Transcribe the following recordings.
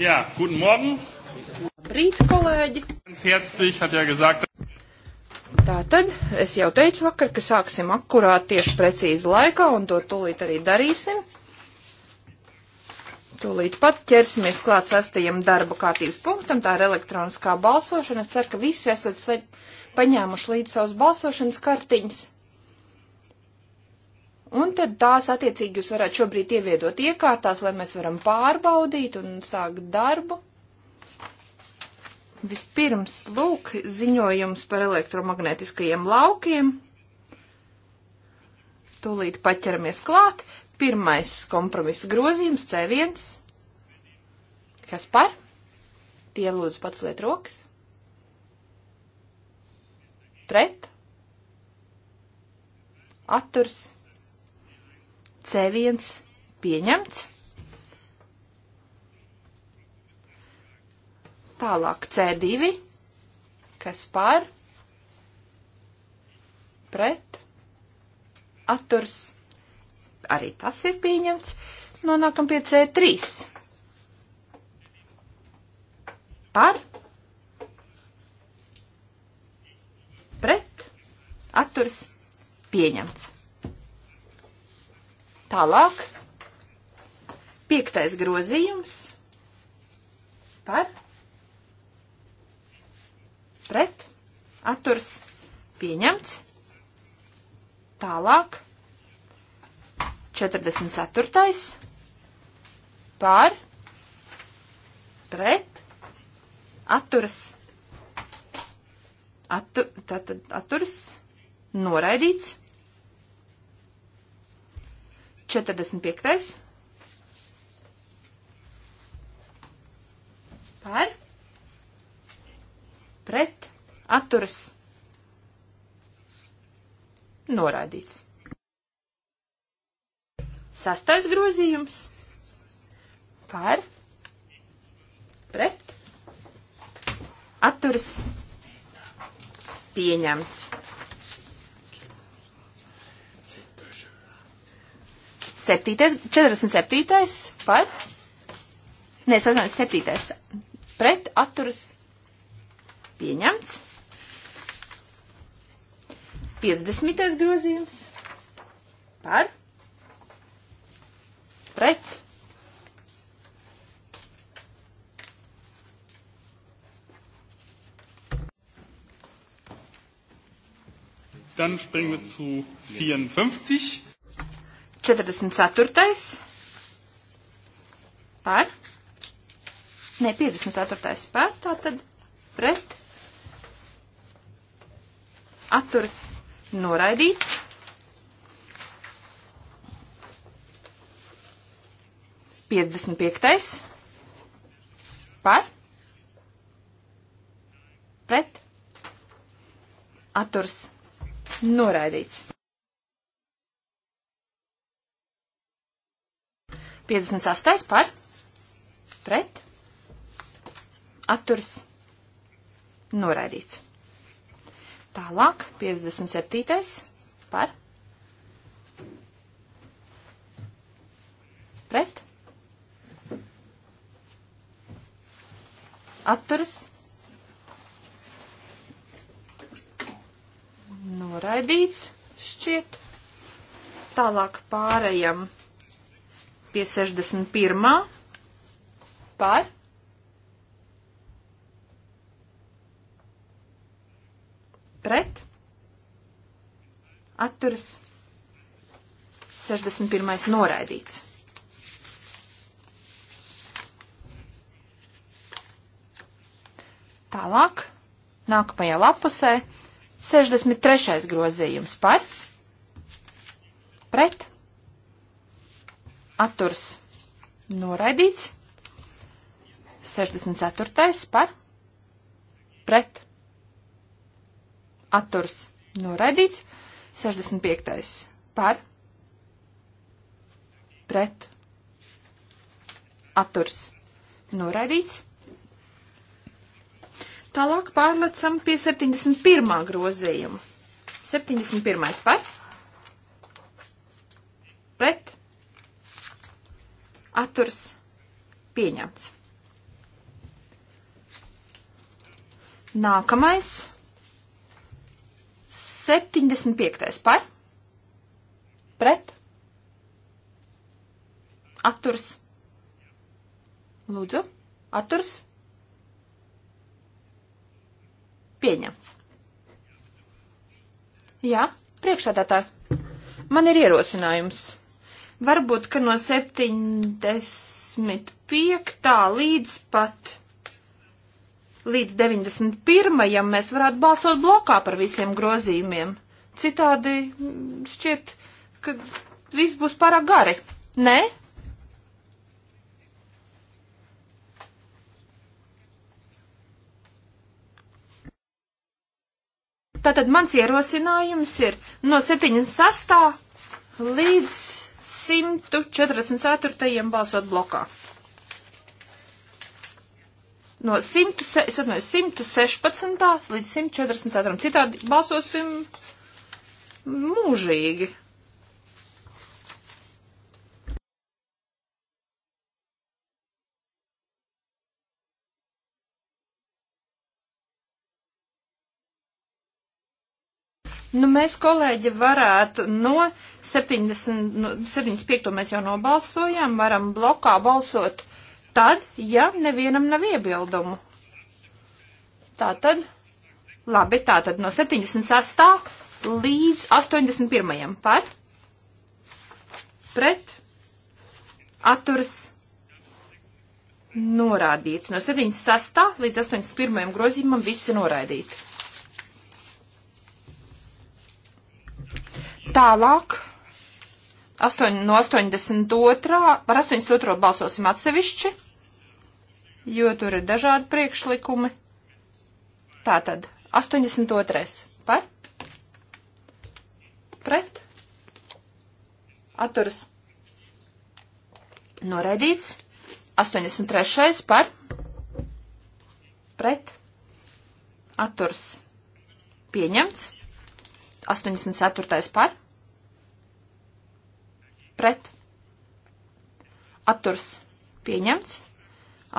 Jā, guten Morgen! Labrīt, kolēģi! Herzlich, hat ja gesagt. Tā tad es jau teicu vakar, ka sāksim akurāt tieši precīzi laikā, un to tūlīt arī darīsim. Tūlīt pat ķersimies klāt sastajam darba kārtības punktam, tā ir elektroniskā balsošana. Es ceru, ka visi esat paņēmuši līdz savus balsošanas kartiņas. Un tad tās attiecīgi jūs varētu šobrīd ieviedot iekārtās, lai mēs varam pārbaudīt un sākt darbu. Vispirms, lūk, ziņojums par elektromagnētiskajiem laukiem. Tūlīt paķeramies klāt. Pirmais kompromisa grozījums C1. Kas par? Tie lūdzu pats liet rokas. Pret. Atturs C1 pieņemts. Tālāk C2, kas par, pret, atturs, arī tas ir pieņemts. Nonākam pie C3. Par, pret, atturs, pieņemts. Tālāk. Piektais grozījums par pret atturs pieņemts. Tālāk 44. par pret atturas attu, tātad atturas noraidīts. 45. Par. Pret. Atturas. Norādīts. Sastais grozījums. Par. Pret. Atturas. Pieņemts. Septītais, 47. par. Nē, atvainojos, 7. pret atturas pieņemts. 50. grozījums par pret Dann springen wir zu 54. 44. par. Nē, 54. par. Tātad pret. Atturas noraidīts. Piecdesmit piektais par pret atturs noraidīts. 58. par pret atturs noraidīts. Tālāk 57. par pret atturs noraidīts šķiet. Tālāk pārējam pie 61. par pret atturas 61. noraidīts. Tālāk, nākamajā lapusē, 63. grozījums par pret atturs noraidīts. 64. par pret atturs noraidīts. 65. par pret atturs noraidīts. Tālāk pārlecam pie 71. grozījuma. 71. par pret atturs pieņemts. Nākamais. 75. par. Pret. Atturs. Lūdzu. Atturs. Pieņemts. Jā, priekšādātāji. Man ir ierosinājums. Varbūt, ka no 75. līdz pat līdz 91. Ja mēs varētu balsot blokā par visiem grozījumiem. Citādi mm, šķiet, ka viss būs pārāk gari. Nē? Tātad mans ierosinājums ir no 76. līdz 144. balsot blokā. No 100, no 116. līdz 144. Citādi balsosim mūžīgi. Nu, mēs, kolēģi, varētu no 70, no 75. mēs jau nobalsojām, varam blokā balsot tad, ja nevienam nav iebildumu. Tā tad, labi, tā tad no 76. līdz 81. par, pret, atturs, norādīts. No 76. līdz 81. grozījumam viss ir noraidīts. Tālāk. 8, no 82. par 82. balsosim atsevišķi, jo tur ir dažādi priekšlikumi. Tātad 82. par? Pret? Atturas. Noraidīts. 83. par? Pret? Atturas. Pieņemts. 84. par? pret, atturs pieņemts,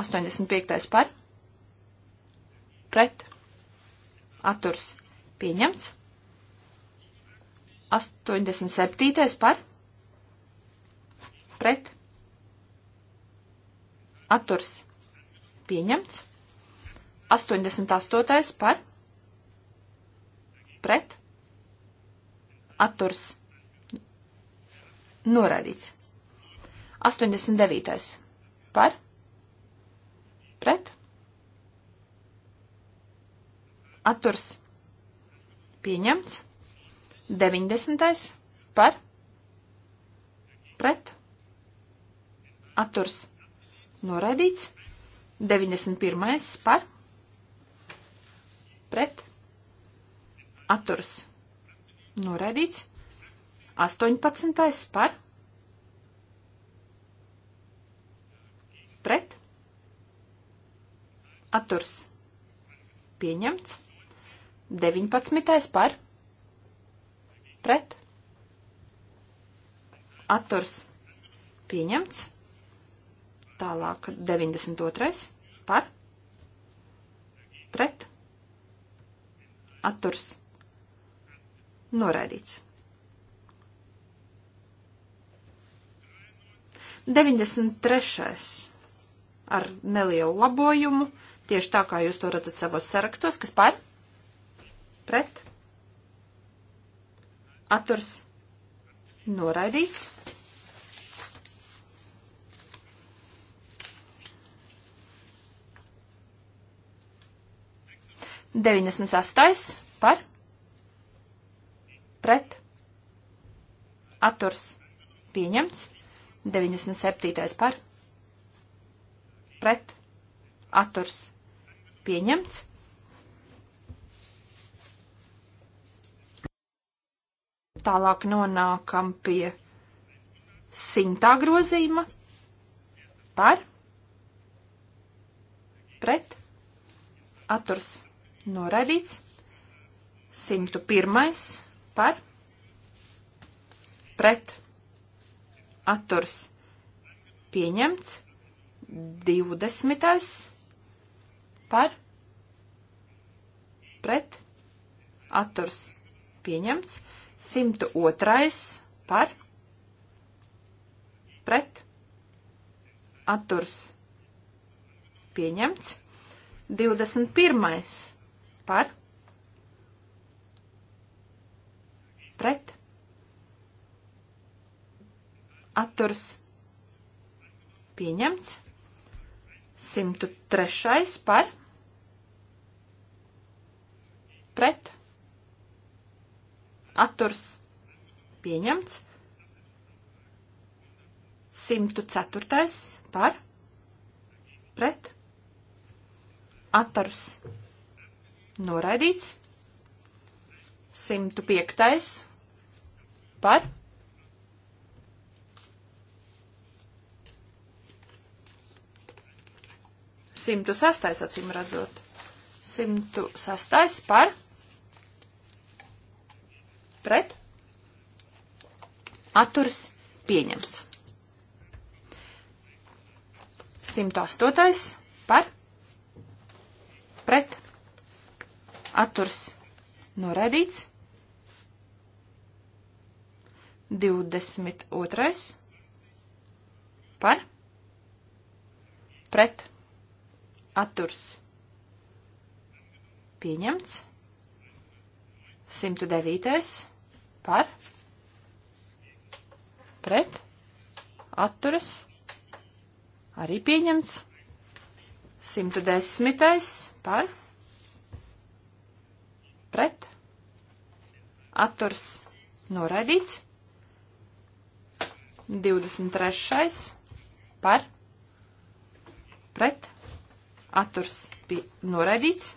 85. par, pret, atturs pieņemts, 87. par, pret, atturs pieņemts, 88. par, pret, atturs pieņemts Noraidīts. 89. Par? Pret? Atturs. Pieņemts. 90. Par? Pret? Atturs. Noraidīts. 91. Par? Pret? Atturs. Noraidīts. 18. par pret atturs pieņemts. 19. par pret atturs pieņemts. Tālāk 92. par pret atturs noraidīts. 93. ar nelielu labojumu, tieši tā kā jūs to redzat savos sarakstos, kas par? Pret? Atturs? Noraidīts? Deviņdesmit sastais par pret atturs pieņemts. 97. par, pret, atturs, pieņemts. Tālāk nonākam pie simtā grozījuma par, pret, atturs, noraidīts. 101. par, pret, atturs pieņemts. 20. par pret atturs pieņemts. 102. par pret atturs pieņemts. 21. par pret atturs pieņemts. 103. par pret atturs pieņemts. 104. par pret atturs noraidīts. 105. par pret 106. acīm redzot. 106. par pret atturas pieņemts. 108. par pret atturas noraidīts. 22. par pret atturs pieņemts. 109. par pret atturas arī pieņemts. 110. par pret atturs noraidīts. 23. par pret atturs bija noraidīts.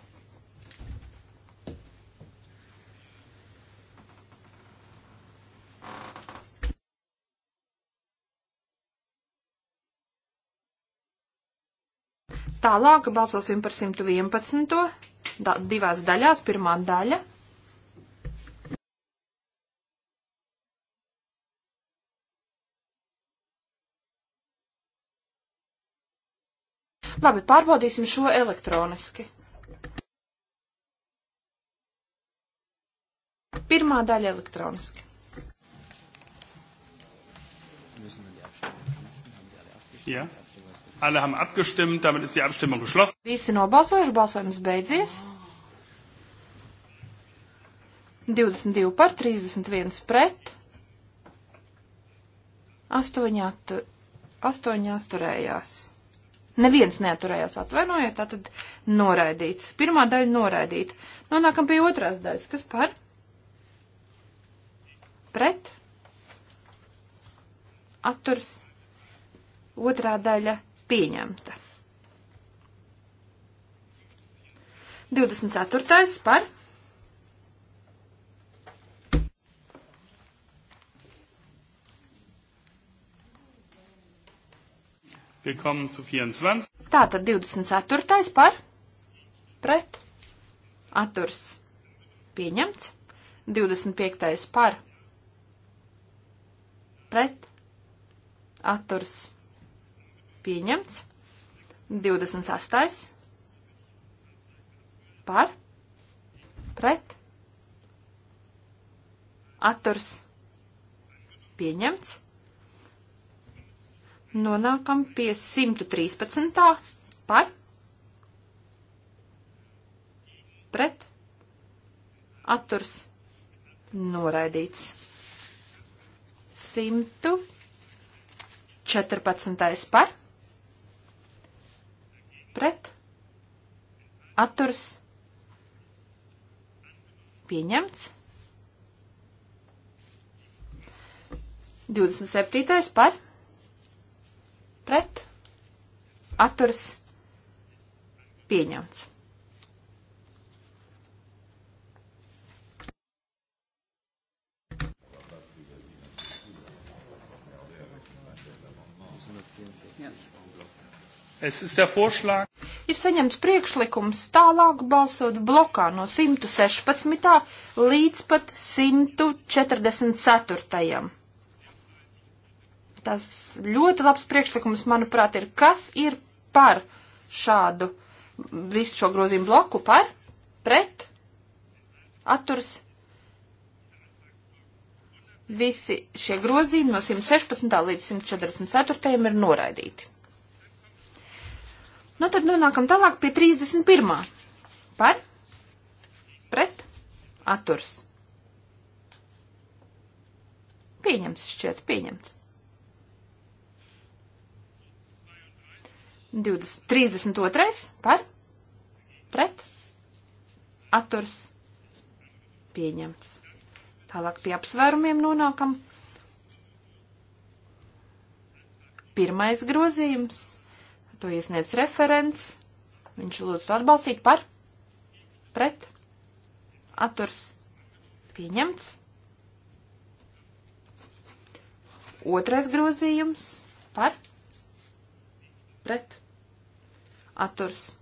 Tālāk balsosim par 111. Da, divās daļās. Pirmā daļa Labi, pārbaudīsim šo elektroniski. Pirmā daļa elektroniski. Ja. Alle haben abgestimmt, damit ist die Abstimmung geschlossen. Visi nobalsojuši, balsojums beidzies. 22 par, 31 pret. 8, 8 asturējās. Neviens neaturējās atvainojiet, tātad noraidīts. Pirmā daļa noraidīta. Nonākam pie otrās daļas. Kas par? Pret? Atturs. Otrā daļa pieņemta. 24. par Tātad 24. par pret atturs pieņemts. 25. par pret atturs pieņemts. 26. par pret atturs pieņemts. Nonākam pie 113. par pret atturs noraidīts. 114. par pret atturs pieņemts. 27. par pret, atturas, pieņemts. Es ir saņemts priekšlikums tālāk balsot blokā no 116. līdz pat 144 tas ļoti labs priekšlikums, manuprāt, ir, kas ir par šādu visu šo grozījumu bloku, par, pret, atturs. Visi šie grozījumi no 116. līdz 144. ir noraidīti. Nu tad nonākam tālāk pie 31. Par, pret, atturs. Pieņemts šķiet, pieņemts. 20, 32. par pret atturs pieņemts. Tālāk pie apsvērumiem nonākam. Pirmais grozījums, to iesniedz referents, viņš lūdzu atbalstīt par, pret, atturs, pieņemts. Otrais grozījums par, pret, atturs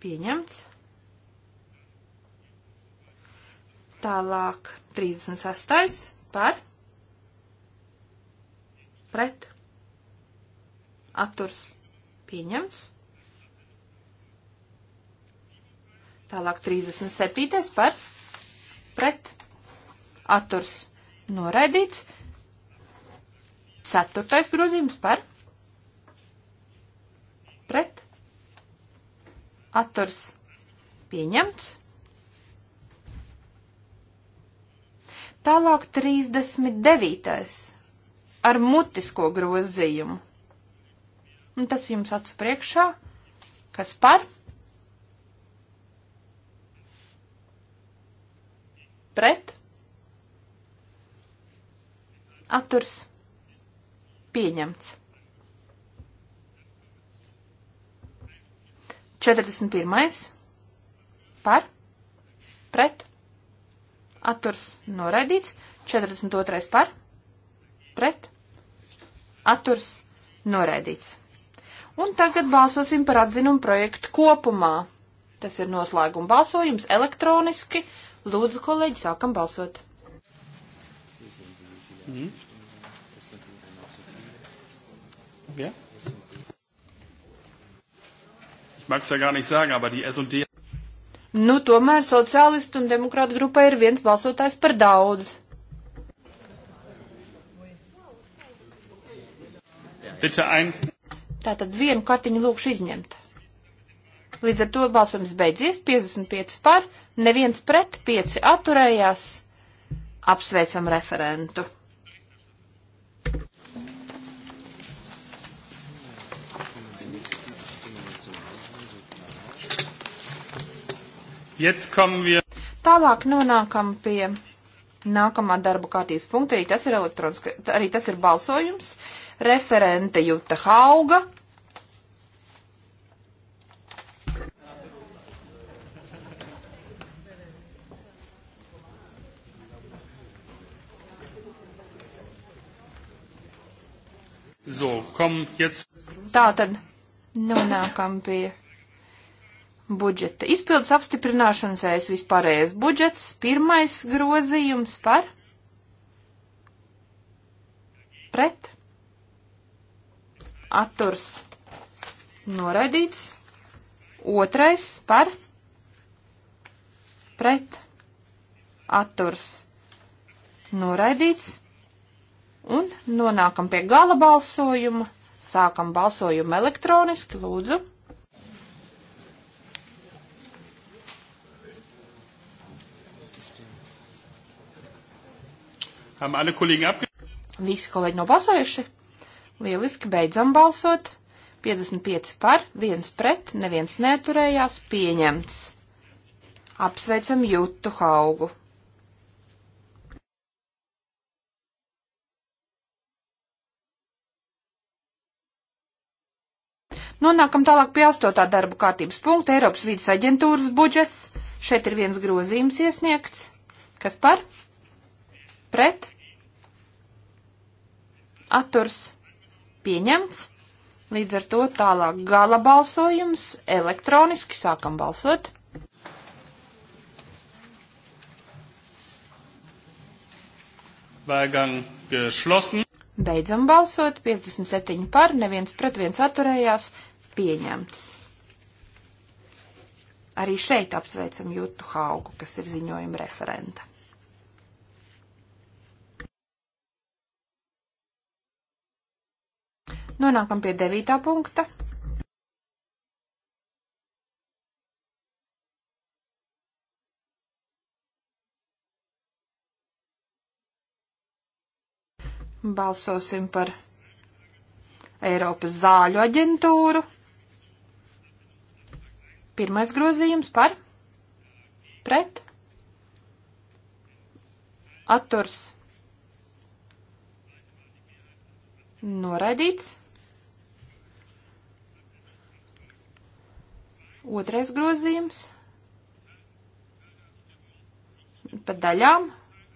pieņemts. Tālāk 36. par pret atturs pieņemts. Tālāk 37. par pret atturs noraidīts. Ceturtais grozījums par pret, atturs pieņemts. Tālāk 39. ar mutisko grozījumu. Un tas jums acu priekšā, kas par? Pret? Atturs pieņemts. 41. par, pret, atturs noraidīts, 42. par, pret, atturs noraidīts. Un tagad balsosim par atzinumu projektu kopumā. Tas ir noslēguma balsojums elektroniski. Lūdzu, kolēģi, sākam balsot. Mm -hmm. mag es ja gar nicht sagen, aber die SD. Nu, tomēr sociālistu un demokrātu grupai ir viens balsotājs par daudz. Bitte ein. Tātad vienu kartiņu lūkšu izņemt. Līdz ar to balsojums beidzies, 55 par, neviens pret, 5 atturējās. Apsveicam referentu. Wir... Tālāk nonākam pie nākamā darba kārtības punkta, arī tas ir elektroniski, arī tas ir balsojums. Referente Juta Hauga. So, komm jetzt. Tātad nonākam pie budžeta izpildes apstiprināšanas es vispārējais budžets, pirmais grozījums par pret atturs noraidīts, otrais par pret atturs noraidīts, un nonākam pie gala balsojuma, sākam balsojumu elektroniski, lūdzu. Visi kolēģi nobalsojuši? Lieliski, beidzam balsot. 55 par, 1 pret, neviens neturējās, pieņemts. Apsveicam jūtu haugu. Nonākam tālāk pie astotā darba kārtības punkta Eiropas vīdes aģentūras budžets. Šeit ir viens grozījums iesniegts. Kas par? pret, atturs pieņemts. Līdz ar to tālāk gala balsojums elektroniski sākam balsot. Wahlgang geschlossen. Beidzam balsot, 57 par, neviens pret viens atturējās, pieņemts. Arī šeit apsveicam Jūtu Haugu, kas ir ziņojuma referenta. Nonākam pie devītā punkta. Balsosim par Eiropas zāļu aģentūru. Pirmais grozījums par pret atturs noraidīts. Otrais grozījums pa daļām.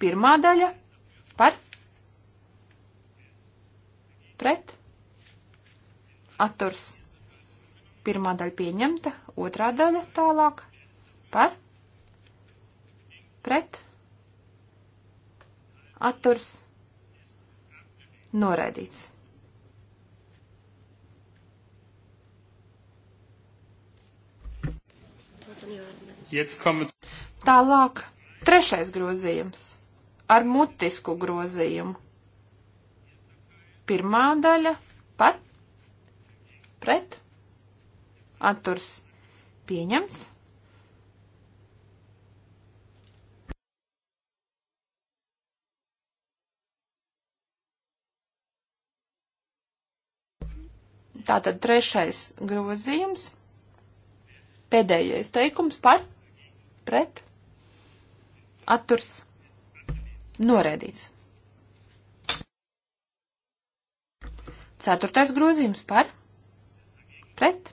Pirmā daļa par pret atturs. Pirmā daļa pieņemta, otrā daļa tālāk par pret atturs noraidīts. Tālāk, trešais grozījums ar mutisku grozījumu. Pirmā daļa pat, pret, atturs pieņemts. Tātad trešais grozījums Pēdējais teikums par, pret, atturs, norēdīts. Ceturtais grozījums par, pret,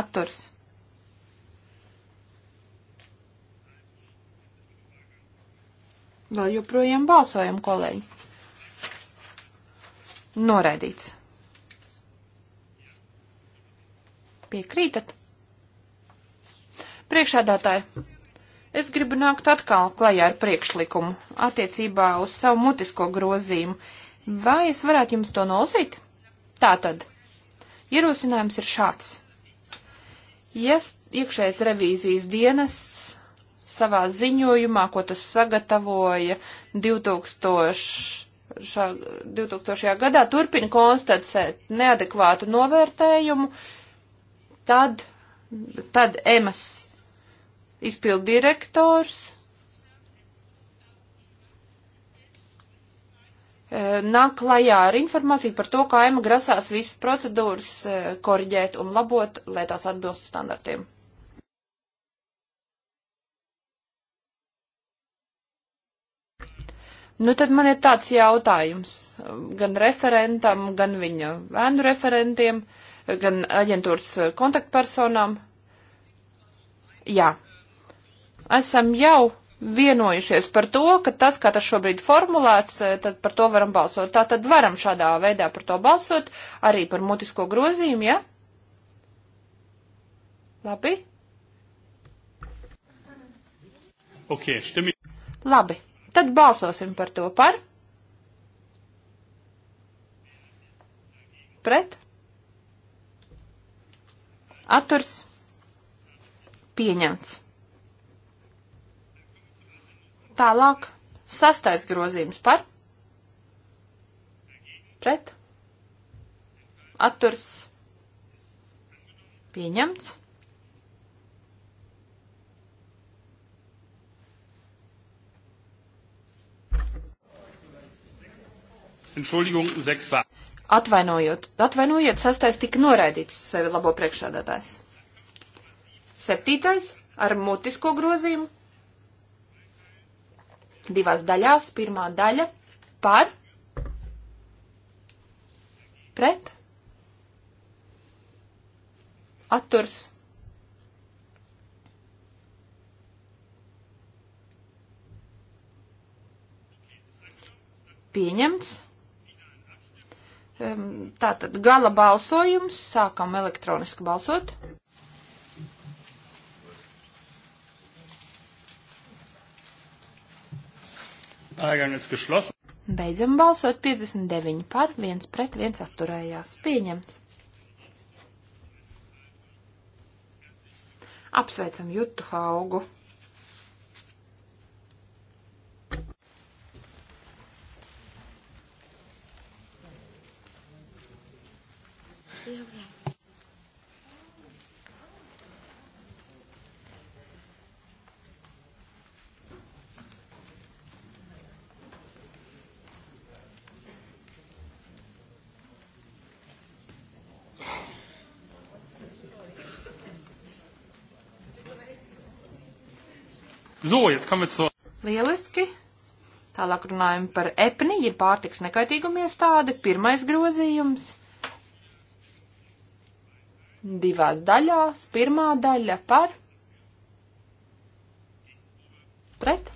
atturs. Vēl joprojām balsojam, kolēģi. Noraidīts. Piekrītat? Priekšādātāji, es gribu nākt atkal klajā ar priekšlikumu attiecībā uz savu mutisko grozījumu. Vai es varētu jums to nolasīt? Tātad, ierosinājums ir šāds. Ja iekšējais revīzijas dienests savā ziņojumā, ko tas sagatavoja 2000. Šā, 2000. gadā turpina konstatēt neadekvātu novērtējumu, tad, tad EMAS izpildirektors e, nāk klajā ar informāciju par to, kā EMA grasās visas procedūras e, korģēt un labot, lai tās atbilstu standartiem. Nu, tad man ir tāds jautājums gan referentam, gan viņa vēnu referentiem, gan aģentūras kontaktpersonām. Jā, esam jau vienojušies par to, ka tas, kā tas šobrīd formulēts, eh, tad par to varam balsot. Tā tad varam šādā veidā par to balsot, arī par mutisko grozījumu, ja? Labi? Ok, stimi. Labi, tad balsosim par to par. Pret? Aturs? Pieņemts. Tālāk sastais grozījums par pret atturs pieņemts. Atvainojot, atvainojiet, sastais tika noraidīts sevi labo priekšādātājs. Septītais ar mutisko grozījumu divās daļās. Pirmā daļa par, pret, atturs. Pieņemts. Tātad gala balsojums, sākam elektroniski balsot. Beidzam balsot 59 par, 1 pret, 1 atturējās. Pieņemts. Apsveicam Jutu Haugu. Yeah. So, jetzt kommen wir zur. Lieliski. Tālāk runājam par EPNI, ir pārtiks nekaitīgumu iestāde, pirmais grozījums. Divās daļās, pirmā daļa par. Pret.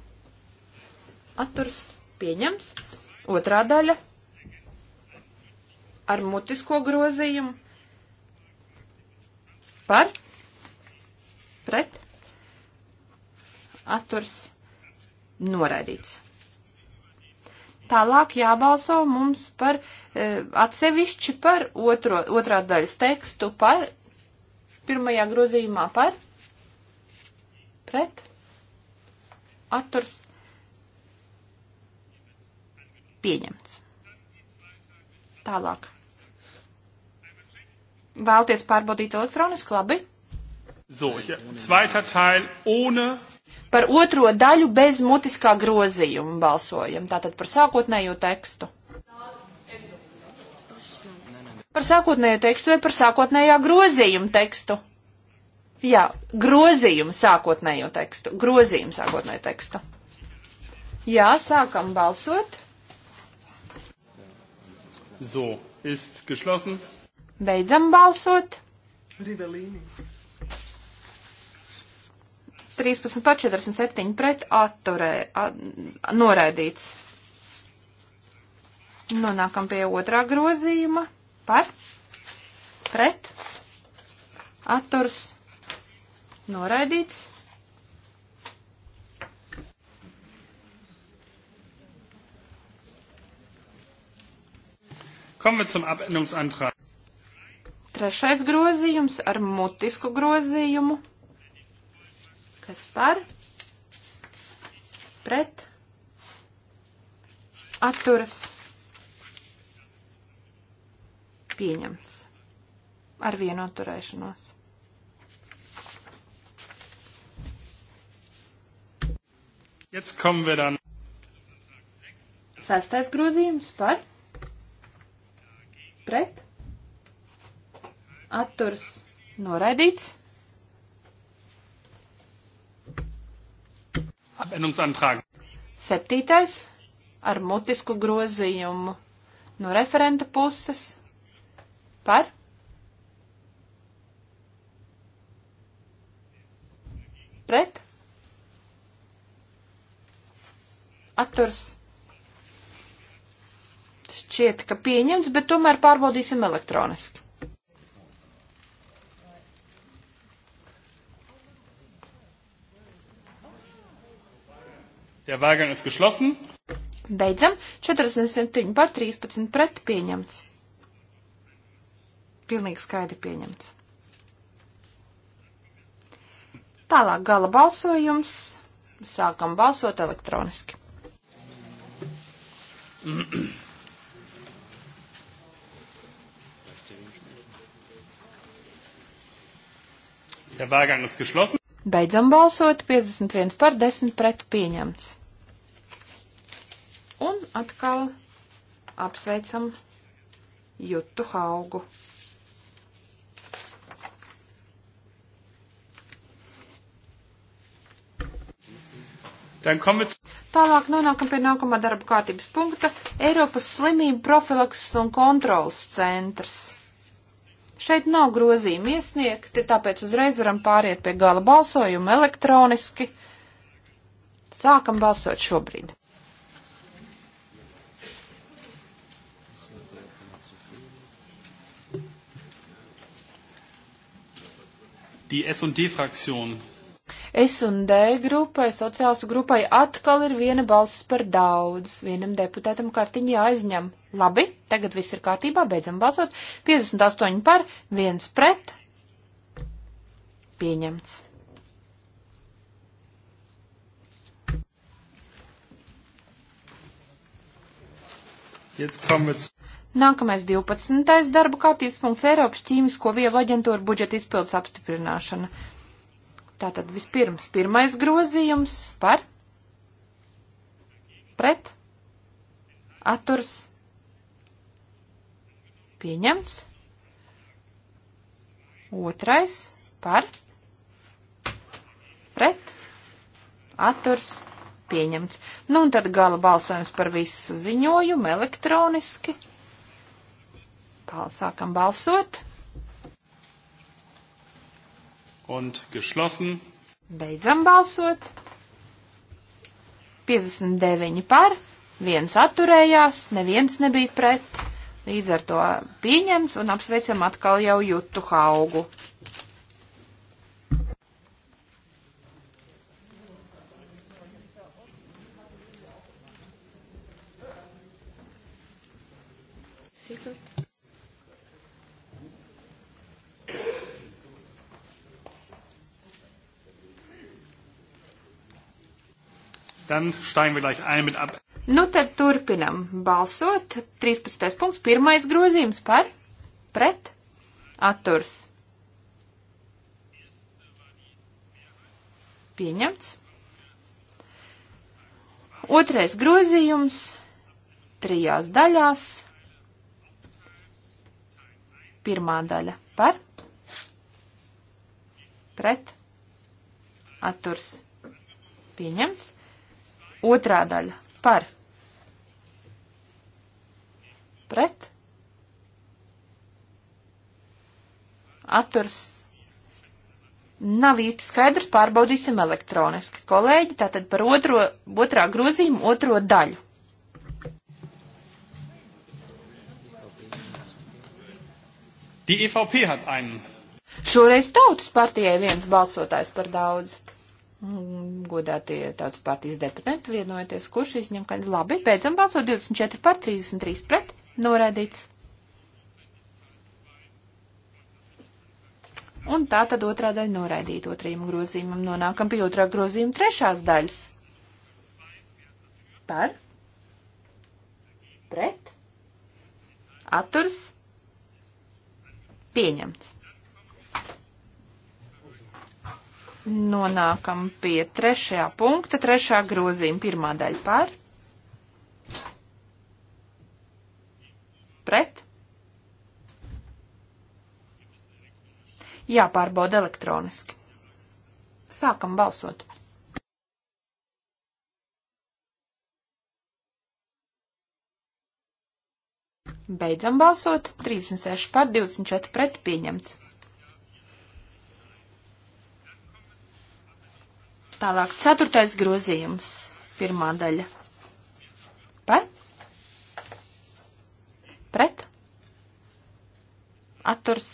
Atturs pieņems. Otrā daļa ar mutisko grozījumu. Par. Pret atturs noraidīts. Tālāk jābalso mums par e, atsevišķi par otro, otrā daļas tekstu par pirmajā grozījumā par pret atturs pieņemts. Tālāk. Vēlties pārbaudīt elektroniski labi? So, ja, zweiter Teil ohne. Par otro daļu bez mutiskā grozījuma balsojam. Tātad par sākotnējo tekstu. Par sākotnējo tekstu vai par sākotnējā grozījuma tekstu? Jā, grozījumu sākotnējo tekstu. Grozījumu sākotnējo tekstu. Jā, sākam balsot. So, ist geschlossen. Beidzam balsot. Rivelīni. 13 par 47 pret atturē, at, noraidīts. Nonākam pie otrā grozījuma par pret atturs noraidīts. Kommen wir zum Abänderungsantrag. Trešais grozījums ar mutisku grozījumu kas par, pret, atturas, pieņems ar vienu atturēšanos. Jetzt kommen wir dann. Sastais grozījums par pret atturs noraidīts. Abendungsantrag. Septītais ar mutisku grozījumu no referenta puses par pret atturs. Šķiet, ka pieņems, bet tomēr pārbaudīsim elektroniski. Der Wahlgang ist geschlossen. Beidzam. 47 par 13 pret pieņemts. Pilnīgi skaidri pieņemts. Tālāk gala balsojums. Sākam balsot elektroniski. Der Wahlgang ist geschlossen. Beidzam balsot 51 par 10 pret pieņemts. Un atkal apsveicam Jutu Haugu. Tālāk nonākam pie nākamā darba kārtības punkta - Eiropas slimību profilakses un kontrolas centrs. Šeit nav grozījumi iesniegti, tāpēc uzreiz varam pāriet pie gala balsojuma elektroniski. Sākam balsot šobrīd. Die S&D Fraktion S un D grupai, sociālistu grupai atkal ir viena balss par daudz. Vienam deputātam kartiņa jāaizņem. Labi, tagad viss ir kārtībā, beidzam balsot. 58 par, 1 pret. Pieņemts. Nākamais 12. darba kārtības punkts Eiropas ķīmisko vielu aģentūra budžeta izpildes apstiprināšana. Tātad vispirms pirmais grozījums par pret atturs pieņemts. Otrais par pret atturs pieņemts. Nu un tad gala balsojums par visu ziņojumu elektroniski. Sākam balsot und geschlossen. Beidzam balsot. 59 par, viens atturējās, neviens nebija pret. Līdz ar to pieņems un apsveicam atkal jau jutu haugu. Dann steigen wir gleich ein mit ab. Nu tad turpinam balsot. 13. punkts, pirmais grozījums par, pret, atturs. Pieņemts. Otrais grozījums trijās daļās. Pirmā daļa par, pret, atturs pieņemts. Otrā daļa par pret atturs nav īsti skaidrs, pārbaudīsim elektroniski. Kolēģi, tātad par otro, otrā grozījumu, otro daļu. Die EVP hat einen. Šoreiz tautas partijai viens balsotājs par daudz. Mm, godātie tautas partijas deputāti vienojoties, kurš izņem, kad labi, beidzam balsot 24 par 33 pret, noraidīts. Un tā tad otrā daļa noraidīta otrajam grozījumam. Nonākam pie otrā grozījuma trešās daļas. Par. Pret. Atturs. Pieņemts. Nonākam pie trešajā punkta, trešā grozījuma, pirmā daļa par. Pret. Jāpārbauda elektroniski. Sākam balsot. Beidzam balsot. 36 par 24 pret pieņemts. Tālāk, ceturtais grozījums, pirmā daļa. Par? Pret? Atturs?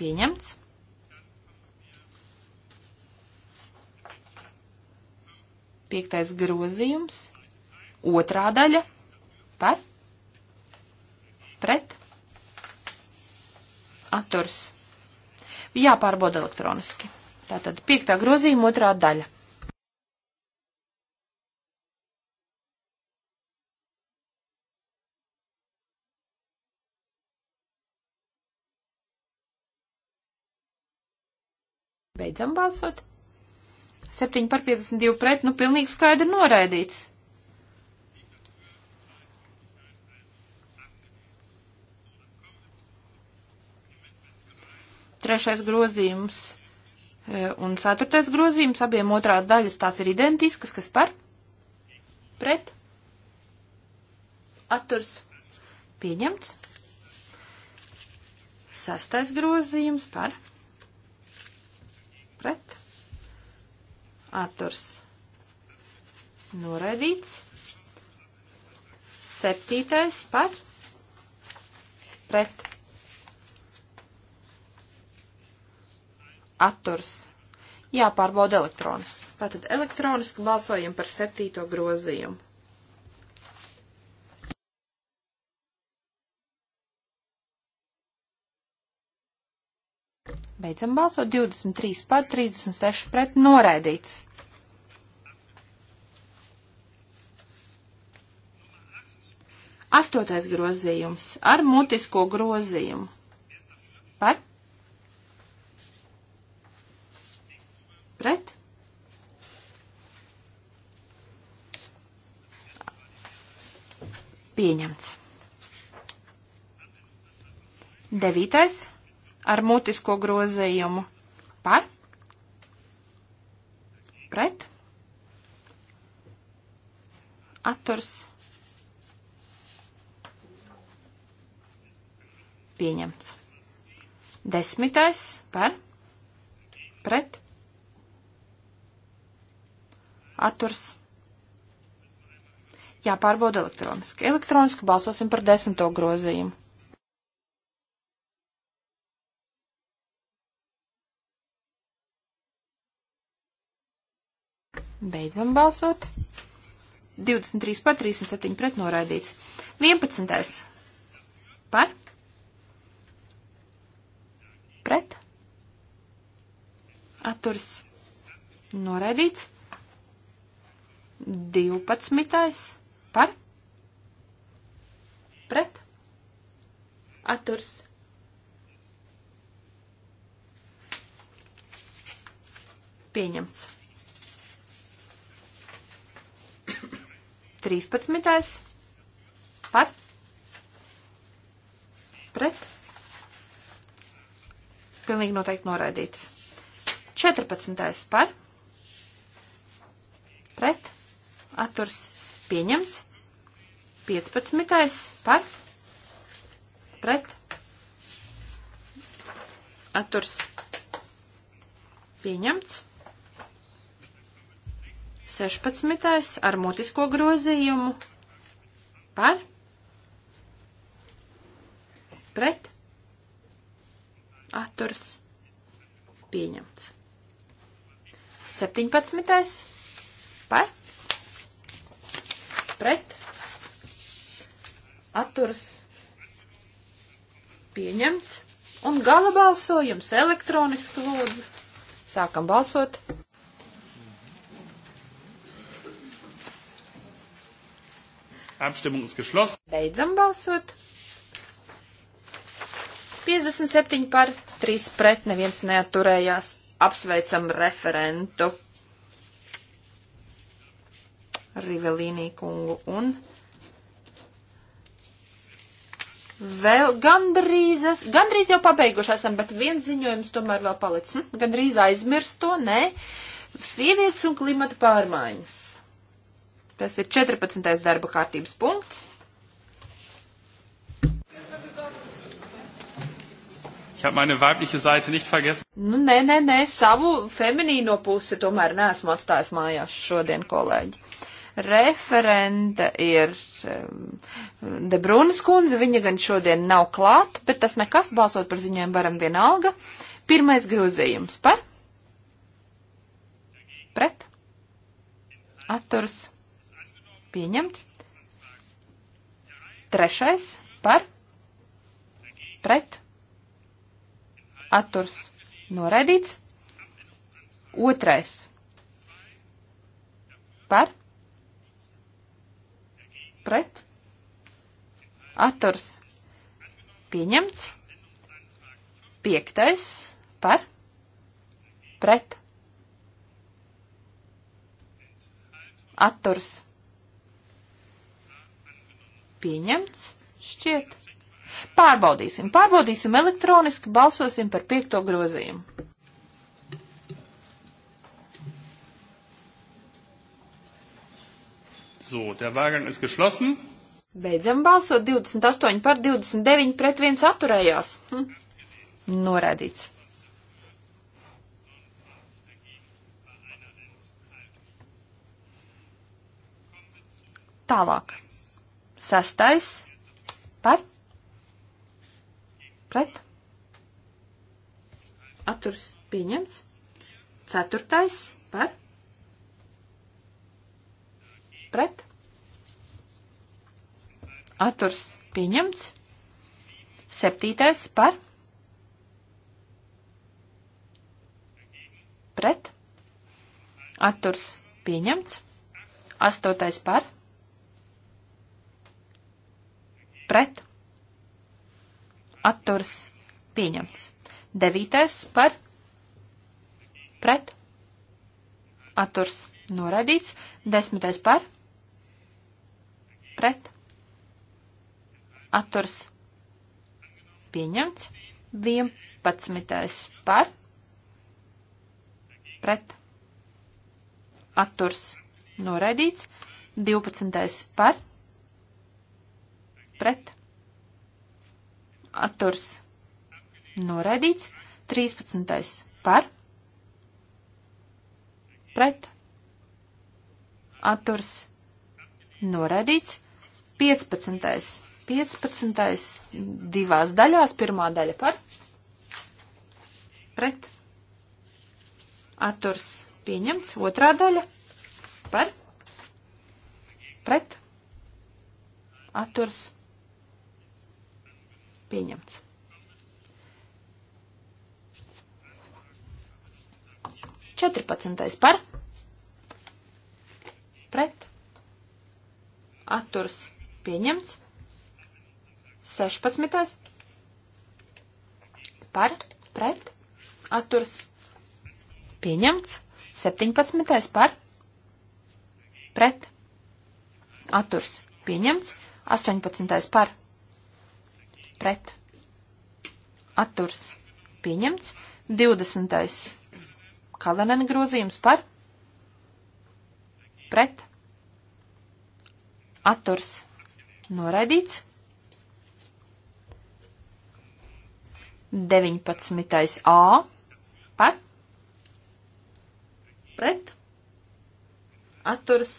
Pieņemts? Piektais grozījums, otrā daļa. Par? Pret? Atturs? Jāpārbauda elektroniski. Tātad piektā grozījuma otrā daļa. Beidzam balsot. 7 par 52 pret, nu pilnīgi skaidri noraidīts. Trešais grozījums Eh, un ceturtais grozījums abiem otrā daļas tās ir identiskas, kas par? Pret? Atturs? Pieņemts? Sastais grozījums par? Pret? Atturs? Noraidīts? Septītais par? Pret? atturs jāpārbauda elektroniski. Tātad elektroniski balsojam par septīto grozījumu. Beidzam balsot 23 par 36 pret noraidīts. Astotais grozījums ar mutisko grozījumu. pret. Pieņemts. Devītais ar mutisko grozējumu par, pret, atturs, pieņemts. Desmitais par, pret, atturs. Jāpārbauda elektroniski. Elektroniski balsosim par desmito grozījumu. Beidzam balsot. 23 par 37 pret noraidīts. 11. Par? Pret? Atturs. Noraidīts. 12. par pret atturs. Pieņemts. 13. par pret pilnīgi noteikti noraidīts. 14. par pret atturs pieņemts. 15. par pret atturs pieņemts. 16. ar mutisko grozījumu par pret atturs pieņemts. 17. par pret, atturas pieņemts. Un gala balsojums elektroniski lūdzu. Sākam balsot. Abstimmung ist geschlossen. Beidzam balsot. 57 par 3 pret neviens neaturējās. Apsveicam referentu. Rivelīnī kungu un vēl gandrīz, es, gandrīz jau pabeiguši esam, bet viens ziņojums tomēr vēl palicis. Hm? Gandrīz aizmirst to, nē. Sievietes un klimata pārmaiņas. Tas ir 14. darba kārtības punkts. Ich habe meine weibliche Seite nicht vergessen. Nu, nē, nē, nē, savu feminīno pusi tomēr neesmu atstājis mājās šodien, kolēģi referente ir ehm, Debrunas kundze, viņa gan šodien nav klāt, bet tas nekas, balsot par ziņojumu varam vienalga. Pirmais grozījums par? Pret? Atturs? Pieņemts. Trešais par? Pret? Atturs? Noraidīts. Otrais par? pret, atturs pieņemts, piektais par, pret, atturs pieņemts, šķiet. Pārbaudīsim, pārbaudīsim elektroniski, balsosim par piekto grozījumu. So, der Wahlgang ist geschlossen. Beidzam balsot 28 par 29 pret 1 atturējās. Hm. Norādīts. Tālāk. Sastais par pret atturs pieņemts. Ceturtais par pret pret, atturs pieņemts, septītais par, pret, atturs pieņemts, astotais par, pret, atturs pieņemts, devītais par, pret, atturs noraidīts, desmitais par, pret, pret, atturs pieņemts, 11. par, pret, atturs noraidīts, 12. par, pret, atturs noraidīts, 13. par, pret, atturs noraidīts, 15. 15. divās daļās, pirmā daļa par, pret, atturs pieņemts, otrā daļa par, pret, atturs pieņemts. Četrpadsmitais par, pret, atturs pieņemts Pieņemts. 16. Par, pret, atturs. Pieņemts. 17. Par, pret, atturs. Pieņemts. 18. Par, pret, atturs. Pieņemts. 20. Kalanena grozījums par, pret, atturs Noraidīts. 19. A par pret atturas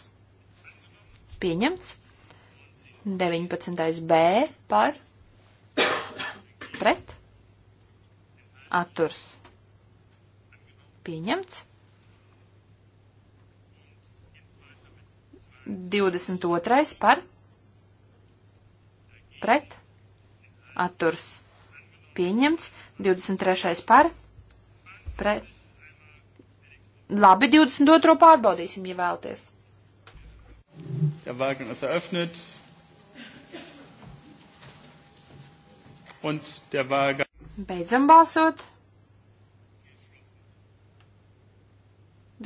pieņemts. 19. B par pret atturs pieņemts. 22. par pret, atturs pieņemts, 23. par, pret. Labi, 22. pārbaudīsim, ja vēlties. Der Wagen ist eröffnet. Und der Wagen. Beidzam balsot.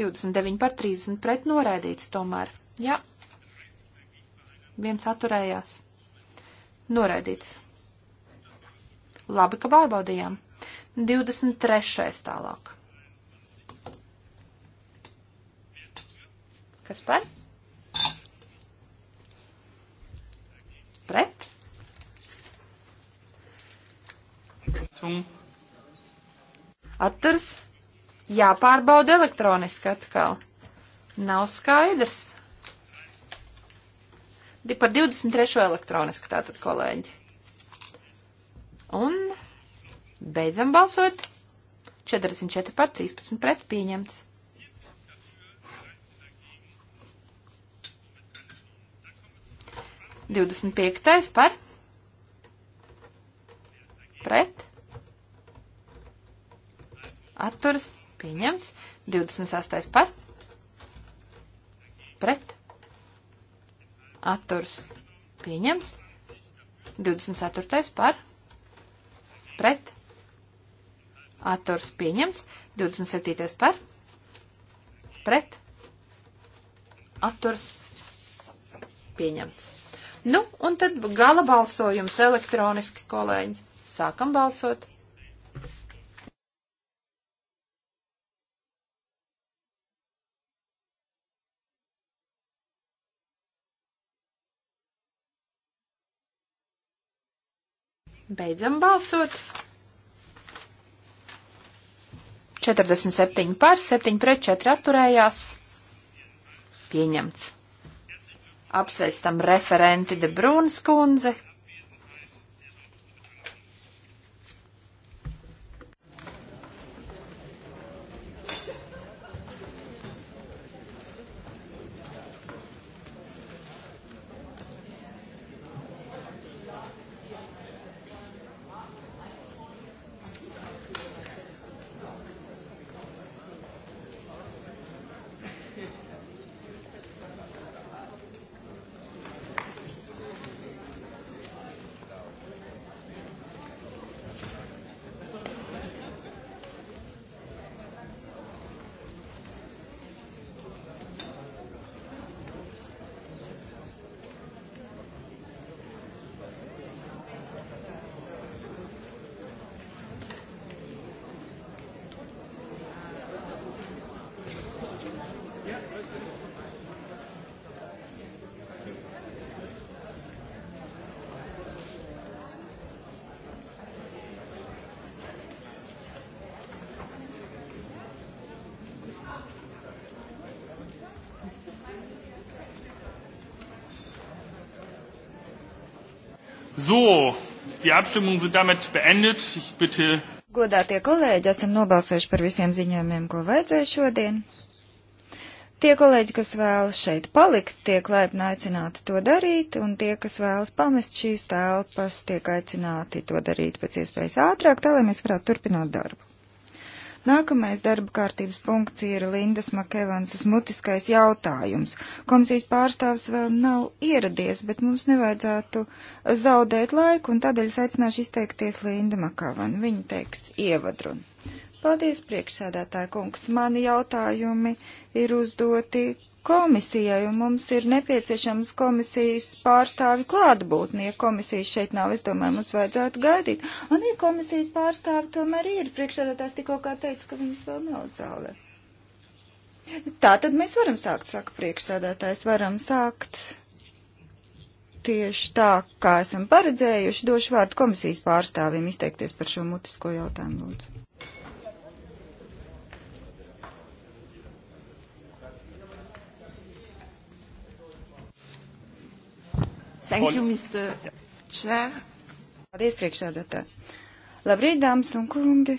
29 par 30 pret noraidīts tomēr. Jā. Viens atturējās. Noraidīts. Labi, ka pārbaudījām. 23. tālāk. Kas par? Pret? Atturs jāpārbauda elektroniski atkal. Nav skaidrs par 23. elektroniski tātad, kolēģi. Un beidzam balsot. 44 par 13 pret pieņemts. Divdesmit piektais par pret atturas pieņems. Divdesmit sastais par pret atturs pieņems. 24. par pret atturs pieņems. 27. par pret atturs pieņemts. Nu, un tad gala balsojums elektroniski, kolēģi. Sākam balsot. Beidzam balsot. 47 par, 7 pret 4 atturējās. Pieņemts. Apsveicam referenti De Brūnas kundze, Die Abstimmungen sind damit beendet. Ich bitte. Godātie kolēģi, esam nobalsojuši par visiem ziņojumiem, ko vajadzēja šodien. Tie kolēģi, kas vēlas šeit palikt, tiek laipni aicināti to darīt, un tie, kas vēlas pamest šīs telpas, tiek aicināti to darīt pēc iespējas ātrāk, tā lai mēs varētu turpināt darbu. Nākamais darba kārtības punkts ir Lindas Makevansas mutiskais jautājums. Komisijas pārstāvs vēl nav ieradies, bet mums nevajadzētu zaudēt laiku, un tādēļ es aicināšu izteikties Linda Makavanu. Viņa teiks ievadrunu. Paldies, priekšsēdētāja kungs. Mani jautājumi ir uzdoti komisijai, un mums ir nepieciešams komisijas pārstāvi klātbūtnie. Ja komisijas šeit nav, es domāju, mums vajadzētu gaidīt. Un ja komisijas pārstāvi tomēr ir, priekšsēdētājs tikko kā teica, ka viņas vēl nav zālē. Tā tad mēs varam sākt, saka priekšsēdētājs, varam sākt tieši tā, kā esam paredzējuši. Došu vārdu komisijas pārstāvim izteikties par šo mutisko jautājumu, lūdzu. Thank you, Mr. Chair. Paldies, priekšsēdētāji. Labrīt, dāmas un kungi.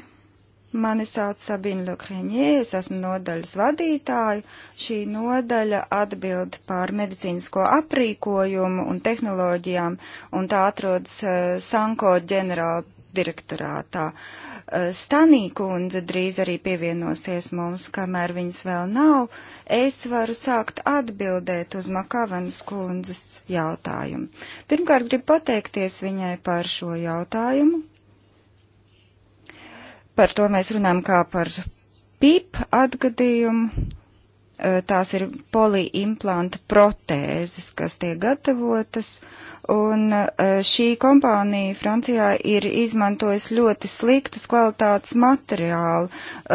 Mani sauc Sabina Lokreņē, es esmu nodaļas vadītāja. Šī nodaļa atbild par medicīnisko aprīkojumu un tehnoloģijām, un tā atrodas uh, Sanko ģenerāla direktorātā. Uh, Eh, Stanī kundze drīz arī pievienosies mums, kamēr viņas vēl nav. Es varu sākt atbildēt uz Makavanas kundzes jautājumu. Pirmkārt, gribu pateikties viņai par šo jautājumu. Par to mēs runājam kā par PIP atgadījumu. Eh, tās ir poliimplanta protēzes, kas tiek gatavotas Un eh, šī kompānija Francijā ir izmantojusi ļoti sliktas kvalitātes materiālu,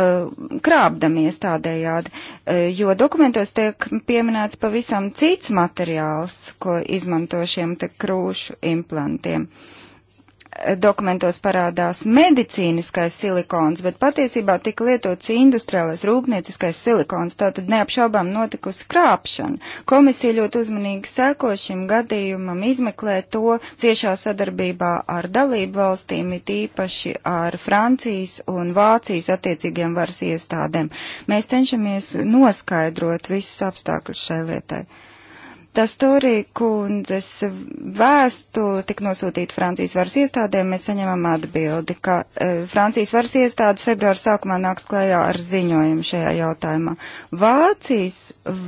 eh, krāpdamies tādējādi, eh, jo dokumentos tiek pieminēts pavisam cits materiāls, ko izmanto šiem te krūšu implantiem. Uh, dokumentos parādās medicīniskais silikons, bet patiesībā tika lietots industriālais rūpnieciskais silikons, tātad neapšaubām notikusi krāpšana. Komisija ļoti uzmanīgi sēko šim gadījumam, izmeklē to ciešā sadarbībā ar dalību valstīm, it īpaši ar Francijas un Vācijas attiecīgiem varas iestādēm. Mēs cenšamies noskaidrot visus apstākļus šai lietai. Tas Torī kundzes vēstule tika nosūtīta Francijas varas iestādēm, mēs saņemam atbildi, ka e, Francijas varas iestādes februāra sākumā nāks klajā ar ziņojumu šajā jautājumā. Vācijas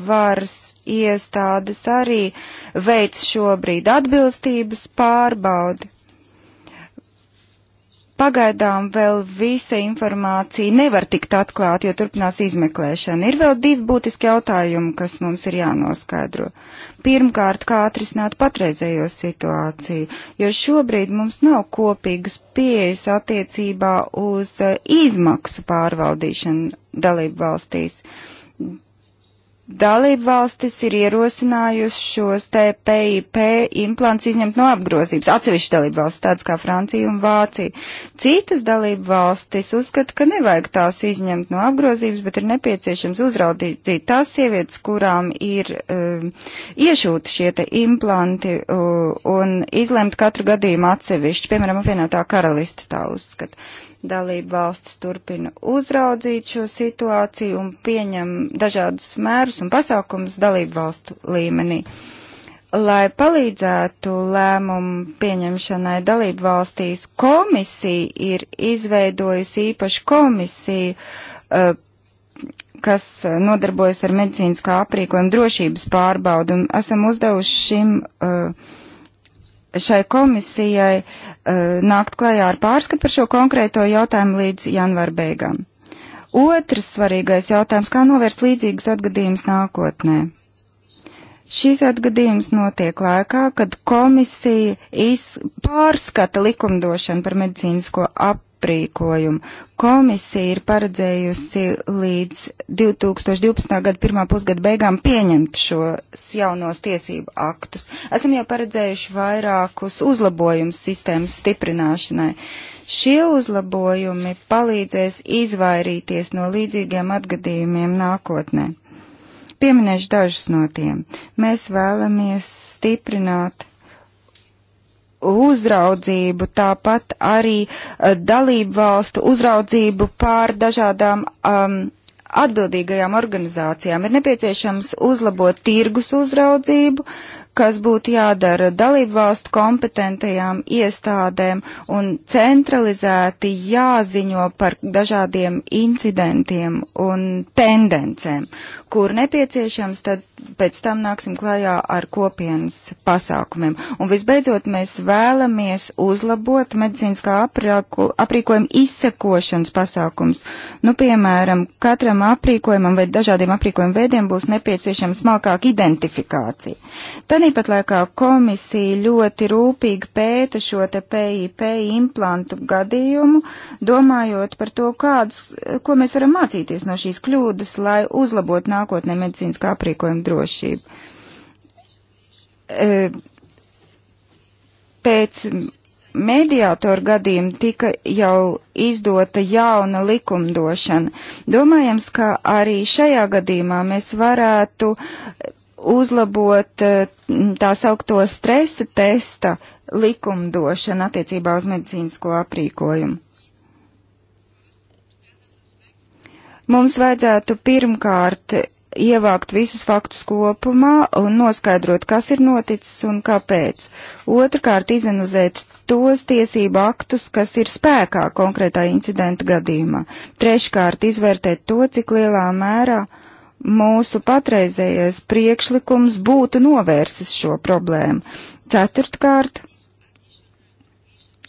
varas iestādes arī veic šobrīd atbilstības pārbaudi Pagaidām vēl visa informācija nevar tikt atklāta, jo turpinās izmeklēšana. Ir vēl divi būtiski jautājumi, kas mums ir jānoskaidro. Pirmkārt, kā atrisināt patreizējo situāciju, jo šobrīd mums nav kopīgas pieejas attiecībā uz eh, izmaksu pārvaldīšanu dalību valstīs. Uh, Dalība valstis ir ierosinājusi šos te PIP implants izņemt no apgrozības. Atsevišķi dalība valsts, tāds kā Francija un Vācija. Citas dalība valstis uzskata, ka nevajag tās izņemt no apgrozības, bet ir nepieciešams uzraudīt tās sievietes, kurām ir um, iešūti šie te implanti um, un izlemt katru gadījumu atsevišķi. Piemēram, apvienotā karalista tā uzskata. Dalība valsts turpina uzraudzīt šo situāciju un pieņem dažādus mērus un pasākumus dalību valstu līmenī. Lai palīdzētu lēmumu pieņemšanai dalību valstīs, komisija ir izveidojusi īpašu komisiju, eh, kas nodarbojas ar medicīnas kā aprīkojumu drošības pārbaudu, un esam uzdevuši šim uh, šai komisijai uh, nākt klajā ar pārskatu par šo konkrēto jautājumu līdz janvāra beigām. Otrs svarīgais jautājums - kā novērst līdzīgus atgadījumus nākotnē? Šīs atgadījums notiek laikā, kad komisija iz, pārskata likumdošanu par medicīnisko ap, aprīkojumu. Komisija ir paredzējusi līdz 2012. gada pirmā pusgada beigām pieņemt šos jaunos tiesību aktus. Esam jau paredzējuši vairākus uzlabojumus sistēmas stiprināšanai. Šie uzlabojumi palīdzēs izvairīties no līdzīgiem atgadījumiem nākotnē. Pieminēšu dažus no tiem. Mēs vēlamies stiprināt uzraudzību, tāpat arī eh, dalību valstu uzraudzību pār dažādām um, atbildīgajām organizācijām. Ir nepieciešams uzlabot tirgus uzraudzību, uh, kas būtu jādara dalību valstu kompetentajām iestādēm un centralizēti jāziņo par dažādiem incidentiem un tendencēm, kur nepieciešams, tad pēc tam nāksim klajā ar kopienas pasākumiem. Un visbeidzot, mēs vēlamies uzlabot medicīniskā aprīkojuma izsekošanas pasākums. Nu, piemēram, katram aprīkojumam vai dažādiem aprīkojuma veidiem būs nepieciešama smalkāka identifikācija. Tad Tāpat laikā komisija ļoti rūpīgi pēta šo te PIP implantu gadījumu, domājot par to, kādas, ko mēs varam mācīties no šīs kļūdas, lai uzlabot nākotnē medicīnas kā aprīkojuma drošību. E, pēc mediātoru gadījumu tika jau izdota jauna likumdošana. Domājams, ka arī šajā gadījumā mēs varētu uzlabot eh, tā saukto stresa testa likumdošanu attiecībā uz medicīnisko aprīkojumu. Mums vajadzētu pirmkārt ievākt visus faktus kopumā un noskaidrot, kas ir noticis un kāpēc. Otrkārt, izanalizēt tos tiesību aktus, kas ir spēkā konkrētā incidenta gadījumā. Treškārt, izvērtēt to, cik lielā mērā uh, mūsu patreizējais priekšlikums būtu novērsis šo problēmu. Ceturtkārt,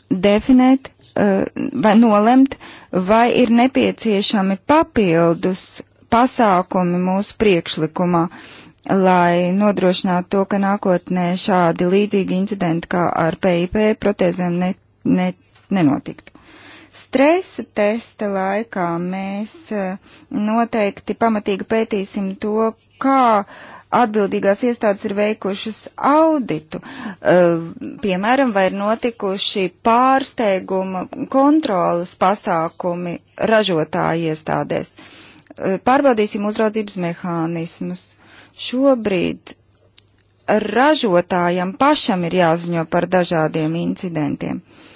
definēt eh, vai nolemt, vai ir nepieciešami papildus pasākumi mūsu priekšlikumā, lai nodrošinātu to, ka nākotnē šādi līdzīgi incidenti kā ar PIP protezēm ne, ne, nenotiktu. Stresa testa laikā mēs eh, noteikti pamatīgi pētīsim to, kā atbildīgās iestādes ir veikušas auditu, eh, piemēram, vai ir notikuši pārsteiguma kontrolas pasākumi ražotāju iestādēs. Eh, pārbaudīsim uzraudzības mehānismus. Šobrīd ražotājam pašam ir jāziņo par dažādiem incidentiem. Uh,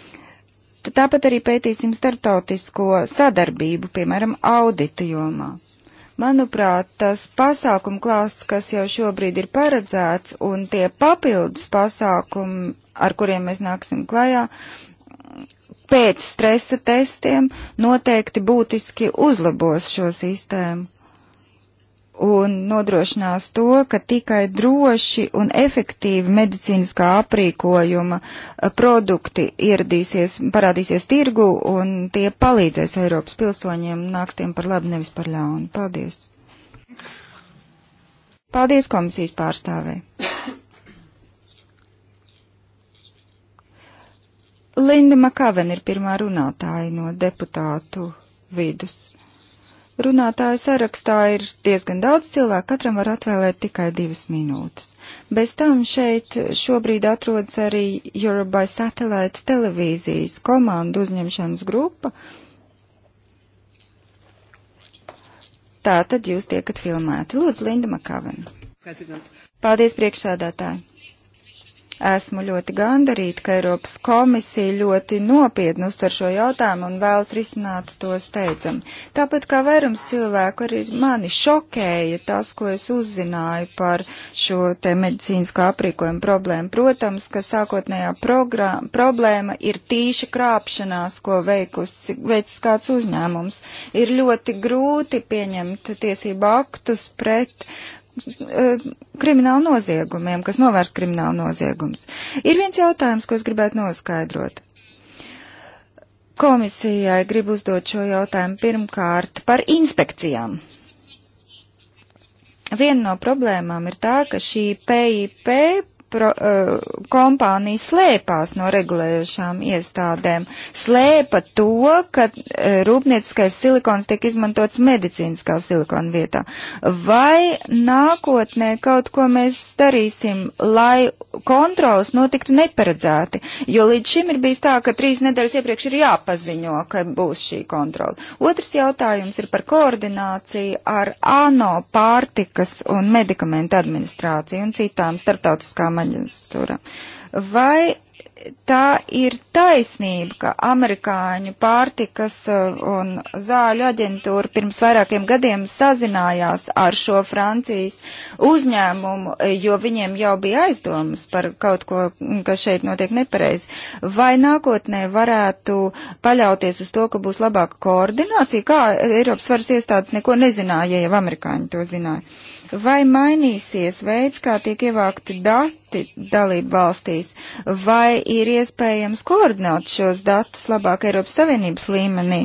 Tāpat arī pētīsim starptautisko sadarbību, piemēram, audita jomā. Manuprāt, tas pasākumu klāsts, kas jau šobrīd ir paredzēts, un tie papildus pasākumi, ar kuriem mēs nāksim klajā, pēc stresa testiem noteikti būtiski uzlabos šo sistēmu un nodrošinās to, ka tikai droši un efektīvi medicīniskā aprīkojuma eh, produkti ieradīsies, parādīsies tirgu un tie palīdzēs Eiropas pilsoņiem nāks tiem par labu, nevis par ļaunu. Paldies! Paldies komisijas pārstāvē! Linda Makaven ir pirmā runātāja no deputātu vidus. Runātāju sarakstā ir diezgan daudz cilvēku, katram var atvēlēt tikai divas minūtes. Bez tam šeit šobrīd atrodas arī Europe by Satellite televīzijas komandu uzņemšanas grupa. Tā tad jūs tiekat filmēti. Lūdzu, Linda Makavena. Paldies priekšsādātāji. Esmu ļoti gandarīta, ka Eiropas komisija ļoti nopietni uztver šo jautājumu un vēlas risināt to steidzami. Tāpat kā vairums cilvēku arī mani šokēja tas, ko es uzzināju par šo te medicīnisko aprīkojumu problēmu. Protams, ka sākotnējā problēma ir tīša krāpšanās, ko veikusi, veicis kāds uzņēmums. Ir ļoti grūti pieņemt tiesību aktus pret uh, kriminālu noziegumiem, kas novērst kriminālu noziegumus. Ir viens jautājums, ko es gribētu noskaidrot. Komisijai grib uzdot šo jautājumu pirmkārt par inspekcijām. Viena no problēmām ir tā, ka šī PIP pro, uh, eh, kompānija slēpās no regulējušām iestādēm, slēpa to, ka uh, rūpnieciskais silikons tiek izmantots medicīniskā silikona vietā. Vai nākotnē kaut ko mēs darīsim, lai kontrols notiktu neparedzēti? Jo līdz šim ir bijis tā, ka trīs nedēļas iepriekš ir jāpaziņo, ka būs šī kontrola. Otrs jautājums ir par koordināciju ar ANO pārtikas un medikamentu administrāciju un citām starptautiskām kosmosam aģentūram. Vai tā ir taisnība, ka amerikāņu pārtikas uh, un zāļu aģentūra pirms vairākiem gadiem sazinājās ar šo Francijas uzņēmumu, jo viņiem jau bija aizdomas par kaut ko, kas šeit notiek nepareizi. Vai nākotnē varētu paļauties uz to, ka būs labāka koordinācija, kā Eiropas varas iestādes neko nezināja, ja jau amerikāņi to zināja? Vai mainīsies veids, kā tiek ievākti dati dalību valstīs, vai ir iespējams koordinēt šos datus labāk Eiropas Savienības līmenī,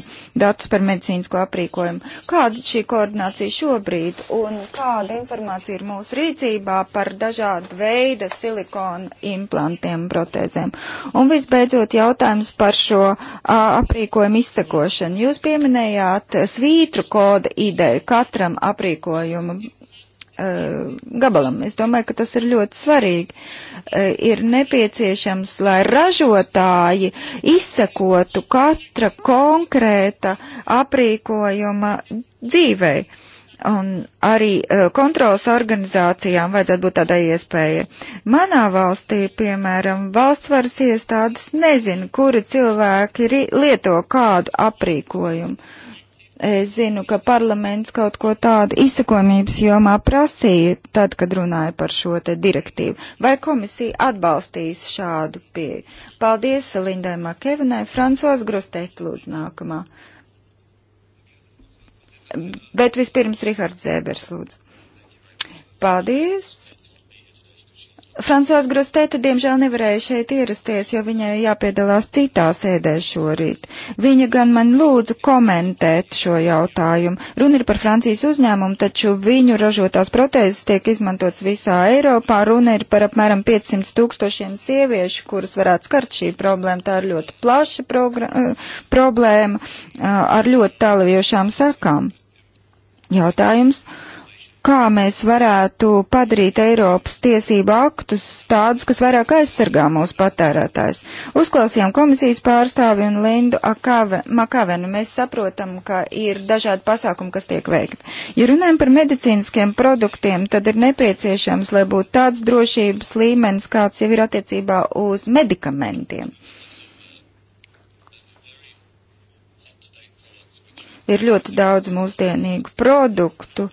datus par medicīnisko aprīkojumu? Kāda šī koordinācija šobrīd un kāda informācija ir mūsu rīcībā par dažādu veidu silikona implantiem un protēzēm? Un visbeidzot jautājums par šo a, aprīkojumu izsakošanu. Jūs pieminējāt svītru koda ideju katram aprīkojumu Eh, gabalam. Es domāju, ka tas ir ļoti svarīgi. Eh, ir nepieciešams, lai ražotāji izsekotu katra konkrēta aprīkojuma dzīvei. Un arī uh, kontrolas organizācijām vajadzētu būt tādai iespēja. Manā valstī, piemēram, valsts varas iestādes nezina, kuri cilvēki lieto kādu aprīkojumu. Uh, Es zinu, ka parlaments kaut ko tādu izsakojumības jomā prasīja tad, kad runāja par šo te direktīvu. Vai komisija atbalstīs šādu pieeju? Paldies Lindai Makevinai, Francos Grosteit lūdzu nākamā. Bet vispirms Rihards Zēbers lūdzu. Paldies! Francos Grostēta diemžēl nevarēja šeit ierasties, jo viņai jāpiedalās citā sēdē šorīt. Viņa gan man lūdza komentēt šo jautājumu. Runa ir par Francijas uzņēmumu, taču viņu ražotās protēzes tiek izmantots visā Eiropā. Runa ir par apmēram 500 tūkstošiem sieviešu, kuras varētu skart šī problēma. Tā ir ļoti plaša eh, problēma eh, ar ļoti tālajošām sakām. Jautājums. Uh, kā mēs varētu padarīt Eiropas tiesību aktus tādus, kas vairāk aizsargā mūsu patērētājs. Uzklausījām komisijas pārstāvi un Lindu Akave, Makavenu. Mēs saprotam, ka ir dažādi pasākumi, kas tiek veikti. Ja runājam par medicīniskiem produktiem, tad ir nepieciešams, lai būtu tāds drošības līmenis, kāds jau ir attiecībā uz medikamentiem. Ir ļoti daudz mūsdienīgu produktu,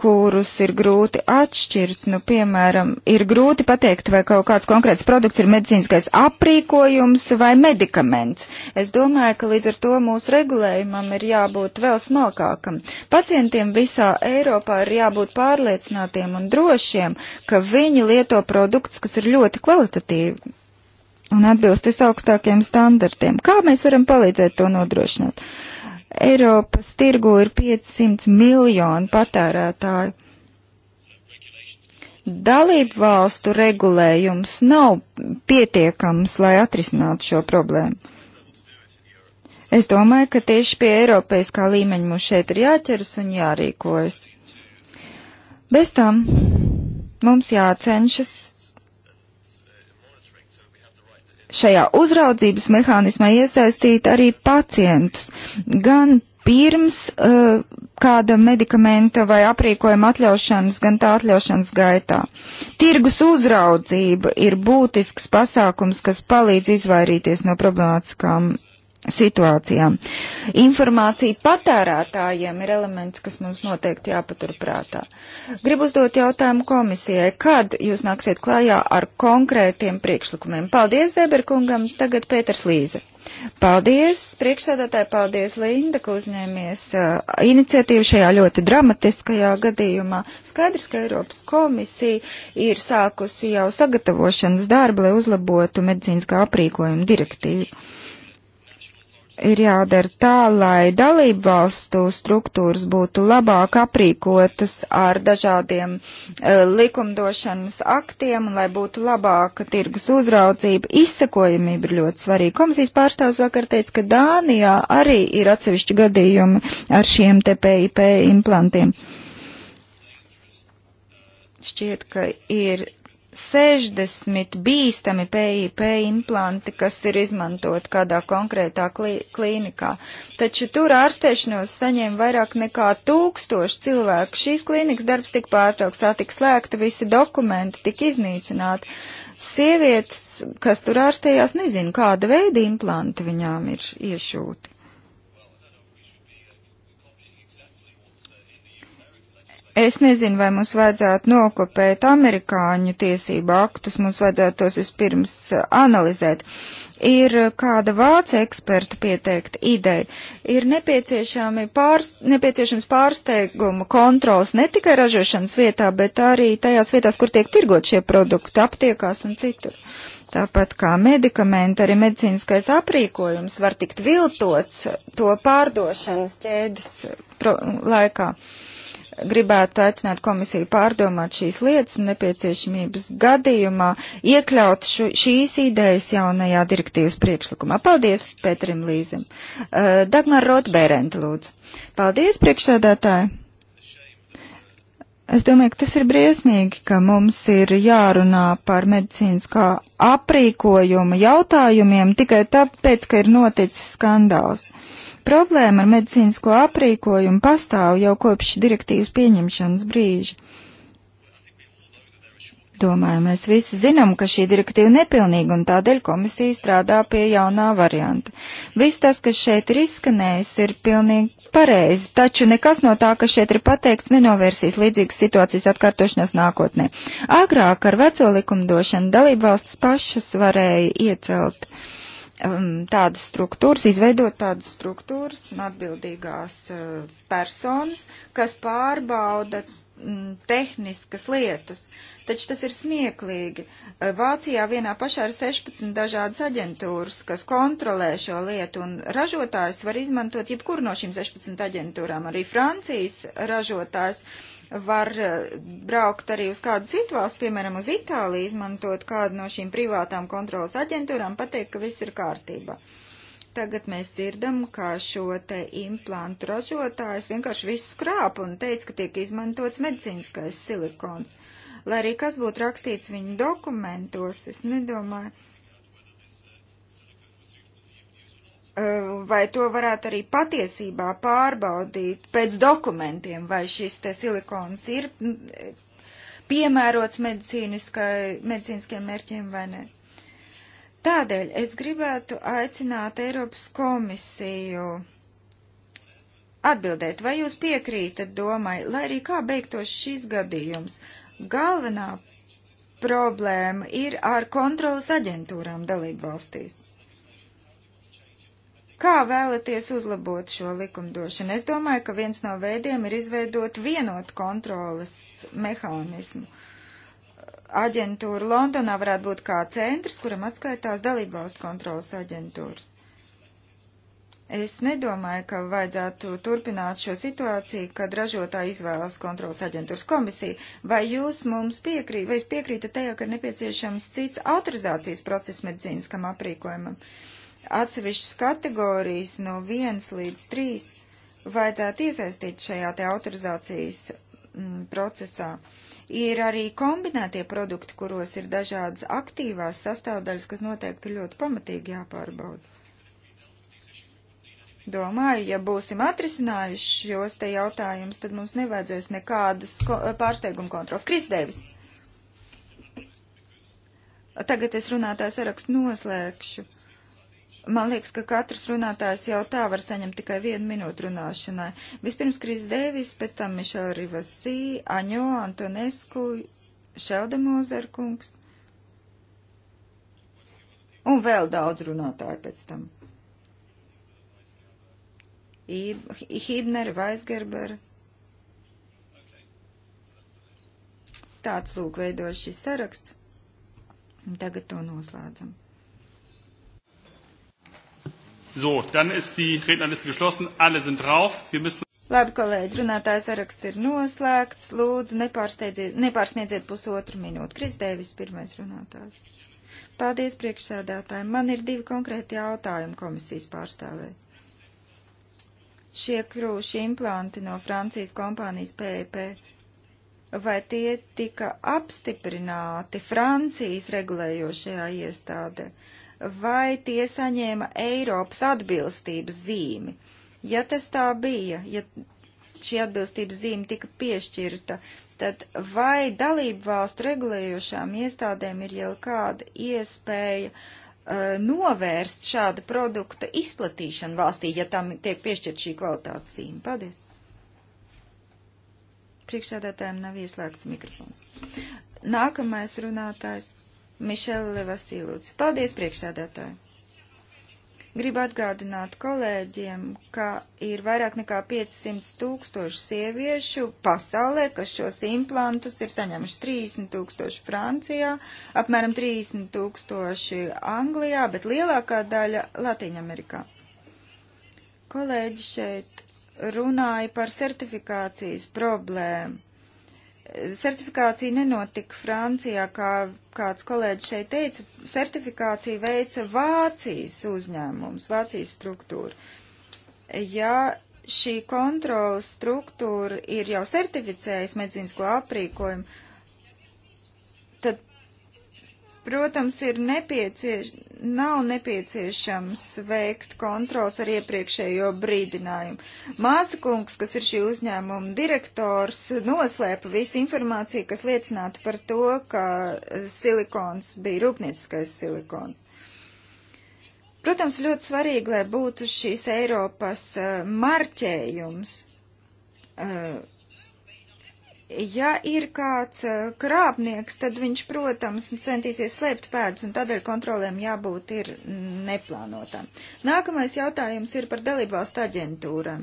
kurus ir grūti atšķirt. Nu, piemēram, ir grūti pateikt, vai kaut kāds konkrēts produkts ir medicīniskais aprīkojums vai medikaments. Es domāju, ka līdz ar to mūsu regulējumam ir jābūt vēl smalkākam. Pacientiem visā Eiropā ir jābūt pārliecinātiem un drošiem, ka viņi lieto produkts, kas ir ļoti kvalitatīvi un atbilst visaugstākiem standartiem. Kā mēs varam palīdzēt to nodrošināt? Uh, Eiropas tirgu ir 500 miljoni patērētāju. Dalību valstu regulējums nav pietiekams, lai atrisinātu šo problēmu. Es domāju, ka tieši pie Eiropaiskā līmeņa mums šeit ir jāķeras un jārīkojas. Bez tam mums jācenšas šajā uzraudzības mehānismā iesaistīt arī pacientus. Gan pirms uh, kāda medikamenta vai aprīkojuma atļaušanas, gan tā atļaušanas gaitā. Tirgus uzraudzība ir būtisks pasākums, kas palīdz izvairīties no problemātiskām situācijām. Informācija patērētājiem ir elements, kas mums noteikti jāpaturprātā. Gribu uzdot jautājumu komisijai, kad jūs nāksiet klājā ar konkrētiem priekšlikumiem. Paldies Zeberkungam, tagad Pēters Līze. Paldies, priekšsēdētāji, paldies Linda, ka uzņēmies uh, iniciatīvu šajā ļoti dramatiskajā gadījumā. Skaidrs, ka Eiropas komisija ir sākusi jau sagatavošanas darbu, lai uzlabotu medicīniskā aprīkojuma direktīvu ir jādara tā, lai dalību valstu struktūras būtu labāk aprīkotas ar dažādiem uh, likumdošanas aktiem, lai būtu labāka tirgus uzraudzība. Izsekojamība ir ļoti svarīga. Komisijas pārstāvs vakar teica, ka Dānijā arī ir atsevišķi gadījumi ar šiem TPIP implantiem. Šķiet, ka ir 60 bīstami PIP implanti, kas ir izmantot kādā konkrētā klī, klīnikā. Taču tur ārstēšanos saņēma vairāk nekā tūkstoši cilvēku. Šīs klīnikas darbs tika pārtraukts, tā tika slēgta, visi dokumenti tika iznīcināti. Sievietes, kas tur ārstējās, nezinu, kāda veida implanti viņām ir iešūti. Es nezinu, vai mums vajadzētu nokopēt amerikāņu tiesību aktus, mums vajadzētu tos vispirms uh, analizēt. Ir uh, kāda vāca eksperta pieteikta ideja. Ir pārs, nepieciešams pārsteiguma kontrols ne tikai ražošanas vietā, bet arī tajās vietās, kur tiek tirgot šie produkti, aptiekās un citur. Tāpat kā medikamenti, arī medicīniskais aprīkojums var tikt viltots to pārdošanas ķēdes uh, laikā. Uh, gribētu aicināt komisiju pārdomāt šīs lietas un nepieciešamības gadījumā iekļaut šu, šīs idejas jaunajā direktīvas priekšlikumā. Paldies Pēterim Līzim. Uh, Dagmar Rotbērenta lūdzu. Paldies priekšsēdētāji. Es domāju, ka tas ir briesmīgi, ka mums ir jārunā par medicīniskā aprīkojuma jautājumiem tikai tāpēc, ka ir noticis skandāls. Uh, Problēma ar medicīnisko aprīkojumu pastāv jau kopš direktīvas pieņemšanas brīža. Domāju, mēs visi zinām, ka šī direktīva nepilnīga un tādēļ komisija strādā pie jaunā varianta. Viss tas, kas šeit ir izskanējis, ir pilnīgi pareizi, taču nekas no tā, kas šeit ir pateikts, nenovērsīs līdzīgas situācijas atkārtošanos nākotnē. Agrāk ar veco likumdošanu dalībvalsts pašas varēja iecelt uh, um, tādas struktūras, izveidot tādas struktūras un atbildīgās uh, personas, kas pārbauda mm, tehniskas lietas. Taču tas ir smieklīgi. Uh, Vācijā vienā pašā ir 16 dažādas aģentūras, kas kontrolē šo lietu, un ražotājs var izmantot jebkuru no šīm 16 aģentūrām, arī Francijas ražotājs. Uh, var eh, braukt arī uz kādu citu valstu, piemēram, uz Itāliju, izmantot kādu no šīm privātām kontrolas aģentūrām, pateikt, ka viss ir kārtībā. Tagad mēs dzirdam, ka šo te implantu ražotājs vienkārši visu skrāpa un teica, ka tiek izmantots medicīniskais silikons. Lai arī kas būtu rakstīts viņu dokumentos, es nedomāju Eh, vai to varētu arī patiesībā pārbaudīt pēc dokumentiem, vai šis te silikons ir mm, piemērots medicīniskiem mērķiem vai nē. Tādēļ es gribētu aicināt Eiropas komisiju atbildēt, vai jūs piekrītat domai, lai arī kā beigtos šis gadījums. Galvenā problēma ir ar kontrolas aģentūrām dalību valstīs Kā vēlaties uzlabot šo likumdošanu? Es domāju, ka viens no veidiem ir izveidot vienotu kontrolas mehānismu. Aģentūra Londonā varētu būt kā centrs, kuram atskaitās dalībvalstu kontrolas aģentūras. Es nedomāju, ka vajadzētu turpināt šo situāciju, kad ražotāji izvēlas kontrolas aģentūras komisiju. Vai jūs mums piekrīt, vai jūs piekrītat tajā, ka ir nepieciešams cits autorizācijas process medicīniskam aprīkojumam? Uh, atsevišķas kategorijas no 1 līdz 3 vajadzētu iesaistīt šajā te autorizācijas mm, procesā. Ir arī kombinētie produkti, kuros ir dažādas aktīvās sastāvdaļas, kas noteikti ļoti pamatīgi jāpārbauda. Domāju, ja būsim atrisinājuši šos te jautājumus, tad mums nevajadzēs nekādas ko pārsteiguma kontrols. Kris Devis. Tagad es runātāju sarakstu noslēgšu Man liekas, ka katrs runātājs jau tā var saņemt tikai vienu minūtu runāšanai. Vispirms Kris Dēvis, pēc tam Mišela Rivasī, Aņo, Antonesku, Šeldemozer kungs. Un vēl daudz runātāju pēc tam. Hībner, Vaisgerber. Tāds lūk veido šis saraksts. Tagad to noslēdzam. So, dann ist die Rednerliste geschlossen. Alle sind drauf. Wir müssen. Labi, kolēģi, runātājs saraksts ir noslēgts. Lūdzu, nepārsniedziet pusotru minūtu. Kristēvis pirmais runātājs. Paldies priekšsēdētājiem. Man ir divi konkrēti jautājumi komisijas pārstāvē. Šie krūši implanti no Francijas kompānijas PEP, e vai tie tika apstiprināti Francijas regulējošajā iestādē? Uh, vai tie saņēma Eiropas atbilstības zīmi. Ja tas tā bija, ja šī atbilstības zīme tika piešķirta, tad vai dalību valstu regulējošām iestādēm ir jau kāda iespēja uh, novērst šāda produkta izplatīšanu valstī, ja tam tiek piešķirt šī kvalitātes zīme? Paldies! Priekšsēdētājiem nav ieslēgts mikrofons. Nākamais runātājs Mišela Levasī lūdzu. Paldies, priekšsēdētāji! Gribu atgādināt kolēģiem, ka ir vairāk nekā 500 tūkstoši sieviešu pasaulē, kas šos implantus ir saņemuši 30 tūkstoši Francijā, apmēram 30 tūkstoši Anglijā, bet lielākā daļa Latīņamerikā. Kolēģi šeit runāja par certifikācijas problēmu Certifikācija nenotika Francijā, kā kāds kolēģis šeit teica, certifikācija veica Vācijas uzņēmums, Vācijas struktūra. Ja šī kontrolas struktūra ir jau certificējusi medicīnisko aprīkojumu, Protams, ir nepiecieš... nav nepieciešams veikt kontrols ar iepriekšējo brīdinājumu. Māsakungs, kas ir šī uzņēmuma direktors, noslēpa visu informāciju, kas liecinātu par to, ka silikons bija rūpnieciskais silikons. Protams, ļoti svarīgi, lai būtu šīs Eiropas eh, marķējums eh, Ja ir kāds eh, krāpnieks, tad viņš, protams, centīsies slēpt pēdas, un tādēļ kontrolēm jābūt ir mm, neplānotām. Nākamais jautājums ir par dalībvalstu aģentūram.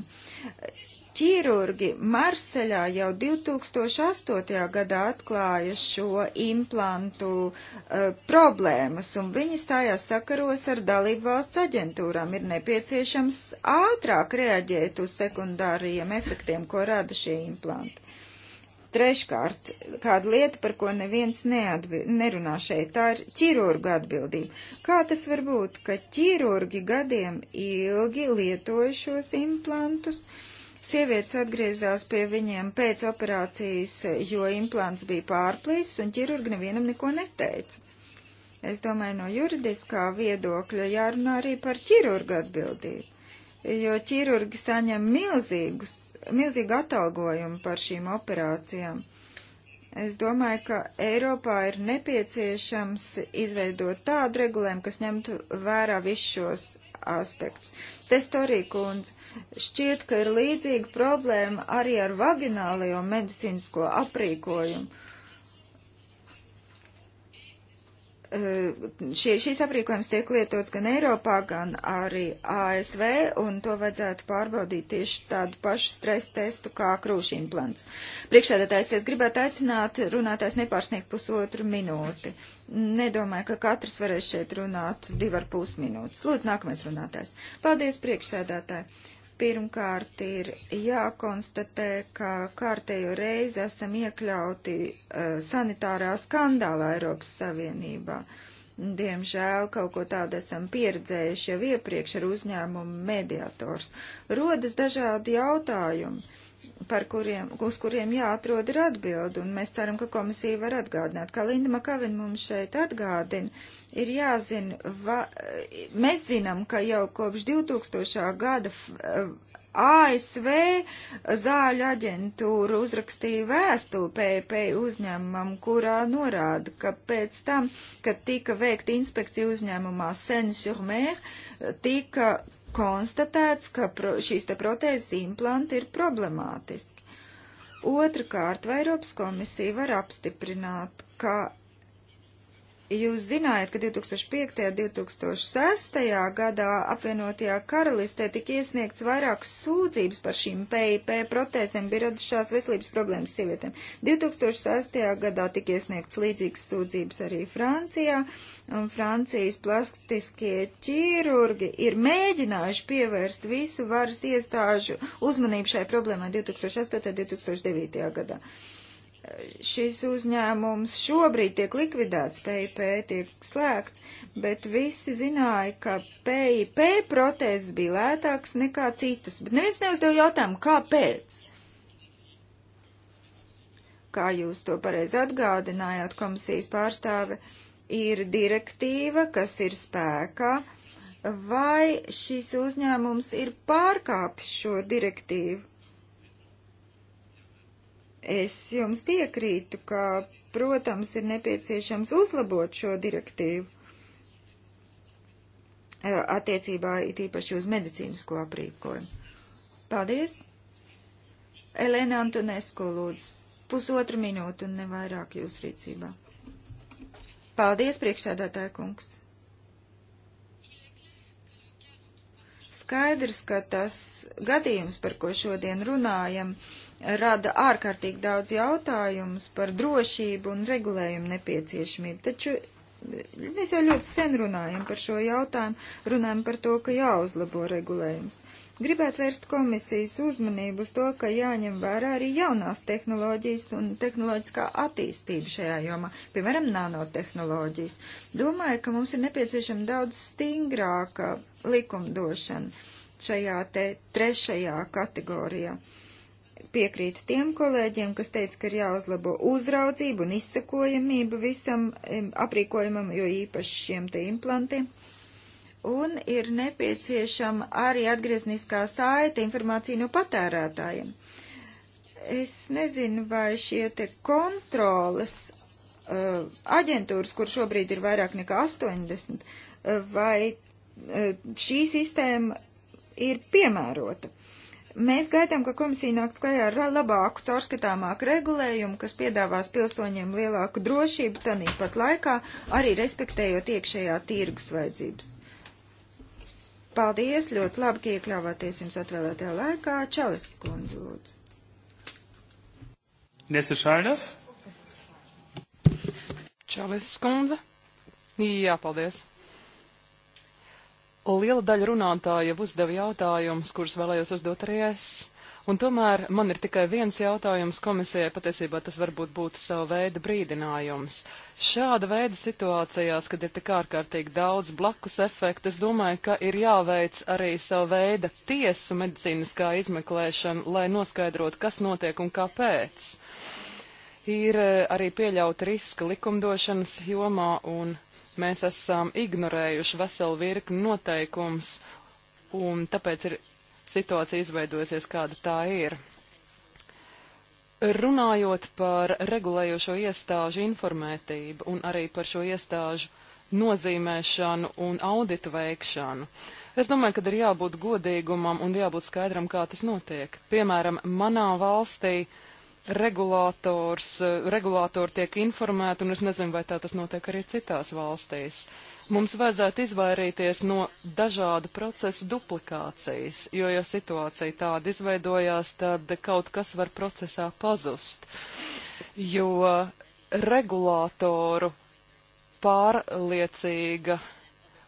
Ķīrurgi Marseļā jau 2008. gadā atklāja šo implantu uh, problēmas, un viņi stājās sakaros ar dalību valsts aģentūrām. Ir nepieciešams ātrāk reaģēt uz sekundāriem efektiem, ko rada šie implanti. Uh, Treškārt, kāda lieta, par ko neviens nerunā šeit, tā ir ķirurga atbildība. Kā tas var būt, ka ķirurgi gadiem ilgi lietoja šos implantus? Sievietes atgriezās pie viņiem pēc operācijas, jo implants bija pārplīsis un ķirurgi nevienam neko neteica. Es domāju, no juridiskā viedokļa jārunā arī par ķirurgu atbildību, jo ķirurgi saņem milzīgus milzīgu atalgojumu par šīm operācijām. Es domāju, ka Eiropā ir nepieciešams izveidot tādu regulējumu, kas ņemtu vērā visus šos aspektus. Testorī kundze, šķiet, ka ir līdzīga problēma arī ar vaginālajo medicīnisko aprīkojumu. Eh, šie, šīs aprīkojums tiek lietots gan Eiropā, gan arī ASV, un to vajadzētu pārbaudīt tieši tādu pašu stresa testu kā krūšu implants. Priekšādātājs, es gribētu aicināt runātājs nepārsniegt pusotru minūti. Nedomāju, ka katrs varēs šeit runāt divar pus minūtes. Lūdzu, nākamais runātājs. Paldies, priekšsēdētāji. Pirmkārt ir jākonstatē, ka kārtējo reizi esam iekļauti uh, sanitārā skandālā Eiropas Savienībā. Diemžēl kaut ko tādu esam pieredzējuši jau iepriekš ar uzņēmumu mediators. Rodas dažādi jautājumi par kuriem, uz kuriem jāatrod ir atbildi, un mēs ceram, ka komisija var atgādināt. Kā Linda Makavina mums šeit atgādina, ir jāzina, va, mēs zinām, ka jau kopš 2000. gada eh, ASV zāļu aģentūra uzrakstīja vēstuli PP uzņēmumam, kurā norāda, ka pēc tam, kad tika veikta inspekcija uzņēmumā Sensurmēr, tika konstatēts, ka pro, šīs te protēzes implanti ir problemātiski. Otrakārt, vai Eiropas komisija var apstiprināt, ka Jūs zinājat, ka 2005. un 2006. gadā apvienotajā karalistē tika iesniegts vairākas sūdzības par šīm PIP protēzēm, bija radušās veselības problēmas sievietēm. 2006. gadā tika iesniegts līdzīgas sūdzības arī Francijā, un Francijas plastiskie ķīrurgi ir mēģinājuši pievērst visu varas iestāžu uzmanību šai problēmai 2008. un 2009. gadā šis uzņēmums šobrīd tiek likvidēts, PIP tiek slēgts, bet visi zināja, ka PIP protezes bija lētāks nekā citas, bet neviens neuzdev jautājumu, kāpēc? Kā jūs to pareizi atgādinājāt, komisijas pārstāve, ir direktīva, kas ir spēkā, vai šis uzņēmums ir pārkāpis šo direktīvu? Es jums piekrītu, ka, protams, ir nepieciešams uzlabot šo direktīvu eh, attiecībā it īpaši uz medicīnisko aprīkojumu. Paldies! Elēna Antonesko lūdzu. Pusotru minūtu un nevairāk jūs rīcībā. Paldies, priekšsēdētāja kungs! Skaidrs, ka tas gadījums, par ko šodien runājam, uh, rada ārkārtīgi daudz jautājumus par drošību un regulējumu nepieciešamību. Taču eh, mēs jau ļoti sen runājam par šo jautājumu, runājam par to, ka jāuzlabo regulējums. Gribētu vērst komisijas uzmanību uz to, ka jāņem vērā arī jaunās tehnoloģijas un tehnoloģiskā attīstība šajā jomā, piemēram, nanotehnoloģijas. Domāju, ka mums ir nepieciešama daudz stingrāka likumdošana šajā te trešajā kategorijā. Uh, piekrītu tiem kolēģiem, kas teica, ka ir jāuzlabo uzraudzību un izsakojamību visam aprīkojumam, jo īpaši šiem te implantiem. Un ir nepieciešama arī atgriezniskā saita informācija no patērētājiem. Es nezinu, vai šie te kontrolas uh, eh, aģentūras, kur šobrīd ir vairāk nekā 80, uh, eh, vai uh, šī sistēma ir piemērota. Mēs gaidām, ka komisija nāks klajā ar labāku, caurskatāmāku regulējumu, kas piedāvās pilsoņiem lielāku drošību, tanī pat laikā, arī respektējot iekšējā tirgus vajadzības. Paldies, ļoti labi, ka iekļāvāties jums atvēlētajā laikā. Čalis skundze, lūdzu. Nese Šainas. Čalis skundze. Jā, paldies. Un liela daļa runātāja jau uzdeva jautājumus, kurus vēlējos uzdot arī es. Un tomēr man ir tikai viens jautājums komisijai, patiesībā tas varbūt būtu sava veida brīdinājums. Šāda veida situācijās, kad ir tik ārkārtīgi daudz blakus efektu, es domāju, ka ir jāveic arī sava veida tiesu medicīniskā izmeklēšana, lai noskaidrot, kas notiek un kāpēc. Ir eh, arī pieļauta riska likumdošanas jomā un Mēs esam ignorējuši veselu virkni noteikums, un tāpēc ir situācija izveidojusies, kāda tā ir. Runājot par regulējošo iestāžu informētību un arī par šo iestāžu nozīmēšanu un auditu veikšanu, es domāju, ka ir jābūt godīgumam un jābūt skaidram, kā tas notiek. Piemēram, manā valstī uh, regulators, eh, regulātori tiek informēti, un es nezinu, vai tā tas notiek arī citās valstīs. Mums vajadzētu izvairīties no dažādu procesu duplikācijas, jo, ja situācija tāda izveidojās, tad kaut kas var procesā pazust, jo regulātoru pārliecīga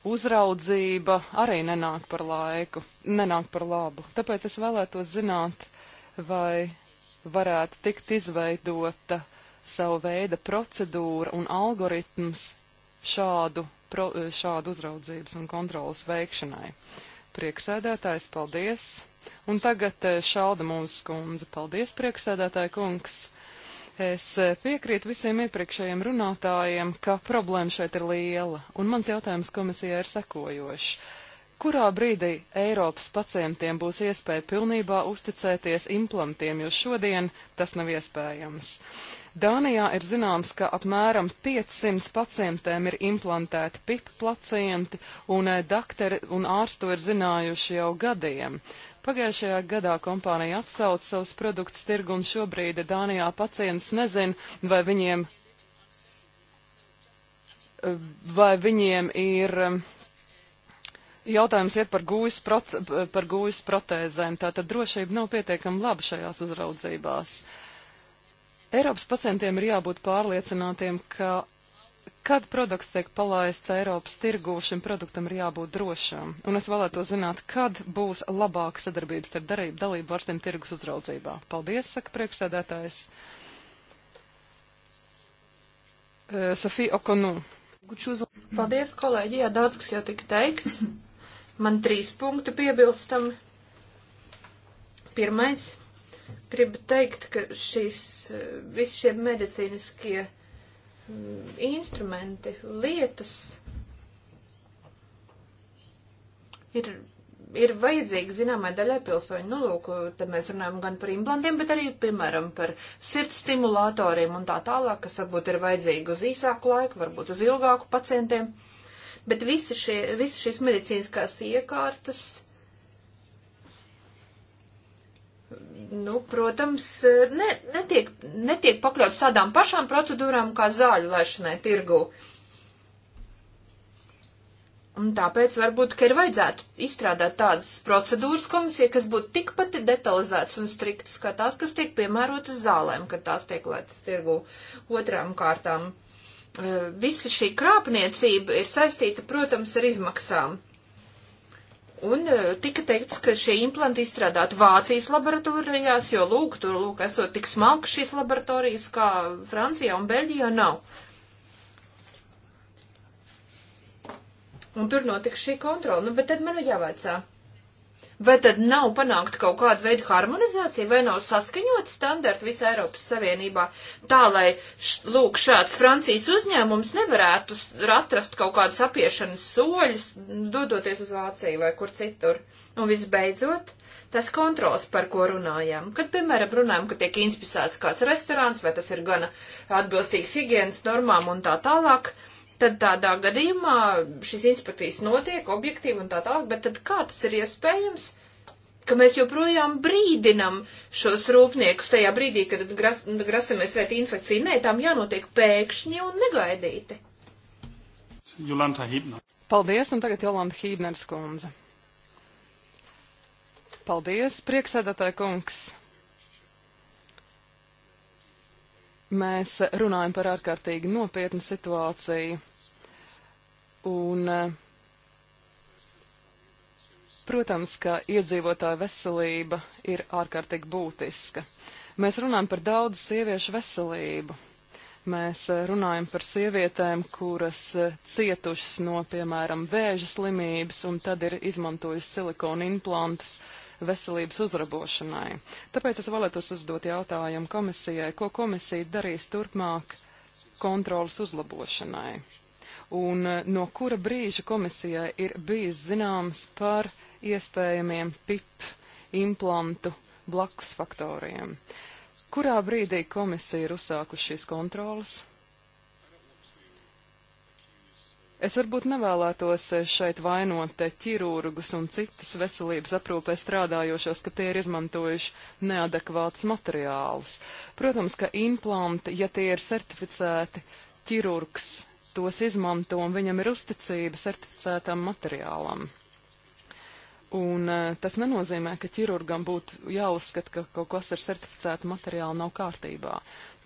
uzraudzība arī nenāk par laiku, nenāk par labu. Tāpēc es vēlētos zināt, vai varētu tikt izveidota savu veidu procedūra un algoritms šādu, pro, šādu uzraudzības un kontrolas veikšanai. Prieksēdētājs, paldies! Un tagad eh, šalda mūsu skundze. Paldies, prieksēdētāja kungs! Es eh, piekrītu visiem iepriekšējiem runātājiem, ka problēma šeit ir liela, un mans jautājums komisijai ir sekojošs kurā brīdī Eiropas pacientiem būs iespēja pilnībā uzticēties implantiem, jo šodien tas nav iespējams. Dānijā ir zināms, ka apmēram 500 pacientiem ir implantēti PIP pacienti, un eh, dakteri un ārsti to ir zinājuši jau gadiem. Pagājušajā gadā kompānija atsauca savus produktus tirgu, un šobrīd Dānijā pacients nezin, vai viņiem, eh, vai viņiem ir Jautājums iet par gūjas, proc, par gūjas protēzēm, tātad drošība nav pietiekami laba šajās uzraudzībās. Eiropas pacientiem ir jābūt pārliecinātiem, ka, kad produkts tiek palaists Eiropas tirgū, šim produktam ir jābūt drošam. Un es vēlētu zināt, kad būs labāka sadarbības starp dalību valstīm tirgus uzraudzībā. Paldies, saka priekšsēdētājs. Eh, Sofija Okonu. Paldies, kolēģi, jā, daudz kas jau tika teikts. Man trīs punkti piebilstami. Pirmais, gribu teikt, ka šīs, eh, visi šie medicīniskie mm, instrumenti, lietas ir, ir vajadzīgi zināmai daļai pilsoņu. Nu, lūk, tad mēs runājam gan par implantiem, bet arī, piemēram, par sirds stimulatoriem un tā tālāk, kas varbūt ir vajadzīgi uz īsāku laiku, varbūt uz ilgāku pacientiem. Uh, bet visi šie, visi šīs medicīniskās iekārtas, nu, protams, ne, netiek, netiek pakļauts tādām pašām procedūrām kā zāļu laišanai tirgū. Un tāpēc varbūt, ka ir vajadzētu izstrādāt tādas procedūras komisija, kas būtu tikpat detalizētas un striktas kā tās, kas tiek piemērotas zālēm, kad tās tiek lētas tirgu otrām kārtām. Uh, Eh, visa šī krāpniecība ir saistīta, protams, ar izmaksām. Un eh, tika teikts, ka šie implanti izstrādāti Vācijas laboratorijās, jo lūk, tur lūk, esot tik smalki šīs laboratorijas, kā Francijā un Beļģijā nav. Un tur notika šī kontrola. Nu, bet tad man ir jāvaicā. Vai tad nav panākta kaut kāda veida harmonizācija, vai nav saskaņot standarti visā Eiropas Savienībā, tā lai, š, lūk, šāds Francijas uzņēmums nevarētu atrast kaut kādus apiešanas soļus, dodoties uz Vāciju vai kur citur. Un visbeidzot, tas kontrols, par ko runājām. Kad, piemēram, runājam, ka tiek inspicēts kāds restorāns, vai tas ir gana atbilstīgs higienas normām un tā tālāk, uh, tad tādā gadījumā šīs inspekcijas notiek objektīvi un tā tālāk, bet tad kā tas ir iespējams, ka mēs joprojām brīdinam šos rūpniekus tajā brīdī, kad gras, grasamies vērt infekciju? Nē, tām jānotiek pēkšņi un negaidīti. Jolanta Hībner. Paldies, un tagad Jolanta Hībners kundze. Paldies, prieksēdētāja kungs. Mēs runājam par ārkārtīgi nopietnu situāciju Un, eh, protams, ka iedzīvotāja veselība ir ārkārtīgi būtiska. Mēs runājam par daudzu sieviešu veselību. Mēs eh, runājam par sievietēm, kuras eh, cietušas no, piemēram, vēža slimības un tad ir izmantojusi silikona implantus veselības uzrabošanai. Tāpēc es vēlētos uzdot jautājumu komisijai, ko komisija darīs turpmāk kontrolas uzlabošanai un eh, no kura brīža komisijai ir bijis zināms par iespējamiem PIP implantu blakus faktoriem. Kurā brīdī komisija ir uzsākusi šīs kontrolas? Es varbūt nevēlētos eh, šeit vainot eh, ķirurgus un citus veselības aprūpē strādājošos, ka tie ir izmantojuši neadekvātus materiālus. Protams, ka implanti, ja tie ir certificēti, ķirurgs tos izmanto un viņam ir uzticība certificētam materiālam. Un e, tas nenozīmē, ka ķirurgam būtu jāuzskata, ka kaut kas ar certificētu materiālu nav kārtībā.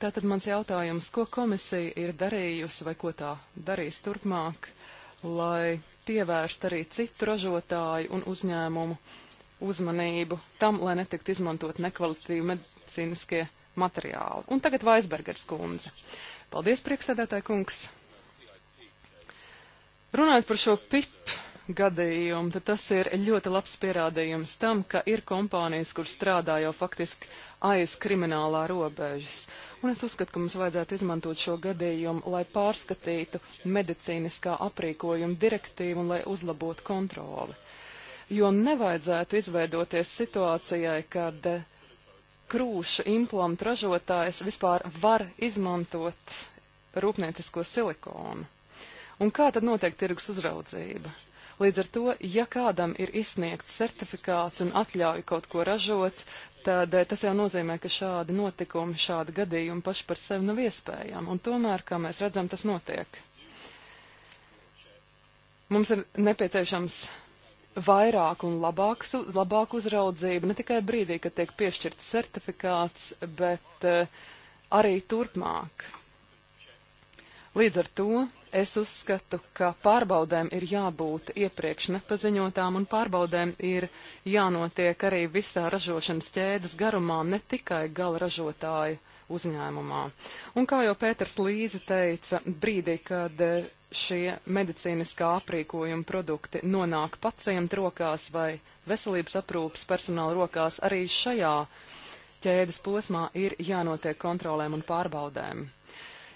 Tātad mans jautājums, ko komisija ir darījusi vai ko tā darīs turpmāk, lai pievērst arī citu ražotāju un uzņēmumu uzmanību tam, lai netiktu izmantot nekvalitīvi medicīniskie materiāli. Un tagad Vaisbergers kundze. Paldies, priekšsēdētāji kungs! Runājot par šo PIP gadījumu, tad tas ir ļoti labs pierādījums tam, ka ir kompānijas, kur strādā jau faktiski aiz kriminālā robežas. Un es uzskatu, ka mums vajadzētu izmantot šo gadījumu, lai pārskatītu medicīniskā aprīkojuma direktīvu un lai uzlabotu kontroli. Jo nevajadzētu izveidoties situācijai, kad eh, krūšu implantu ražotājs vispār var izmantot rūpniecisko silikonu. Un kā tad notiek tirgus uzraudzība? Līdz ar to, ja kādam ir izsniegts certifikāts un atļauj kaut ko ražot, tad eh, tas jau nozīmē, ka šādi notikumi, šādi gadījumi paši par sevi nav iespējami. Un tomēr, kā mēs redzam, tas notiek. Mums ir nepieciešams vairāk un labāks, labāk uzraudzība, ne tikai brīdī, kad tiek piešķirts certifikāts, bet uh, arī turpmāk. Līdz ar to Es uzskatu, ka pārbaudēm ir jābūt iepriekš nepaziņotām, un pārbaudēm ir jānotiek arī visā ražošanas ķēdes garumā, ne tikai gala ražotāja uzņēmumā. Un kā jau Pēters Līze teica, brīdī, kad e, šie medicīniskā aprīkojuma produkti nonāk pacientu rokās vai veselības aprūpas personāla rokās, arī šajā ķēdes posmā ir jānotiek kontrolēm un pārbaudēm.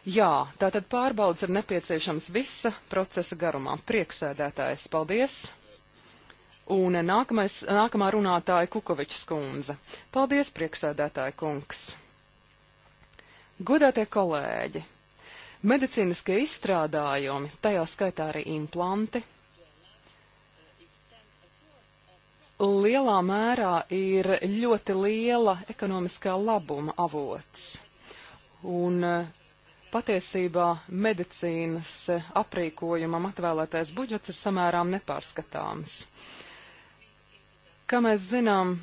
Jā, tātad pārbaudas ir nepieciešams visa procesa garumā. Prieksēdētājs, paldies! Un nākamais, nākamā runātāja Kukovičs kundze. Paldies, prieksēdētāja kungs! Godātie kolēģi! Medicīniskie izstrādājumi, tajā skaitā arī implanti, lielā mērā ir ļoti liela ekonomiskā labuma avots. Un patiesībā medicīnas e, aprīkojumam atvēlētais budžets ir samērām nepārskatāms. Kā mēs zinām,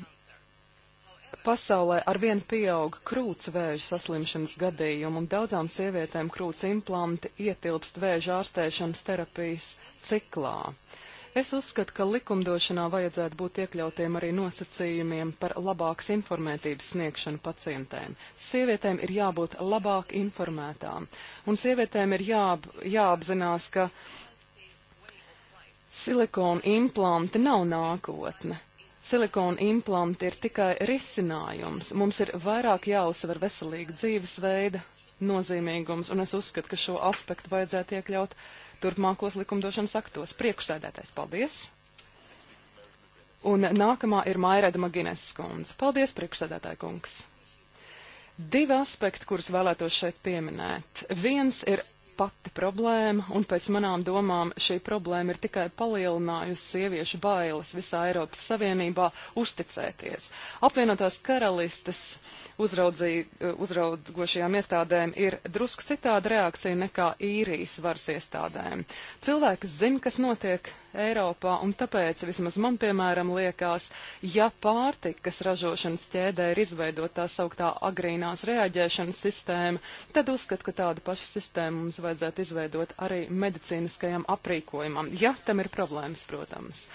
pasaulē arvien pieaug krūts vēža saslimšanas gadījumu, un daudzām sievietēm krūts implanti ietilpst vēža ārstēšanas terapijas ciklā. Es uzskatu, ka likumdošanā vajadzētu būt iekļautiem arī nosacījumiem par labākas informētības sniegšanu pacientēm. Sievietēm ir jābūt labāk informētām, un sievietēm ir jāap, jāapzinās, ka silikona implanti nav nākotne. Silikona implanti ir tikai risinājums. Mums ir vairāk jāuzsver veselīga dzīvesveida nozīmīgums, un es uzskatu, ka šo aspektu vajadzētu iekļaut turpmākos likumdošanas aktos. Priekšsēdētais, paldies! Un nākamā ir Mairēda Magines skundze. Paldies, priekšsēdētāja kungs! Divi aspekti, kurus vēlētos šeit pieminēt. Viens ir pati problēma, un pēc manām domām šī problēma ir tikai palielinājusi sieviešu bailes visā Eiropas Savienībā uzticēties. Apvienotās karalistes uzraudzīgošajām iestādēm ir drusku citāda reakcija nekā īrijas varas iestādēm. Cilvēks zina, kas notiek Eiropā, un tāpēc vismaz man, piemēram, liekas, ja pārtikas ražošanas ķēdē ir izveidota tā sauktā agrīnās reaģēšanas sistēma, tad uzskatu, ka tādu pašu sistēmu mums vajadzētu izveidot arī medicīniskajam aprīkojumam, ja tam ir problēmas, protams.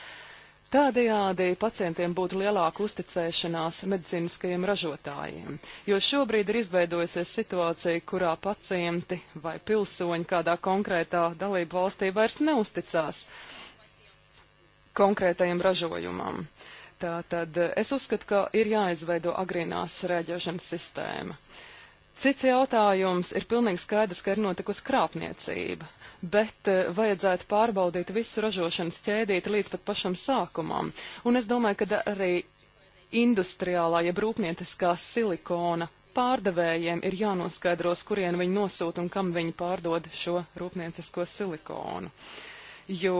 Tādējādi pacientiem būtu lielāka uzticēšanās medicīniskajiem ražotājiem, jo šobrīd ir izveidojusies situācija, kurā pacienti vai pilsoņi kādā konkrētā dalību valstī vairs neusticās konkrētajam ražojumam. Tātad es uzskatu, ka ir jāizveido agrīnās rēģēšanas sistēma. Cits jautājums ir pilnīgi skaidrs, ka ir notikusi krāpniecība, bet eh, vajadzētu pārbaudīt visu ražošanas ķēdīti līdz pat pašam sākumam. Un es domāju, ka arī industriālā, ja rūpnieciskā silikona pārdevējiem ir jānoskaidros, kurien viņi nosūta un kam viņi pārdod šo rūpniecisko silikonu. Jo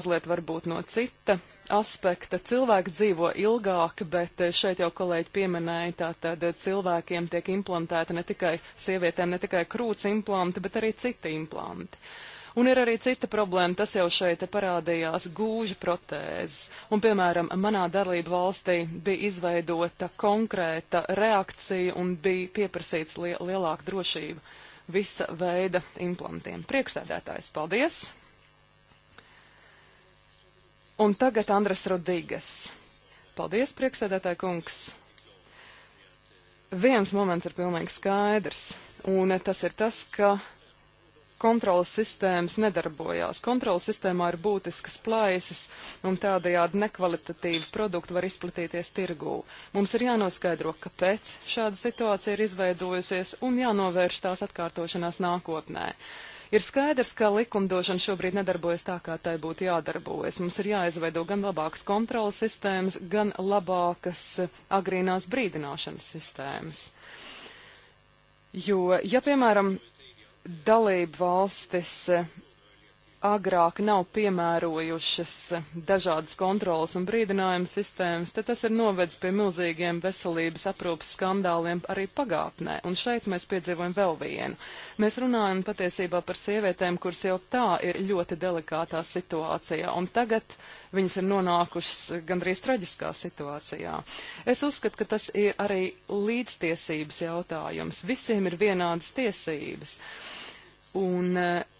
mazliet varbūt no cita aspekta. Cilvēki dzīvo ilgāk, bet eh, šeit jau kolēģi pieminēja, tātad eh, cilvēkiem tiek implantēta ne tikai sievietēm, ne tikai krūts implanti, bet arī citi implanti. Un ir arī cita problēma, tas jau šeit parādījās gūža protēzes. Un, piemēram, manā dalību valstī bija izveidota konkrēta reakcija un bija pieprasīts lielāka drošība visa veida implantiem. Priekšsēdētājs, paldies! Un tagad Andres Rodīgas. Paldies, prieksēdētāji kungs! Viens moments ir pilnīgi skaidrs, un tas ir tas, ka kontrolas sistēmas nedarbojās. Kontrolas sistēmā ir būtiskas plaisas, un tādējādi nekvalitatīvi produkti var izplatīties tirgū. Mums ir jānoskaidro, kāpēc šāda situācija ir izveidojusies, un jānovērš tās atkārtošanās nākotnē. Ir skaidrs, ka likumdošana šobrīd nedarbojas tā, kā tai būtu jādarbojas. Mums ir jāizveido gan labākas kontrolas sistēmas, gan labākas agrīnās brīdināšanas sistēmas. Jo, ja, piemēram, dalību valstis agrāk nav piemērojušas dažādas kontrolas un brīdinājuma sistēmas, tad tas ir novedis pie milzīgiem veselības aprūpas skandāliem arī pagātnē. Un šeit mēs piedzīvojam vēl vienu. Mēs runājam patiesībā par sievietēm, kuras jau tā ir ļoti delikātā situācijā, un tagad viņas ir nonākušas gandrīz traģiskā situācijā. Es uzskatu, ka tas ir arī līdztiesības jautājums. Visiem ir vienādas tiesības. Un, uh,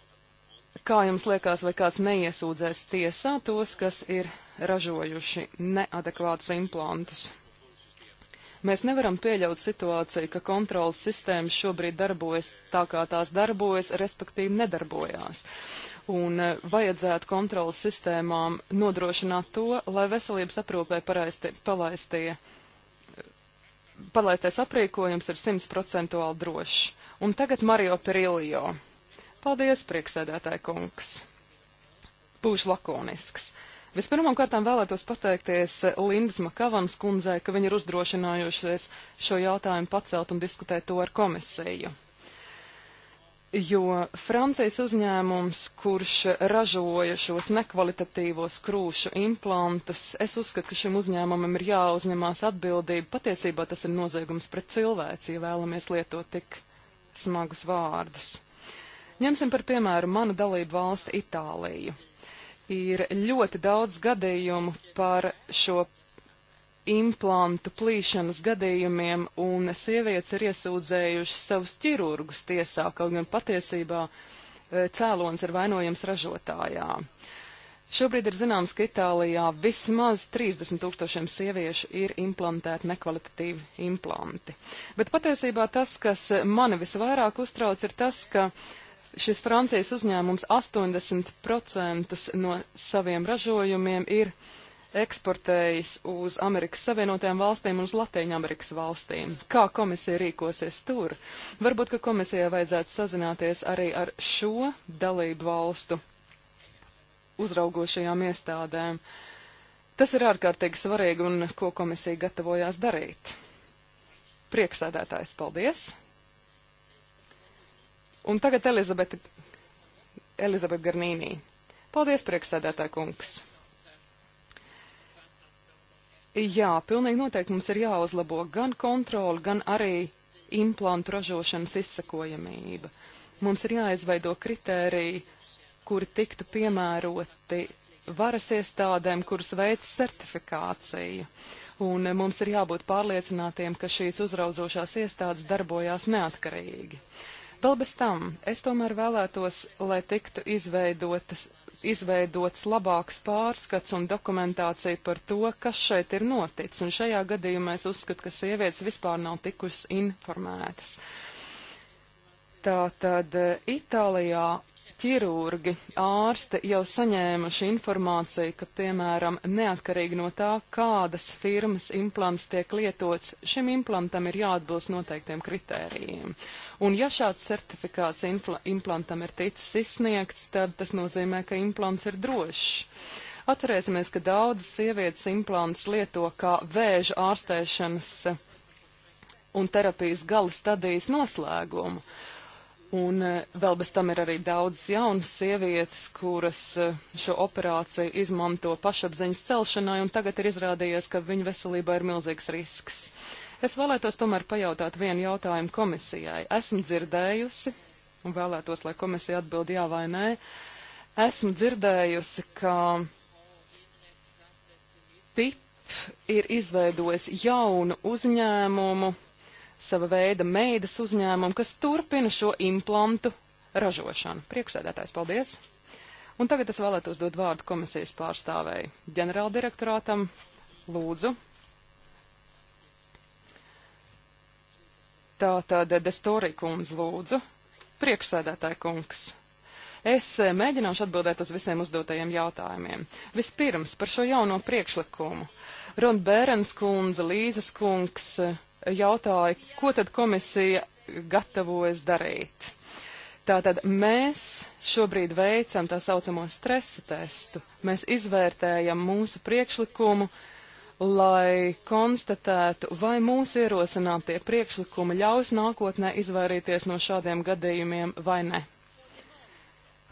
Kā jums liekas, vai kāds neiesūdzēs tiesā tos, kas ir ražojuši neadekvātus implantus? Mēs nevaram pieļaut situāciju, ka kontrolas sistēmas šobrīd darbojas tā, kā tās darbojas, respektīvi nedarbojās. Un e, vajadzētu kontrolas sistēmām nodrošināt to, lai veselības aprūpē paraisti, palaistie, palaistais aprīkojums ir simtprocentuāli drošs. Un tagad Mario Perilio. Paldies, prieksēdētāji kungs. Būšu lakonisks. Vispirmām kārtām vēlētos pateikties Lindas Makavanas kundzei, ka viņa ir uzdrošinājušies šo jautājumu pacelt un diskutēt to ar komisiju. Jo Francijas uzņēmums, kurš ražoja šos nekvalitatīvos krūšu implantus, es uzskatu, ka šim uzņēmumam ir jāuzņemās atbildība. Patiesībā tas ir noziegums pret cilvēci, ja vēlamies lietot tik smagus vārdus. Ņemsim par piemēru manu dalību valsti Itāliju. Ir ļoti daudz gadījumu par šo implantu plīšanas gadījumiem, un sievietes ir iesūdzējušas savus ķirurgus tiesā, kaut gan patiesībā e, cēlons ir vainojams ražotājā. Šobrīd ir zināms, ka Itālijā vismaz 30 tūkstošiem sieviešu ir implantēti nekvalitatīvi implanti. Bet patiesībā tas, kas mani visvairāk uztrauc, ir tas, ka uh, Šis Francijas uzņēmums 80% no saviem ražojumiem ir eksportējis uz Amerikas Savienotajām valstīm un uz Latīņu Amerikas valstīm. Kā komisija rīkosies tur? Varbūt, ka komisijai vajadzētu sazināties arī ar šo dalību valstu uzraugošajām iestādēm. Tas ir ārkārtīgi svarīgi un ko komisija gatavojās darīt. Prieksēdētājs, paldies! Un tagad Elizabete, Elizabete Garnīnī. Paldies, prieksēdētāj kungs. Jā, pilnīgi noteikti mums ir jāuzlabo gan kontroli, gan arī implantu ražošanas izsakojamība. Mums ir jāizveido kritēriji, kuri tiktu piemēroti varas iestādēm, kuras veic certifikāciju. Un mums ir jābūt pārliecinātiem, ka šīs uzraudzošās iestādes darbojās neatkarīgi. Vēl bez tam es tomēr vēlētos, lai tiktu izveidotas izveidots labāks pārskats un dokumentācija par to, kas šeit ir noticis. Un šajā gadījumā es uzskatu, ka sievietes vispār nav tikusi informētas. Tātad eh, Itālijā ķirurgi, ārsti jau saņēmuši informāciju, ka, piemēram, neatkarīgi no tā, kādas firmas implants tiek lietots, šim implantam ir jāatbilst noteiktiem kritērijiem. Un ja šāds certifikāts implantam ir ticis izsniegts, tad tas nozīmē, ka implants ir drošs. Atcerēsimies, ka daudzas sievietes implants lieto kā vēža ārstēšanas un terapijas gala stadijas noslēgumu Un eh, vēl bez tam ir arī daudzas jaunas sievietes, kuras eh, šo operāciju izmanto pašapziņas celšanai, un tagad ir izrādījies, ka viņu veselībā ir milzīgs risks. Es vēlētos tomēr pajautāt vienu jautājumu komisijai. Esmu dzirdējusi, un vēlētos, lai komisija atbild jā vai nē, esmu dzirdējusi, ka PIP ir izveidojis jaunu uzņēmumu sava veida meidas uzņēmumu, kas turpina šo implantu ražošanu. Priekšsēdētājs, paldies! Un tagad es vēlētos dot vārdu komisijas pārstāvēji ģenerāldirektorātam. Lūdzu. Tātad Destorija kundze lūdzu. Priekšsēdētāja kungs. Es eh, mēģināšu atbildēt uz visiem uzdotajiem jautājumiem. Vispirms par šo jauno priekšlikumu. Ron Bērens kundze, Līzes kungs, uh, jautāja, ko tad komisija gatavojas darīt. Tātad mēs šobrīd veicam tā saucamo stresa testu. Mēs izvērtējam mūsu priekšlikumu, lai konstatētu, vai mūsu ierosinātie priekšlikumi ļaus nākotnē izvairīties no šādiem gadījumiem vai ne.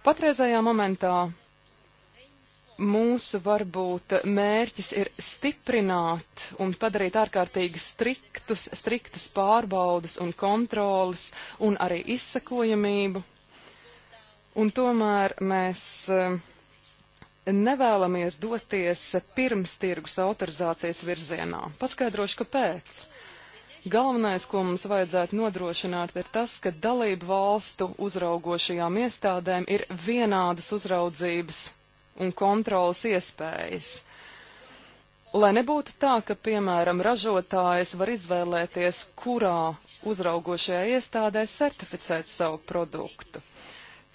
Patreizajā momentā mūsu varbūt mērķis ir stiprināt un padarīt ārkārtīgi striktus, striktas pārbaudas un kontrolas un arī izsakojamību. Un tomēr mēs eh, nevēlamies doties pirms tirgus autorizācijas virzienā. Paskaidrošu, kāpēc. Galvenais, ko mums vajadzētu nodrošināt, ir tas, ka dalību valstu uzraugošajām iestādēm ir vienādas uzraudzības un kontrolas iespējas. Lai nebūtu tā, ka, piemēram, ražotājs var izvēlēties, kurā uzraugošajā iestādē certificēt savu produktu.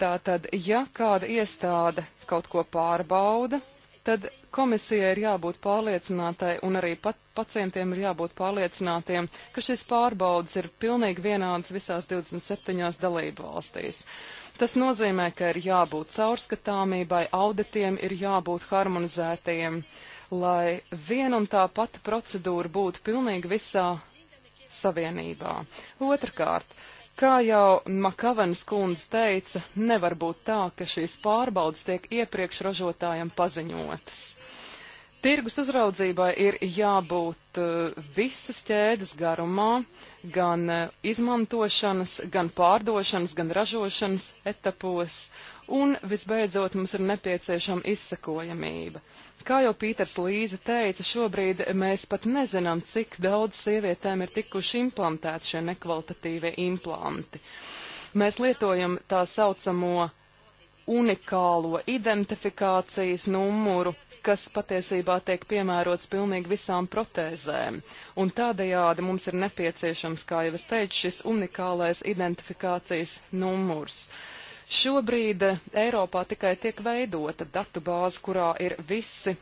Tātad, ja kāda iestāde kaut ko pārbauda, tad komisijai ir jābūt pārliecinātai un arī pat pacientiem ir jābūt pārliecinātiem, ka šis pārbaudas ir pilnīgi vienādas visās 27 dalību valstīs. Tas nozīmē, ka ir jābūt caurskatāmībai, auditiem ir jābūt harmonizētiem, lai vien un tā pati procedūra būtu pilnīgi visā savienībā. Otrakārt, kā jau Makavens kundze teica, nevar būt tā, ka šīs pārbaudas tiek iepriekš ražotājiem paziņotas. Tirgus uzraudzībai ir jābūt eh, visas ķēdes garumā, gan eh, izmantošanas, gan pārdošanas, gan ražošanas etapos, un visbeidzot mums ir nepieciešama izsakojamība. Kā jau Pīters Līze teica, šobrīd mēs pat nezinām, cik daudz sievietēm ir tikuši implantēti šie nekvalitatīvie implanti. Mēs lietojam tā saucamo unikālo identifikācijas numuru, kas patiesībā tiek piemērots pilnīgi visām protēzēm. Un tādējādi mums ir nepieciešams, kā jau es teicu, šis unikālais identifikācijas numurs. Šobrīd eh, Eiropā tikai tiek veidota datu bāze, kurā ir visi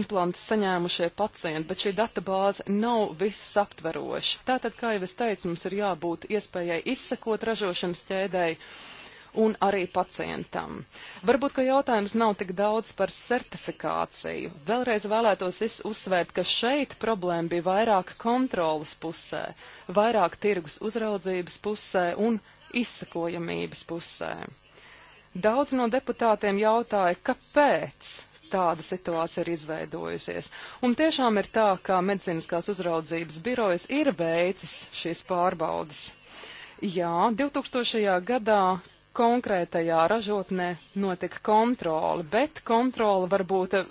implantus saņēmušie pacienti, bet šī databāze nav visaptveroša. Tātad, kā jau es teicu, mums ir jābūt iespējai izsekot ražošanas ķēdēji un arī pacientam. Varbūt, ka jautājums nav tik daudz par certifikāciju. Vēlreiz vēlētos uzsvērt, ka šeit problēma bija vairāk kontrolas pusē, vairāk tirgus uzraudzības pusē un izsakojamības pusē. Daudz no deputātiem jautāja, kāpēc tāda situācija ir izveidojusies. Un tiešām ir tā, ka medicīniskās uzraudzības birojas ir veicis šīs pārbaudas. Jā, 2000. gadā konkrētajā ražotnē notika kontrole, bet kontrole varbūt e,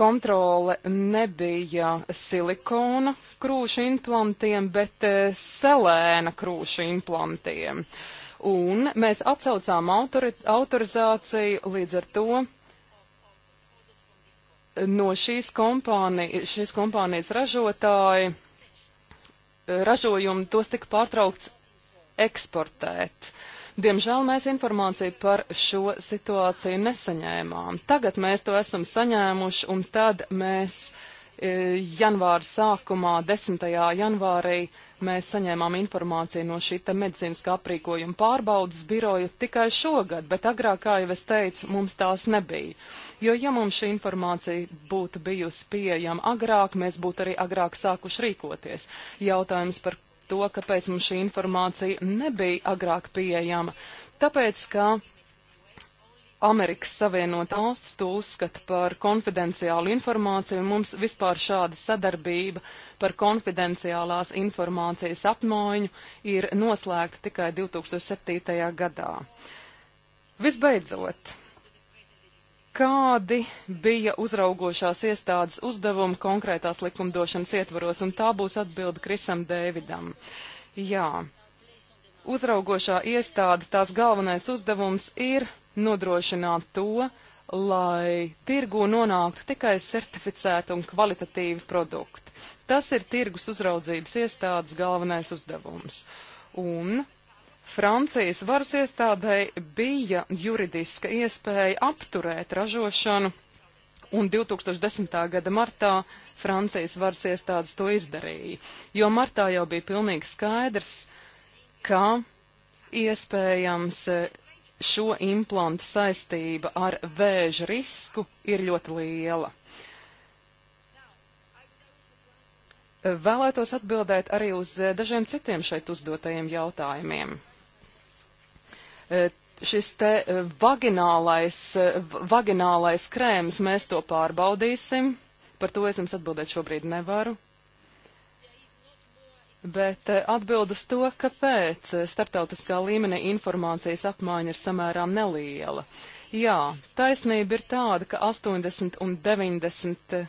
kontrole nebija silikona krūšu implantiem, bet e, selēna krūšu implantiem. Un mēs atcaucām autori, autorizāciju līdz ar to no šīs, kompānija, šīs kompānijas ražotāji e, ražojumu tos tika pārtraukts eksportēt. Diemžēl mēs informāciju par šo situāciju nesaņēmām. Tagad mēs to esam saņēmuši, un tad mēs e, janvāra sākumā, 10. janvārī, mēs saņēmām informāciju no šī medicīniskā aprīkojuma pārbaudas biroja tikai šogad, bet agrāk, kā jau es teicu, mums tās nebija. Jo, ja mums šī informācija būtu bijusi pieejama agrāk, mēs būtu arī agrāk sākuši rīkoties. Jautājums par to, kāpēc mums šī informācija nebija agrāk pieejama. Tāpēc, ka Amerikas Savienot valsts to uzskata par konfidenciālu informāciju, un mums vispār šāda sadarbība par konfidenciālās informācijas apmaiņu ir noslēgta tikai 2007. gadā. Visbeidzot, kādi bija uzraugošās iestādes uzdevumi konkrētās likumdošanas ietvaros, un tā būs atbilde Krisam Dēvidam. Jā, uzraugošā iestāde tās galvenais uzdevums ir nodrošināt to, lai tirgu nonāktu tikai certificēti un kvalitatīvi produkti. Tas ir tirgus uzraudzības iestādes galvenais uzdevums. Un Francijas varas iestādēji bija juridiska iespēja apturēt ražošanu, un 2010. gada martā Francijas varas iestādes to izdarīja, jo martā jau bija pilnīgi skaidrs, ka iespējams e, šo implantu saistība ar vēža risku ir ļoti liela. Vēlētos atbildēt arī uz e, dažiem citiem šeit uzdotajiem jautājumiem. Eh, šis te eh, vaginālais, eh, vaginālais krēms, mēs to pārbaudīsim. Par to es jums atbildēt šobrīd nevaru. Bet atbild uz to, kāpēc starptautiskā līmenī informācijas apmaiņa ir samērā neliela. Jā, taisnība ir tāda, ka 80 un 90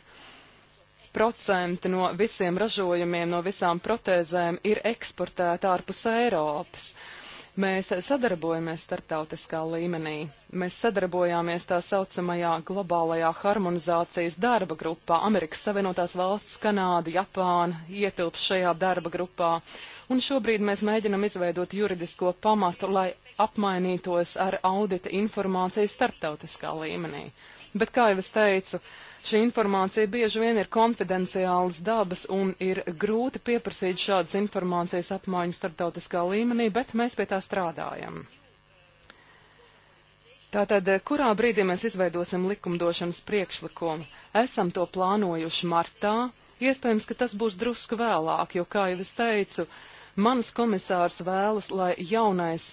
procenti no visiem ražojumiem, no visām protēzēm ir eksportēta ārpus Eiropas. Uh, Mēs sadarbojamies starptautiskā līmenī. Mēs sadarbojāmies tā saucamajā globālajā harmonizācijas darba grupā. Amerikas Savienotās valsts, Kanāda, Japāna ietilps šajā darba grupā un šobrīd mēs mēģinam izveidot juridisko pamatu, lai apmainītos ar audita informāciju starptautiskā līmenī. Bet, kā jau es teicu, Šī informācija bieži vien ir konfidenciālas dabas un ir grūti pieprasīt šādas informācijas apmaiņu starptautiskā līmenī, bet mēs pie tā strādājam. Tātad, kurā brīdī mēs izveidosim likumdošanas priekšlikumu? Esam to plānojuši martā. Iespējams, ka tas būs drusku vēlāk, jo, kā jau es teicu, mans komisārs vēlas, lai jaunais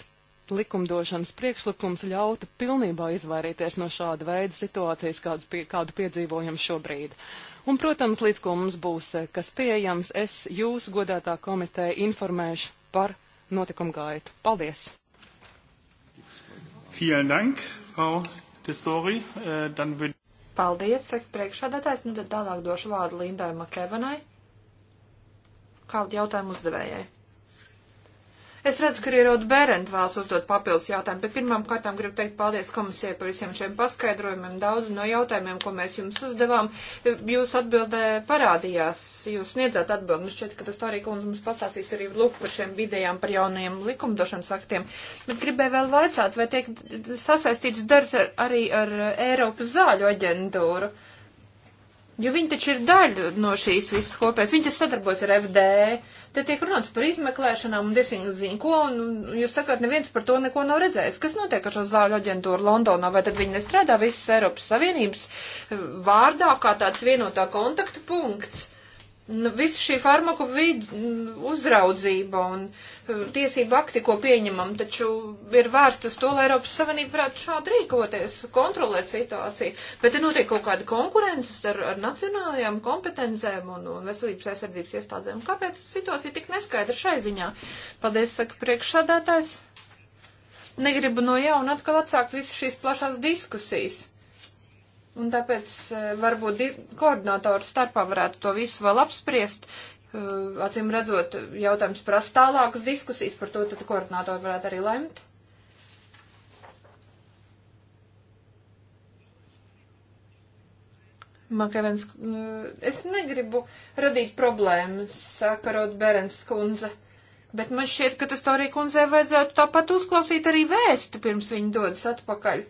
likumdošanas priekšlikums ļautu pilnībā izvairīties no šāda veida situācijas, kādu, pie, kādu piedzīvojam šobrīd. Un, protams, līdz ko mums būs, eh, kas pieejams, es jūs, godētā komiteja, informēšu par notikumu gaitu. Paldies! Vielen Dank, Frau Testori. Äh, dann würde Paldies, saka priekšādātājs. Nu tad tālāk došu vārdu Lindai Makevanai. Kādu jautājumu uzdevējai? Es redzu, ka arī Roda Bērenta vēlas uzdot papildus jautājumu, bet pirmām kārtām gribu teikt paldies komisijai par visiem šiem paskaidrojumiem. Daudz no jautājumiem, ko mēs jums uzdevām, jūs atbildē parādījās, jūs sniedzāt atbildi. Mums nu, šķiet, ka tas tā arī, ka mums pastāstīs arī lūk par šiem idejām par jaunajiem likumdošanas aktiem. Bet gribēju vēl vaicāt, vai tiek sasaistīts darbs ar, arī ar Eiropas zāļu aģentūru. Uh, Jo viņi taču ir daļa no šīs visas kopējas. Viņi taču sadarbojas ar FD. E. Te tiek runāts par izmeklēšanām un desmit zinu ko, un jūs sakāt, neviens par to neko nav redzējis. Kas notiek ar šo zāļu aģentūru Londonā? Vai tad viņi nestrādā visas Eiropas Savienības vārdā kā tāds vienotā kontaktu punkts? nu, visa šī farmaku vid, uzraudzība un uh, tiesība akti, ko pieņemam, taču ir vērst uz to, lai Eiropas Savienība varētu šādi rīkoties, kontrolēt situāciju. Bet te notiek kaut kāda konkurences ar, ar nacionālajām kompetencēm un, un veselības aizsardzības iestādēm. Kāpēc situācija tik neskaidra šai ziņā? Paldies, saka priekšsādātājs. Negribu no jauna atkal atsākt visu šīs plašās diskusijas. Un tāpēc e, varbūt koordinātoru starpā varētu to visu vēl apspriest. E, acīm redzot, jautājums prasa tālākas diskusijas, par to tad koordinātori varētu arī lemt. Makavens, e, es negribu radīt problēmas, sakarot Berens kundze, bet man šķiet, ka tas tā arī kundzei vajadzētu tāpat uzklausīt arī vēstu, pirms viņa dodas atpakaļ.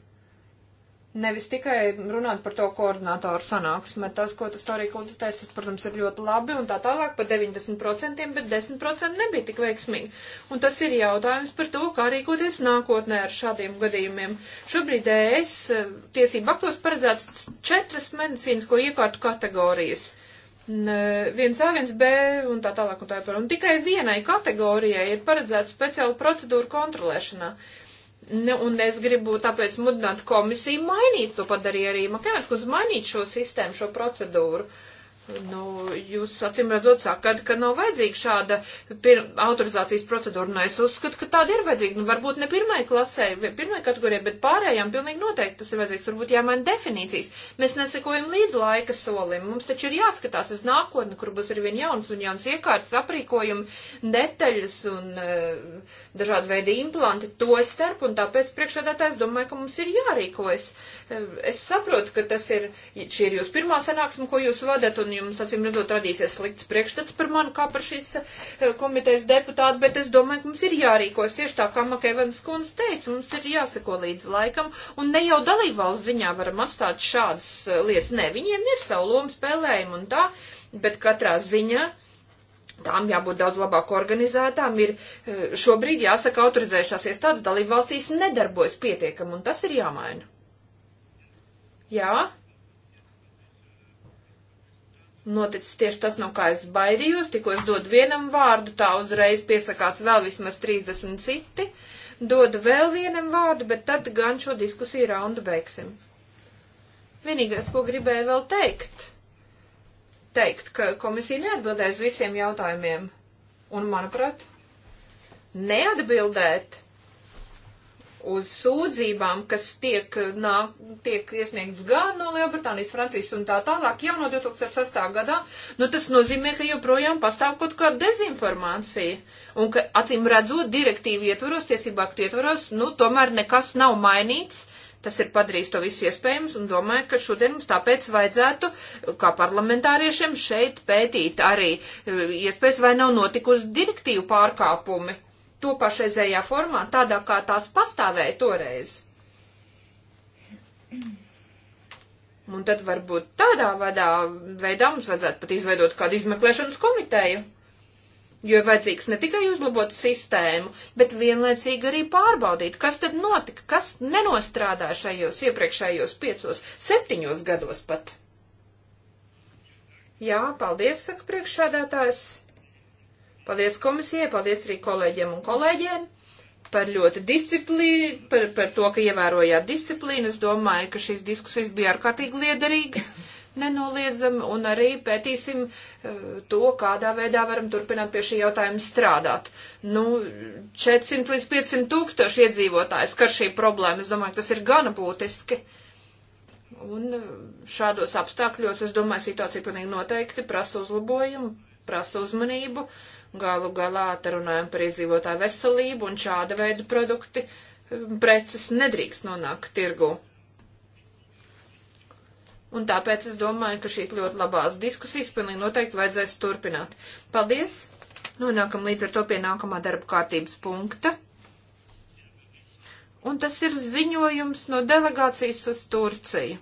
Nevis tikai runāt par to koordinātoru sanāksmē. Tas, ko tas Torija Kundze teica, tas, protams, ir ļoti labi un tā tālāk par 90%, bet 10% nebija tik veiksmīgi. Un tas ir jautājums par to, kā rīkoties nākotnē ar šādiem gadījumiem. Šobrīd es eh, tiesību aktos paredzēts četras medicīnisko iekārtu kategorijas eh, viens A, viens B un tā tālāk un tā joprojām. Un tikai vienai kategorijai ir paredzēta speciāla procedūra kontrolēšanā. Nu, un es gribu tāpēc mudināt komisiju mainīt to padarīja arī Makēnas kundze mainīt šo sistēmu, šo procedūru. Uh, Nu, jūs acīm redzot sakat, ka nav vajadzīga šāda autorizācijas procedūra. Nu, es uzskatu, ka tāda ir vajadzīga. Nu, varbūt ne pirmai klasē, pirmai kategorijai, bet pārējām pilnīgi noteikti tas ir vajadzīgs. Varbūt jāmaina definīcijas. Mēs nesekojam līdz laika solim. Mums taču ir jāskatās uz nākotni, kur būs arvien jauns un jauns iekārtas, aprīkojumi, detaļas un uh, dažādi veidi implanti to starp. Un tāpēc priekšādātājs domāju, ka mums ir jārīkojas. Eh, es saprotu, ka tas ir, šī ir jūsu pirmā sanāksme, ko jūs vadat. Un jums acīm redzot radīsies slikts priekšstats par mani kā par šīs eh, komitejas deputātu, bet es domāju, ka mums ir jārīkojas tieši tā, kā Makēvens kundze teica, mums ir jāseko līdz laikam, un ne jau dalībvalsts ziņā varam atstāt šādas eh, lietas. Nē, viņiem ir savu lomu spēlējumu un tā, bet katrā ziņā. Tām jābūt daudz labāk organizētām. Ir eh, šobrīd jāsaka, autorizējušās iestādes dalībvalstīs nedarbojas pietiekami, un tas ir jāmaina. Jā, noticis tieši tas, no kā es baidījos. Tikko es dodu vienam vārdu, tā uzreiz piesakās vēl vismaz 30 citi. Dodu vēl vienam vārdu, bet tad gan šo diskusiju raundu beigsim. Vienīgais, ko gribēju vēl teikt, teikt, ka komisija neatbildēs visiem jautājumiem. Un, manuprāt, neatbildēt uz sūdzībām, kas tiek, nā, tiek iesniegts gan no Lielbritānijas, Francijas un tā tālāk jau no 2008. gadā, nu tas nozīmē, ka joprojām pastāv kaut kāda dezinformācija. Un ka, acīm redzot, direktīvu ietvaros, tiesību aktu ietvaros, nu tomēr nekas nav mainīts. Tas ir padarījis to visu iespējams un domāju, ka šodien mums tāpēc vajadzētu, kā parlamentāriešiem, šeit pētīt arī e, iespējas, vai nav notikusi direktīvu pārkāpumi to pašreizējā formā, tādā kā tās pastāvēja toreiz. Un tad varbūt tādā vadā, veidā mums vajadzētu pat izveidot kādu izmeklēšanas komiteju. Jo ir vajadzīgs ne tikai uzlabot sistēmu, bet vienlaicīgi arī pārbaudīt, kas tad notika, kas nenostrādāja šajos iepriekšējos piecos, septiņos gados pat. Jā, paldies, saka priekšsēdētājs. Paldies komisijai, paldies arī kolēģiem un kolēģiem par ļoti disciplīnu, par, par to, ka ievērojāt disciplīnu. Es domāju, ka šīs diskusijas bija ārkārtīgi liederīgas, nenoliedzami, un arī pētīsim eh, to, kādā veidā varam turpināt pie šī jautājuma strādāt. Nu, 400 līdz 500 tūkstoši iedzīvotājs, ka šī problēma, es domāju, tas ir gana būtiski. Un eh, šādos apstākļos, es domāju, situācija pilnīgi noteikti prasa uzlabojumu, prasa uzmanību. Uh, Galu galā te runājam par iedzīvotāju veselību un šāda veida produkti, um, preces nedrīkst nonākt tirgu. Un tāpēc es domāju, ka šīs ļoti labās diskusijas pilnīgi noteikti vajadzēs turpināt. Paldies! Nonākam līdz ar to pie nākamā darba kārtības punkta. Un tas ir ziņojums no delegācijas uz Turciju.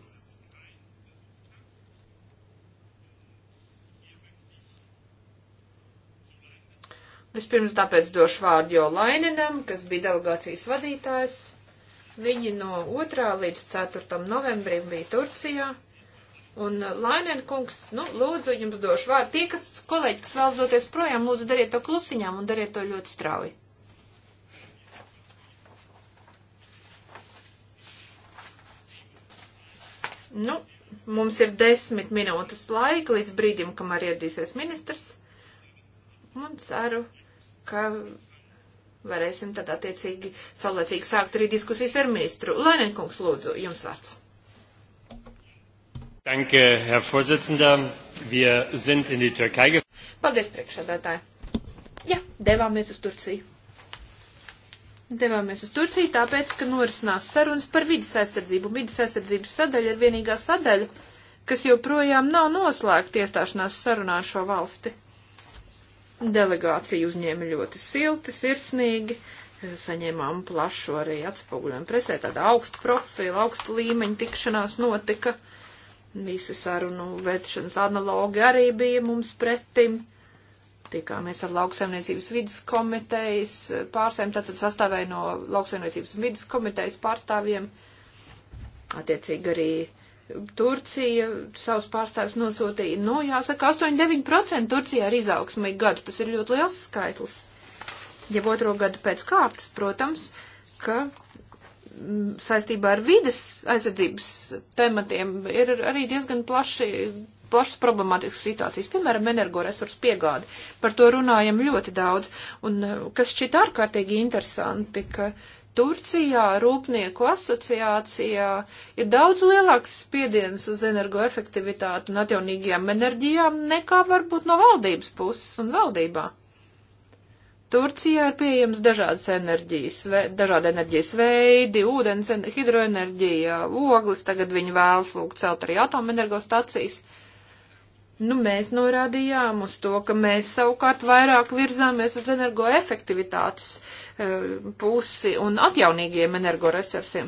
Vispirms tāpēc došu vārdu jau Laininam, kas bija delegācijas vadītājs. Viņi no 2. līdz 4. novembrim bija Turcijā. Un uh, Lainen kungs, nu, lūdzu, jums došu vārdu. Tie, kas kolēģi, kas vēlas doties projām, lūdzu, dariet to klusiņām un dariet to ļoti strauji. Nu, mums ir desmit minūtes laika līdz brīdim, kamēr ieradīsies ministrs. Un ceru, ka varēsim tad attiecīgi saulēcīgi sākt arī diskusijas ar ministru. Lainenkungs, lūdzu, jums vārds. Danke, Herr Vorsitzender. Wir sind in die Türkei gefahren. Paldies, priekšsādātāji. Jā, devāmies uz Turciju. Devāmies uz Turciju, tāpēc, ka norisinās sarunas par vidas aizsardzību. Vidas aizsardzības sadaļa ir vienīgā sadaļa, kas joprojām nav noslēgta iestāšanās sarunā ar šo valsti. Delegācija uzņēma ļoti silti, sirsnīgi, saņēmām plašu arī atspoguļojumu presē, tāda augsta profila, augsta līmeņa tikšanās notika. Visi sarunu vēršanas analogi arī bija mums pretim. Tikāmies ar lauksaimniecības vidas komitejas pārstāvjiem, tātad sastāvēja no lauksaimniecības vidas komitejas pārstāvjiem. Attiecīgi arī uh, Turcija savus pārstāvjus nosūtīja. Nu, jāsaka, 8-9% Turcijā ir izaugsmīgi gadu. Tas ir ļoti liels skaitlis. Ja otro gadu pēc kārtas, protams, ka mm, saistībā ar vides aizsardzības tematiem ir arī diezgan plaši plašas problemātiskas situācijas, piemēram, energoresursu piegādi. Par to runājam ļoti daudz. Un eh, kas šķiet ārkārtīgi interesanti, ka Turcijā Rūpnieku asociācijā ir daudz lielāks spiediens uz energoefektivitāti un atjaunīgajām enerģijām nekā varbūt no valdības puses un valdībā. Turcijā ir pieejams dažādas enerģijas, dažādi enerģijas veidi, ūdens, hidroenerģija, oglis, tagad viņi vēlas lūgt celt arī atomenergostacijas. Nu, mēs norādījām uz to, ka mēs savukārt vairāk virzāmies uz energoefektivitātes uh, E, pusi un atjaunīgiem energoresursiem.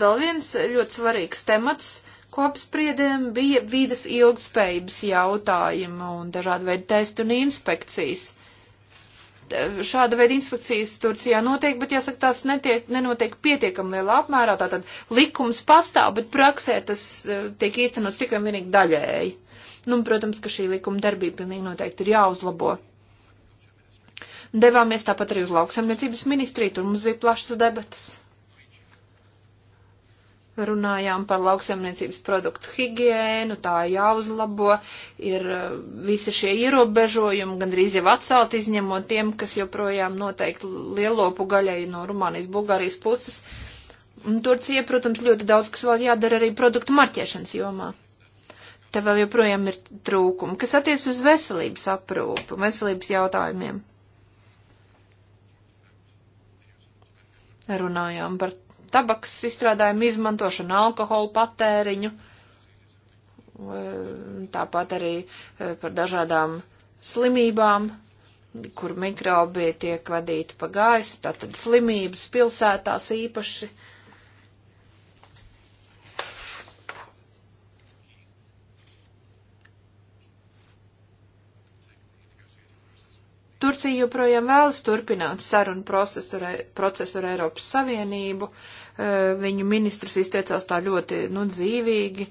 Vēl viens ļoti svarīgs temats, ko apspriedēm, bija vīdas ilgspējības jautājumi un dažādi veidi testi un inspekcijas. Šāda veida inspekcijas Turcijā notiek, bet jāsaka, tās netiek, nenotiek pietiekami lielā apmērā. Tātad likums pastāv, bet praksē tas e, tiek īstenots tikai un vienīgi daļēji. Nu, protams, ka šī likuma darbība pilnīgi noteikti ir jāuzlabo. Devāmies tāpat arī uz lauksaimniecības ministriju, tur mums bija plašas debatas. Runājām par lauksaimniecības produktu higiēnu, tā jāuzlabo, ir uh, visi šie ierobežojumi, gandrīz jau atcelti, izņemot tiem, kas joprojām noteikti lielopu gaļai no Rumānijas, Bulgārijas puses. Un Turcija, protams, ļoti daudz, kas vēl jādara arī produktu marķēšanas jomā. Te vēl joprojām ir trūkumi, kas attiec uz veselības aprūpu, veselības jautājumiem. Runājām par tabaks izstrādājumu izmantošanu, alkoholu patēriņu, e, tāpat arī e, par dažādām slimībām, kur mikrobi tiek vadīti pa gaisu, tātad slimības pilsētās īpaši. Turcija joprojām vēlas turpināt sarunu procesu ar, procesu ar Eiropas Savienību. Eh, viņu ministrs izteicās tā ļoti, nu, dzīvīgi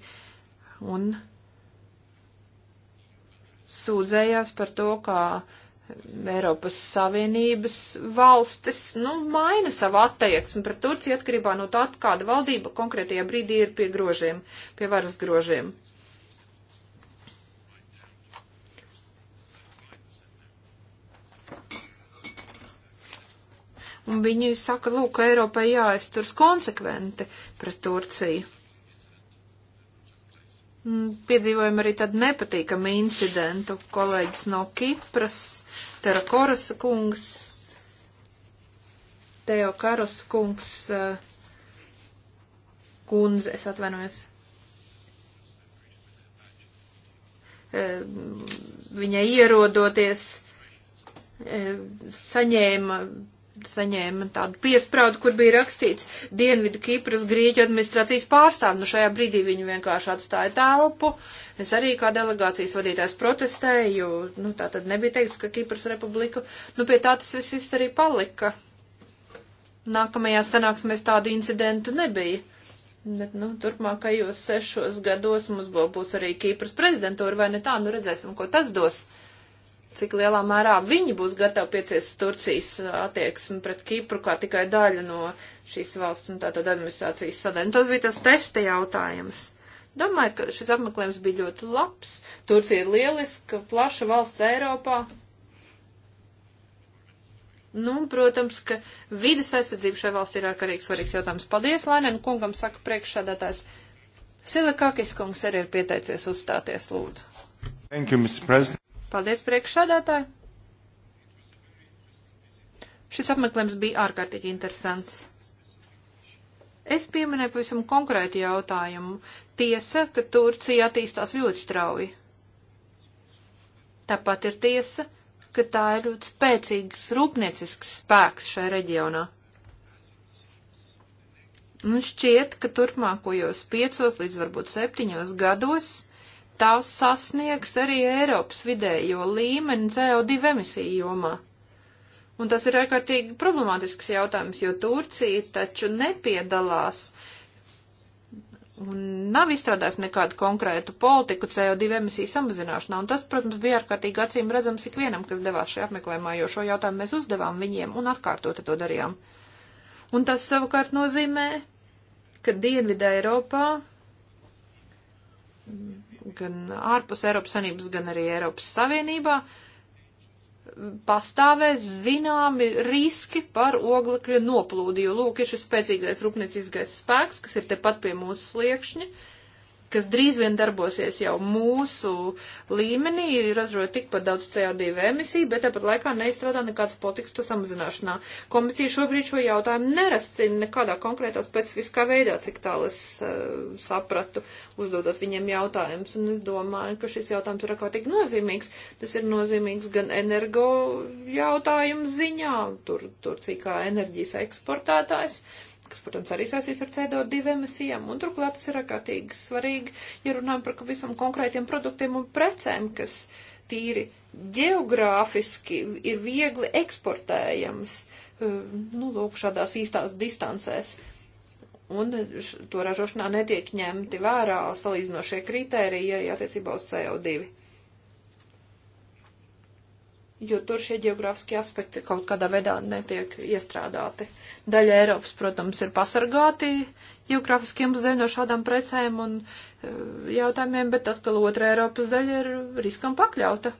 un sūdzējās par to, kā Eiropas Savienības valstis, nu, maina savu attieksmi pret Turciju atkarībā no tā, kāda valdība konkrētajā brīdī ir pie grožiem, pie varas grožiem. un viņi saka, lūk, ka Eiropai jāizturs konsekventi pret Turciju. Piedzīvojam arī tādu nepatīkamu incidentu. Kolēģis no Kipras, Terakoras kungs, Teo Karas kungs, eh, kundze, es atvainojos. Eh, Viņai ierodoties, eh, saņēma saņēma tādu piespraudu, kur bija rakstīts Dienvidu Kipras Grieķu administrācijas pārstāv. Nu, šajā brīdī viņi vienkārši atstāja telpu. Es arī kā delegācijas vadītājs protestēju, jo, nu, tā tad nebija teikts, ka Kipras republiku, nu, pie tā tas viss arī palika. Nākamajā sanāksmēs tādu incidentu nebija. Bet, nu, turpmākajos sešos gados mums būs arī Kīpras prezidentūra, vai ne tā? Nu, redzēsim, ko tas dos. Uh, cik lielā mērā viņi būs gatavi pieciest Turcijas uh, attieksmi pret Kipru kā tikai daļa no šīs valsts un tātad administrācijas sadaļa. Tas bija tas testa jautājums. Domāju, ka šis apmeklējums bija ļoti labs. Turcija ir lieliska, plaša valsts Eiropā. Nu, protams, ka vides aizsardzība šai valstī ir ārkārtīgi svarīgs jautājums. Paldies, Lainēn kungam, saka priekšsādātājs. Silikakis kungs arī ir pieteicies uzstāties, lūdzu. Thank you, Mr. President. Paldies priekšsādātāji! Šis apmeklējums bija ārkārtīgi interesants. Es pieminēju pavisam konkrētu jautājumu. Tiesa, ka Turcija attīstās ļoti strauji. Tāpat ir tiesa, ka tā ir ļoti spēcīgs rūpniecisks spēks šajā reģionā. Un šķiet, ka turpmākojos piecos līdz varbūt septiņos gados tās sasniegs arī Eiropas vidējo līmeni CO2 emisiju jomā. Un tas ir ārkārtīgi problemātisks jautājums, jo Turcija taču nepiedalās un nav izstrādājis nekādu konkrētu politiku CO2 emisiju samazināšanā. Un tas, protams, bija ārkārtīgi acīm redzams ikvienam, kas devās šajā apmeklējumā, jo šo jautājumu mēs uzdevām viņiem un atkārtoti to darījām. Un tas savukārt nozīmē, ka Dienvidē Eiropā gan ārpus Eiropas Savienības, gan arī Eiropas Savienībā pastāvēs zināmi riski par oglekļa noplūdi, jo lūk ir šis spēcīgais rūpnieciskais spēks, kas ir tepat pie mūsu sliekšņa. Uh, kas drīz vien darbosies jau mūsu līmenī, ražojot tikpat daudz CO2 emisiju, bet tāpat laikā neizstrādā nekādas politikas to samazināšanā. Komisija šobrīd šo jautājumu nerasina nekādā konkrētā specifiskā veidā, cik tālu es uh, sapratu, uzdodot viņiem jautājumus. Un es domāju, ka šis jautājums ir ārkārtīgi nozīmīgs. Tas ir nozīmīgs gan energo jautājumu ziņā, tur, Turcija kā enerģijas eksportētājs. Uh, kas, protams, arī saistīts ar CO2 emisijām, un turklāt tas ir ārkārtīgi svarīgi, ja runājam par visam konkrētiem produktiem un precēm, kas tīri geogrāfiski ir viegli eksportējams, eh, nu, lūk, šādās īstās distancēs. Un to ražošanā netiek ņemti vērā salīdzinošie kritēriji arī attiecībā uz CO2 jo tur šie geogrāfiskie aspekti kaut kādā veidā netiek iestrādāti. Daļa Eiropas, protams, ir pasargāti geogrāfiskiem uzdēļ no šādām precēm un e, jautājumiem, bet atkal otra Eiropas daļa ir riskam pakļauta.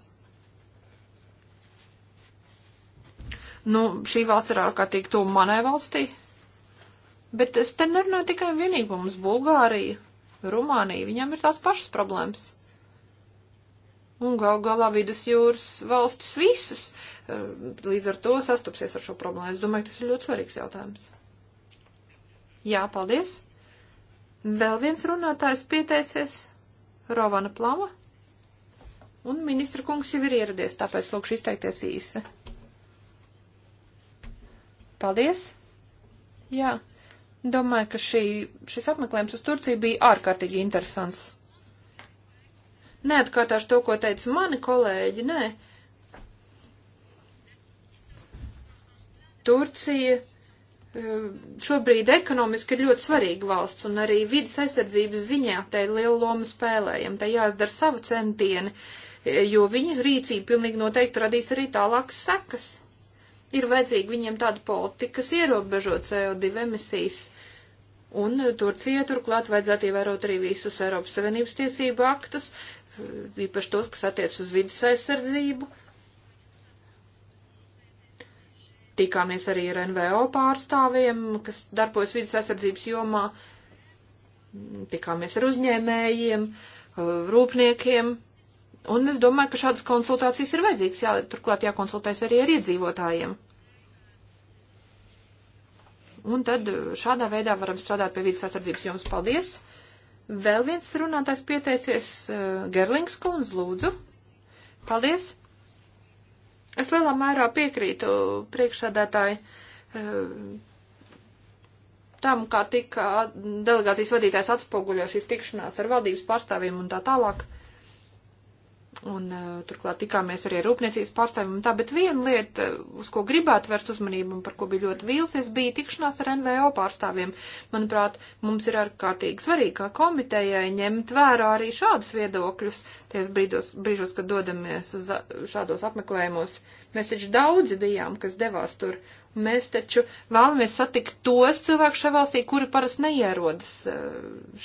Nu, šī valsts ir ārkārtīgi tuvu manai valstī, bet es te nerunāju tikai un vienīgi par mums Bulgāriju, Rumāniju, viņam ir tās pašas problēmas un gal galā vidusjūras valstis visas eh, līdz ar to sastopsies ar šo problēmu. Es domāju, tas ir ļoti svarīgs jautājums. Jā, paldies. Vēl viens runātājs pieteicies - Rovana Plama. Un ministra kungs jau ir ieradies, tāpēc lūkšu izteikties īsi. Paldies. Jā, domāju, ka šī, šis apmeklējums uz Turciju bija ārkārtīgi interesants. Neatkārtāšu to, ko teica mani kolēģi, nē. Turcija eh, šobrīd ekonomiski ir ļoti svarīga valsts, un arī vidas aizsardzības ziņā tai lielu lomu spēlējam. Tai jāizdara savu centieni, eh, jo viņa rīcība pilnīgi noteikti radīs arī tālākas sekas. Ir vajadzīga viņiem tāda politika, kas ierobežo CO2 emisijas, un eh, Turcija turklāt vajadzētu ievērot arī visus Eiropas Savienības tiesību aktus, īpaši tos, kas attiec uz vidas aizsardzību. Tikāmies arī ar NVO pārstāvjiem, kas darbojas vidas aizsardzības jomā. Tikāmies ar uzņēmējiem, uh, rūpniekiem. Un es domāju, ka šādas konsultācijas ir vajadzīgas. Jā, turklāt jākonsultēs arī ar iedzīvotājiem. Un tad uh, šādā veidā varam strādāt pie vidas aizsardzības jomas. Paldies! Vēl viens runātājs pieteicies, eh, Gerlings kundz, lūdzu. Paldies! Es lielā mērā piekrītu priekšsādātāji eh, tam, kā tika delegācijas vadītājs atspoguļo šīs tikšanās ar valdības pārstāvjiem un tā tālāk. Un uh, turklāt tikāmies arī ar rūpniecības pārstāvjiem un tā, bet viena lieta, eh, uz ko gribētu vērst uzmanību un par ko bija ļoti vīlsies, bija tikšanās ar NVO pārstāvjiem. Manuprāt, mums ir ārkārtīgi svarīgi kā komitejai ņemt vērā arī šādus viedokļus, ties brīdos, brīžos, kad dodamies uz šādos apmeklējumos. Mēs taču daudzi bijām, kas devās tur Mēs taču vēlamies satikt tos cilvēkus šajā valstī, kuri parasti neierodas eh,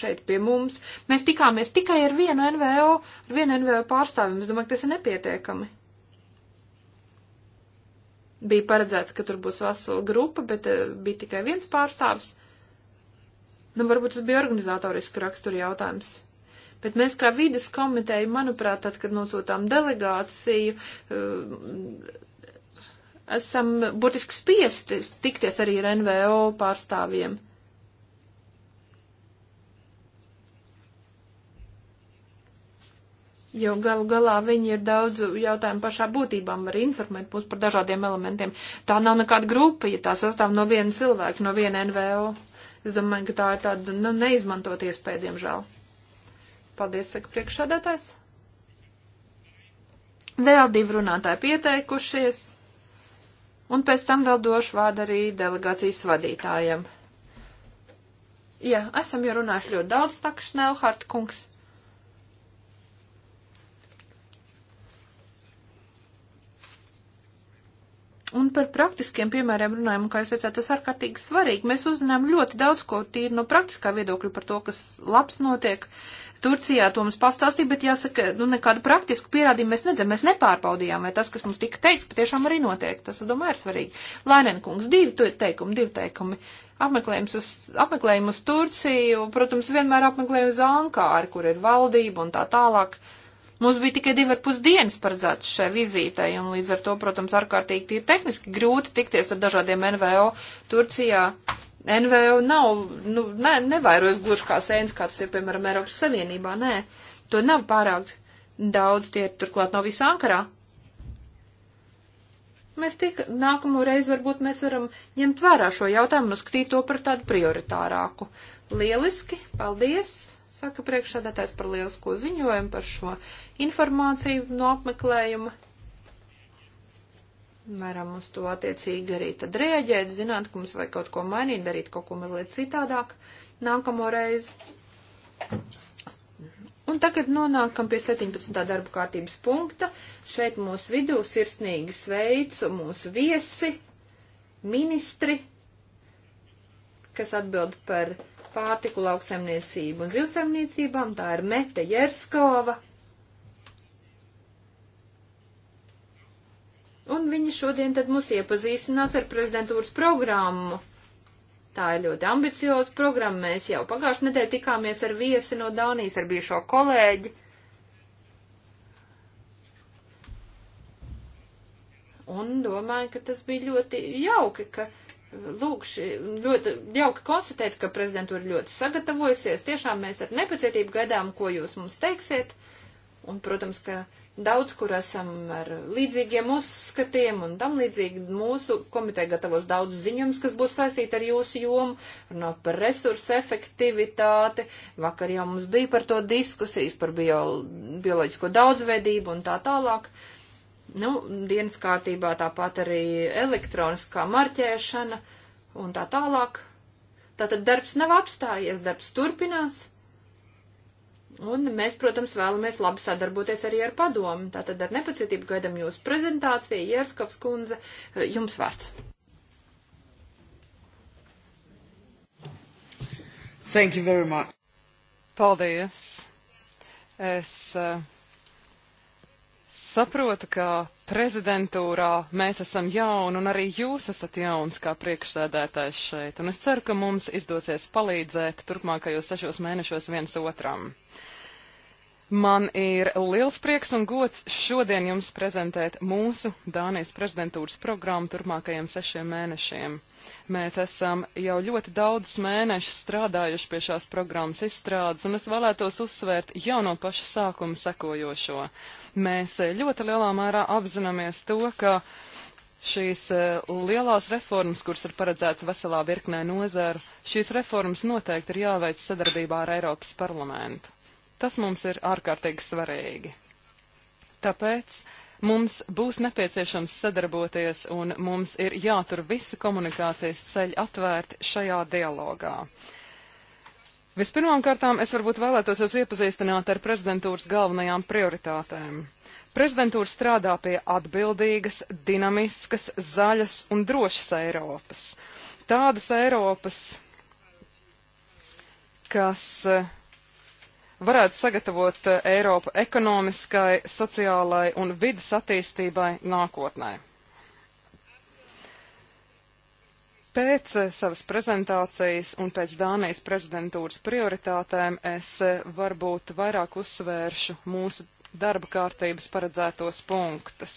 šeit pie mums. Mēs tikāmies tikai ar vienu NVO, ar vienu NVO pārstāvjumu. Es domāju, ka tas ir nepietiekami. Bija paredzēts, ka tur būs vesela grupa, bet eh, bija tikai viens pārstāvs. Nu, varbūt tas bija organizatoriski rakstura jautājums. Bet mēs kā vides komiteja, manuprāt, tad, kad nosūtām delegāciju, eh, esam būtiski spiesti tikties arī ar NVO pārstāvjiem. Jo galu galā viņi ir daudzu jautājumu pašā būtībām, var informēt mūs par dažādiem elementiem. Tā nav nekāda grupa, ja tā sastāv no viena cilvēka, no viena NVO. Es domāju, ka tā ir tāda nu, neizmantot iespēja, diemžēl. Paldies, saka priekšsādātājs. Vēl divi runātāji pieteikušies. Un pēc tam vēl došu vārdu arī delegācijas vadītājiem. Jā, esam jau runājuši ļoti daudz, tak Šnelhart kungs. Un par praktiskiem piemēriem runājam, un, kā jūs teicāt, tas ārkārtīgi svarīgi. Mēs uzzinām ļoti daudz ko tīri no praktiskā viedokļa par to, kas labs notiek, uh, Turcijā to mums pastāstīja, bet jāsaka, nu nekādu praktisku pierādījumu mēs nedzēm, mēs nepārbaudījām, vai tas, kas mums tika teikts, patiešām arī notiek. Tas, es domāju, ir svarīgi. Lainenkungs, divi teikumi, divi teikumi. Apmeklējums uz, apmeklējums uz Turciju, protams, vienmēr apmeklējums uz Ankāru, kur ir valdība un tā tālāk. Mums bija tikai divi ar pus dienas paredzēts šai vizītei, un līdz ar to, protams, ārkārtīgi ir tehniski grūti tikties ar dažādiem NVO Turcijā. NVO nav, nu, ne, nevairos gluži kā sēns, kāds ir, piemēram, Eiropas Savienībā, nē, to nav pārāk daudz, tie turklāt nav visā Ankarā. Mēs tik nākamo reizi varbūt mēs varam ņemt vērā šo jautājumu un uzskatīt to par tādu prioritārāku. Lieliski, paldies, saka priekšsādātājs par lielisko ziņojumu, par šo informāciju no apmeklējuma varam uz to attiecīgi arī tad rēģēt, zināt, ka mums vajag kaut ko mainīt, darīt kaut ko mazliet citādāk nākamo reizi. Un tagad nonākam pie 17. darba kārtības punkta. Šeit mūsu vidū sirsnīgi sveicu mūsu viesi, ministri, kas atbild par pārtiku lauksaimniecību un zivsaimniecībām. Tā ir Mete Jerskova Un viņi šodien tad mūs iepazīstinās ar prezidentūras programmu. Tā ir ļoti ambicioza programma. Mēs jau pagājušajā nedēļā tikāmies ar viesi no Dānijas, ar bijušo kolēģi. Un domāju, ka tas bija ļoti jauki, ka lūk, šī, ļoti jauki konstatēt, ka prezidentūra ļoti sagatavojusies. Tiešām mēs ar nepacietību gaidām, ko jūs mums teiksiet. Un, protams, ka Daudz, kur esam ar līdzīgiem uzskatiem un tam līdzīgi mūsu komiteja gatavos daudz ziņojums, kas būs saistīti ar jūsu jomu, runā par resursu efektivitāti. Vakar jau mums bija par to diskusijas, par bio, bioloģisko daudzveidību un tā tālāk. Nu, dienas kārtībā tāpat arī elektroniskā marķēšana un tā tālāk. Tātad darbs nav apstājies, darbs turpinās. Un mēs, protams, vēlamies labi sadarboties arī ar padomu. Tātad ar nepacietību gaidam jūsu prezentāciju. Jērskovs kundze, jums vārds. Thank you very much. Paldies. Es uh, saprotu, ka prezidentūrā mēs esam jauni un arī jūs esat jauns kā priekšsēdētājs šeit, un es ceru, ka mums izdosies palīdzēt turpmākajos sešos mēnešos viens otram. Man ir liels prieks un gods šodien jums prezentēt mūsu Dānijas prezidentūras programmu turpmākajiem sešiem mēnešiem. Mēs esam jau ļoti daudz mēnešus strādājuši pie šās programmas izstrādes, un es vēlētos uzsvērt jau no paša sākuma sekojošo. Mēs eh, ļoti lielā mērā apzināmies to, ka šīs eh, lielās reformas, kuras ir paredzētas veselā virknē nozaru, šīs reformas noteikti ir jāveic sadarbībā ar Eiropas parlamentu. Tas mums ir ārkārtīgi svarīgi. Tāpēc mums būs nepieciešams sadarboties un mums ir jātur visi komunikācijas ceļi atvērti šajā dialogā. Uh, Vispirmām kārtām es varbūt vēlētos jūs iepazīstināt ar prezidentūras galvenajām prioritātēm. Prezidentūra strādā pie atbildīgas, dinamiskas, zaļas un drošas Eiropas. Tādas Eiropas, kas eh, varētu sagatavot eh, Eiropu ekonomiskai, sociālai un vidas attīstībai nākotnē. Pēc eh, savas prezentācijas un pēc Dānijas prezidentūras prioritātēm es eh, varbūt vairāk uzsvēršu mūsu darba kārtības paredzētos punktus.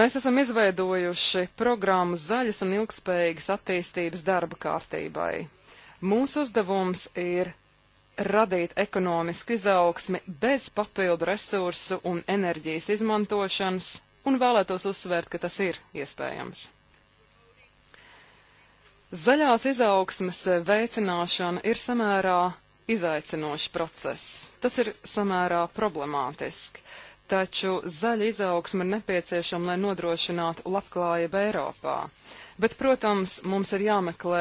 Mēs esam izveidojuši programmu zaļas un ilgspējīgas attīstības darba kārtībai. Mūsu uzdevums ir radīt ekonomisku izaugsmi bez papildu resursu un enerģijas izmantošanas, un vēlētos uzsvērt, ka tas ir iespējams. Zaļās izaugsmes veicināšana ir samērā izaicinošs process. Tas ir samērā problemātiski, taču zaļa izaugsme ir nepieciešama, lai nodrošinātu labklājību Eiropā. Bet, protams, mums ir jāmeklē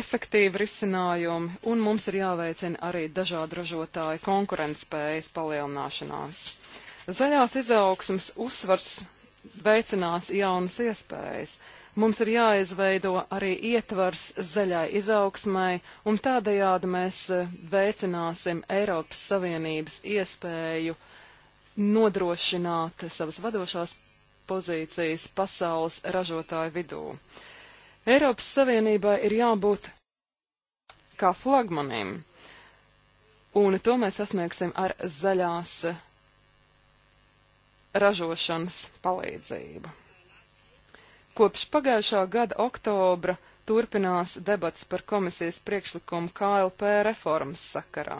efektīvi risinājumi, un mums ir jāveicina arī dažādu ražotāju konkurentspējas palielināšanās. Zaļās izaugsmas uzsvars veicinās jaunas iespējas. Mums ir jāizveido arī ietvars zaļai izaugsmai, un tādējādi mēs eh, veicināsim Eiropas Savienības iespēju nodrošināt savas vadošās pozīcijas pasaules ražotāju vidū. Eiropas Savienībai ir jābūt kā flagmanim, un to mēs sasniegsim ar zaļās ražošanas palīdzību. Kopš pagājušā gada oktobra turpinās debats par komisijas priekšlikumu KLP reformas sakarā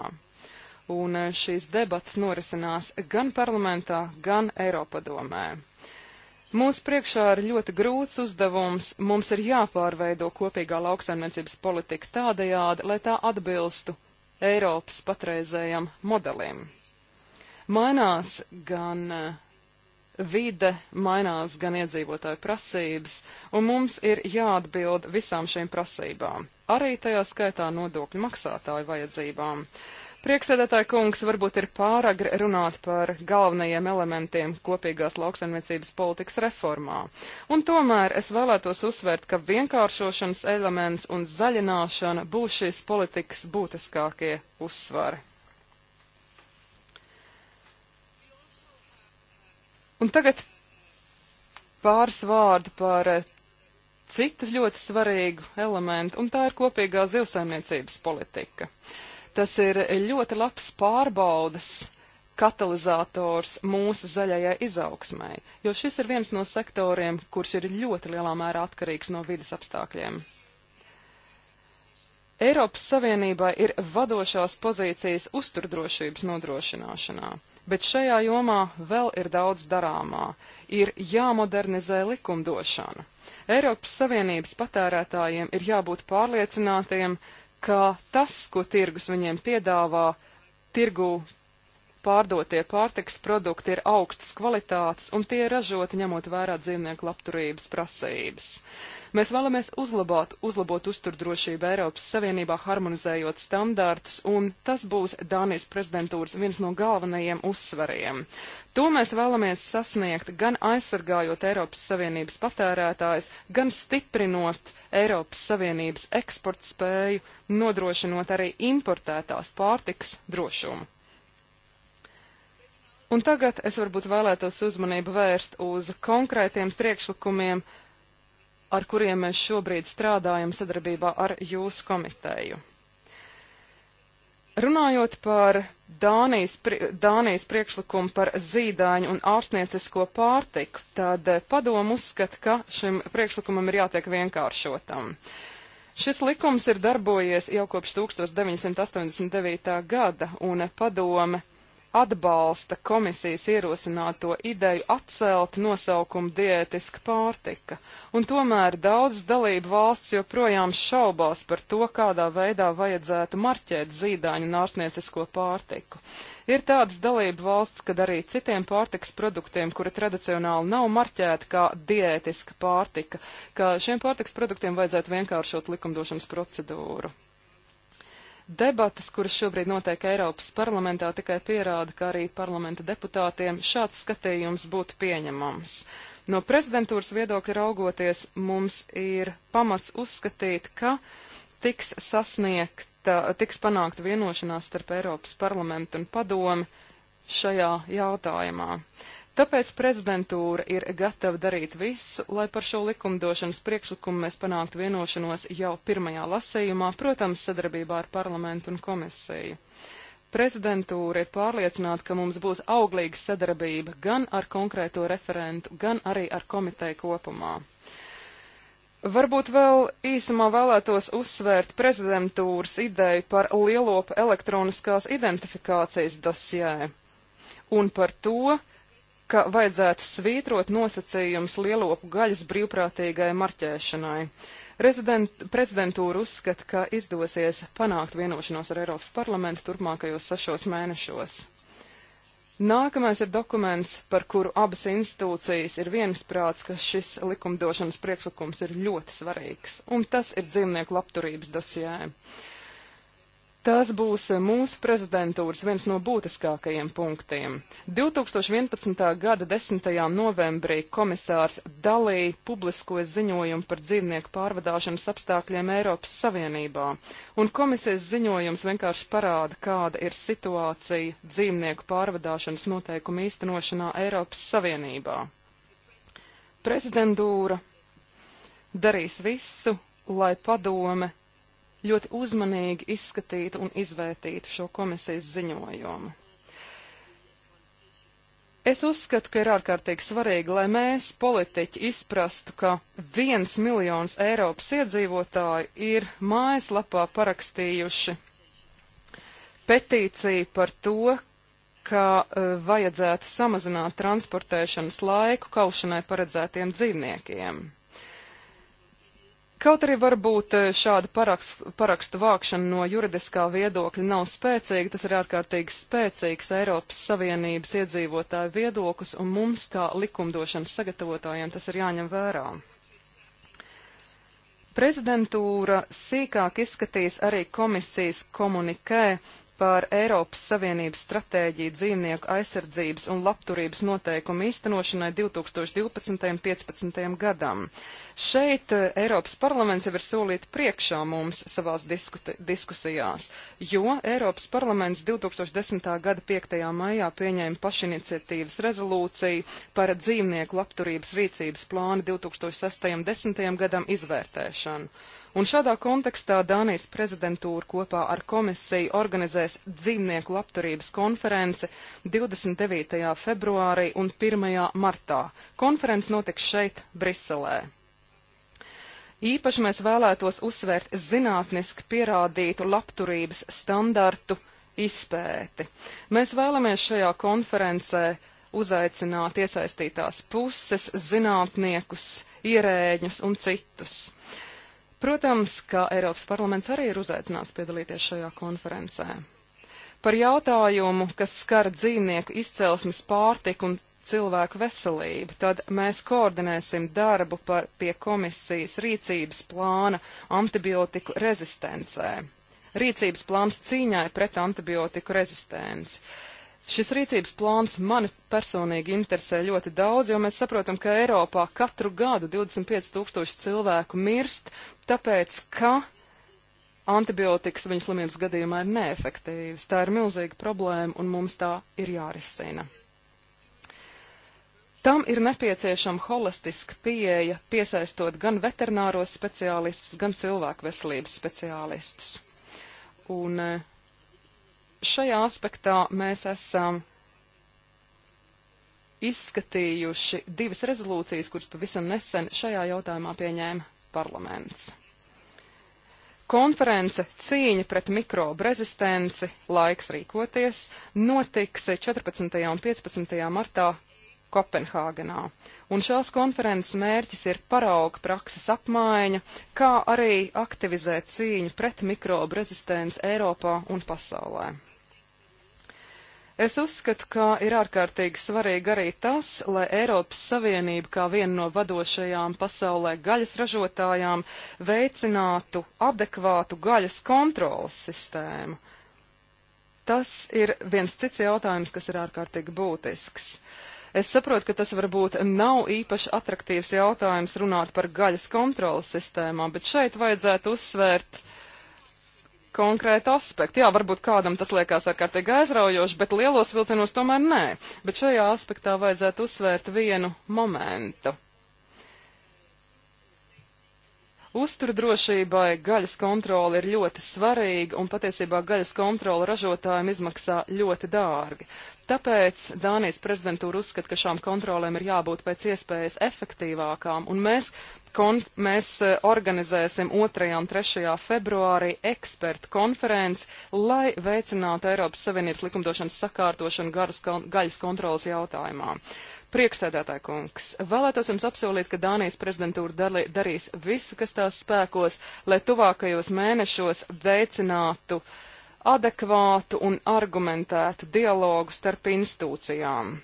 un e, šīs debatas norisinās gan parlamentā, gan Eiropadomē. Mūsu priekšā ir ļoti grūts uzdevums. Mums ir jāpārveido kopīgā lauksaimniecības politika tādajādi, lai tā atbilstu Eiropas patreizējam modelim. Mainās gan uh, vide, mainās gan iedzīvotāju prasības, un mums ir jāatbild visām šīm prasībām, arī tajā skaitā nodokļu maksātāju vajadzībām. Prieksēdētāji kungs varbūt ir pāragri runāt par galvenajiem elementiem kopīgās lauksaimniecības politikas reformā, un tomēr es vēlētos uzsvērt, ka vienkāršošanas elements un zaļināšana būs šīs politikas būtiskākie uzsvari. Un tagad pāris vārdi par eh, citu ļoti svarīgu elementu, un tā ir kopīgā zivsaimniecības politika. Tas ir ļoti labs pārbaudas katalizators mūsu zaļajai izaugsmai, jo šis ir viens no sektoriem, kurš ir ļoti lielā mērā atkarīgs no vidas apstākļiem. Eiropas Savienībā ir vadošās pozīcijas uzturdrošības nodrošināšanā bet šajā jomā vēl ir daudz darāmā. Ir jāmodernizē likumdošana. Eiropas Savienības patērētājiem ir jābūt pārliecinātiem, ka tas, ko tirgus viņiem piedāvā, tirgu pārdotie pārtiks produkti ir augstas kvalitātes un tie ražoti ņemot vērā dzīvnieku labturības prasības. Mēs vēlamies uzlabot, uzlabot uzturdrošību Eiropas Savienībā, harmonizējot standārtus, un tas būs Dānijas prezidentūras viens no galvenajiem uzsvariem. To mēs vēlamies sasniegt gan aizsargājot Eiropas Savienības patērētājs, gan stiprinot Eiropas Savienības eksporta spēju, nodrošinot arī importētās pārtikas drošumu. Un tagad es varbūt vēlētos uzmanību vērst uz konkrētiem priekšlikumiem, ar kuriem mēs šobrīd strādājam sadarbībā ar jūsu komiteju. Runājot par Dānijas, pri, Dānijas priekšlikumu par zīdaiņu un ārstniecisko pārtiku, tad padomu uzskata, ka šim priekšlikumam ir jātiek vienkāršotam. Šis likums ir darbojies jau kopš 1989. gada, un padome atbalsta komisijas ierosināto ideju atcelt nosaukumu diētiska pārtika, un tomēr daudz dalību valsts joprojām šaubās par to, kādā veidā vajadzētu marķēt zīdaiņu nārsniecisko pārtiku. Ir tādas dalību valsts, kad arī citiem pārtikas produktiem, kuri tradicionāli nav marķēti kā diētiska pārtika, ka šiem pārtikas produktiem vajadzētu vienkāršot likumdošanas procedūru. Debatas, kuras šobrīd notiek Eiropas parlamentā, tikai pierāda, ka arī parlamenta deputātiem šāds skatījums būtu pieņemams. No prezidentūras viedokļa raugoties, mums ir pamats uzskatīt, ka tiks sasniegta, tiks panākta vienošanās starp Eiropas parlamentu un padomi šajā jautājumā. Uh, Tāpēc prezidentūra ir gatava darīt visu, lai par šo likumdošanas priekšlikumu mēs panāktu vienošanos jau pirmajā lasījumā, protams, sadarbībā ar parlamentu un komisiju. Prezidentūra ir pārliecināta, ka mums būs auglīga sadarbība gan ar konkrēto referentu, gan arī ar komiteju kopumā. Varbūt vēl īsumā vēlētos uzsvērt prezidentūras ideju par lielopu elektroniskās identifikācijas dosjē un par to, ka vajadzētu svītrot nosacījumus lielopu gaļas brīvprātīgai marķēšanai. Rezident, prezidentūra uzskata, ka izdosies panākt vienošanos ar Eiropas parlamentu turpmākajos sešos mēnešos. Nākamais ir dokuments, par kuru abas institūcijas ir viensprāts, ka šis likumdošanas priekšlikums ir ļoti svarīgs, un tas ir dzīvnieku labturības dosijai. Tas būs mūsu prezidentūras viens no būtiskākajiem punktiem. 2011. gada 10. novembrī komisārs Dalī publiskoja ziņojumu par dzīvnieku pārvadāšanas apstākļiem Eiropas Savienībā, un komisijas ziņojums vienkārši parāda, kāda ir situācija dzīvnieku pārvadāšanas noteikumu īstenošanā Eiropas Savienībā. Prezidentūra darīs visu, lai padome ļoti uzmanīgi izskatītu un izvērtītu šo komisijas ziņojumu. Es uzskatu, ka ir ārkārtīgi svarīgi, lai mēs, politiķi, izprastu, ka viens miljons Eiropas iedzīvotāju ir mājaslapā parakstījuši petīciju par to, ka uh, vajadzētu samazināt transportēšanas laiku kaušanai paredzētiem dzīvniekiem. Kaut arī varbūt eh, šāda parakstu, parakstu vākšana no juridiskā viedokļa nav spēcīga, tas ir ārkārtīgi spēcīgs Eiropas Savienības iedzīvotāju viedoklis, un mums, kā likumdošanas sagatavotājiem, tas ir jāņem vērā. Prezidentūra sīkāk izskatīs arī komisijas komunikē par Eiropas Savienības stratēģiju dzīvnieku aizsardzības un labturības noteikumu īstenošanai 2012.15. gadam. Šeit eh, Eiropas parlaments jau ir solīt priekšā mums savās diskusijās, jo Eiropas parlaments 2010. gada 5. maijā pieņēma pašiniciatīvas rezolūciju par dzīvnieku labturības rīcības plānu 2006.10. gadam izvērtēšanu. Un šādā kontekstā Dānijas prezidentūra kopā ar komisiju organizēs dzīvnieku labturības konferenci 29. februārī un 1. martā. Konference notiks šeit, Briselē. Īpaši mēs vēlētos uzsvērt zinātniski pierādītu labturības standartu izpēti. Mēs vēlamies šajā konferencē uzaicināt iesaistītās puses, zinātniekus, ierēģus un citus. Protams, ka Eiropas parlaments arī ir uzaicināts piedalīties šajā konferencē. Par jautājumu, kas skar dzīvnieku izcelsmes pārtiku un cilvēku veselību, tad mēs koordinēsim darbu par pie komisijas rīcības plāna antibiotiku rezistencē. Rīcības plāns cīņai pret antibiotiku rezistenci. Šis rīcības plāns mani personīgi interesē ļoti daudz, jo mēs saprotam, ka Eiropā katru gadu 25 tūkstoši cilvēku mirst, tāpēc, ka antibiotikas viņas slimības gadījumā ir neefektīvas. Tā ir milzīga problēma un mums tā ir jārisina. Tam ir nepieciešama holistiska pieeja, piesaistot gan veterināros speciālistus, gan cilvēku veselības speciālistus. Un eh, šajā aspektā mēs esam izskatījuši divas rezolūcijas, kuras pavisam nesen šajā jautājumā pieņēma parlaments. Konference cīņa pret mikrobu rezistenci, laiks rīkoties, notiks 14. un 15. martā Kopenhāgenā. Un šās konferences mērķis ir parauga prakses apmaiņa, kā arī aktivizēt cīņu pret mikrobu rezistenci Eiropā un pasaulē. Es uzskatu, ka ir ārkārtīgi svarīgi arī tas, lai Eiropas Savienība kā viena no vadošajām pasaulē gaļas ražotājām veicinātu adekvātu gaļas kontrolas sistēmu. Tas ir viens cits jautājums, kas ir ārkārtīgi būtisks. Uh, Es saprotu, ka tas varbūt nav īpaši atraktīvs jautājums runāt par gaļas kontrolas sistēmām, bet šeit vajadzētu uzsvērt konkrētu aspektu. Jā, varbūt kādam tas liekas ārkārtīgi aizraujoši, bet lielos vilcienos tomēr nē. Bet šajā aspektā vajadzētu uzsvērt vienu momentu. Uzturdrošībai gaļas kontrole ir ļoti svarīga, un patiesībā gaļas kontrole ražotājiem izmaksā ļoti dārgi. Tāpēc Dānijas prezidentūra uzskata, ka šām kontrolēm ir jābūt pēc iespējas efektīvākām, un mēs konf, mēs eh, organizēsim 2. un 3. februārī ekspertu konferenci, lai veicinātu Eiropas Savienības likumdošanas sakārtošanu garas, gaļas kontrolas jautājumā. Prieksēdētāji kungs, vēlētos jums apsolīt, ka Dānijas prezidentūra dalī, darīs visu, kas tās spēkos, lai tuvākajos mēnešos veicinātu adekvātu un argumentētu dialogu starp institūcijām.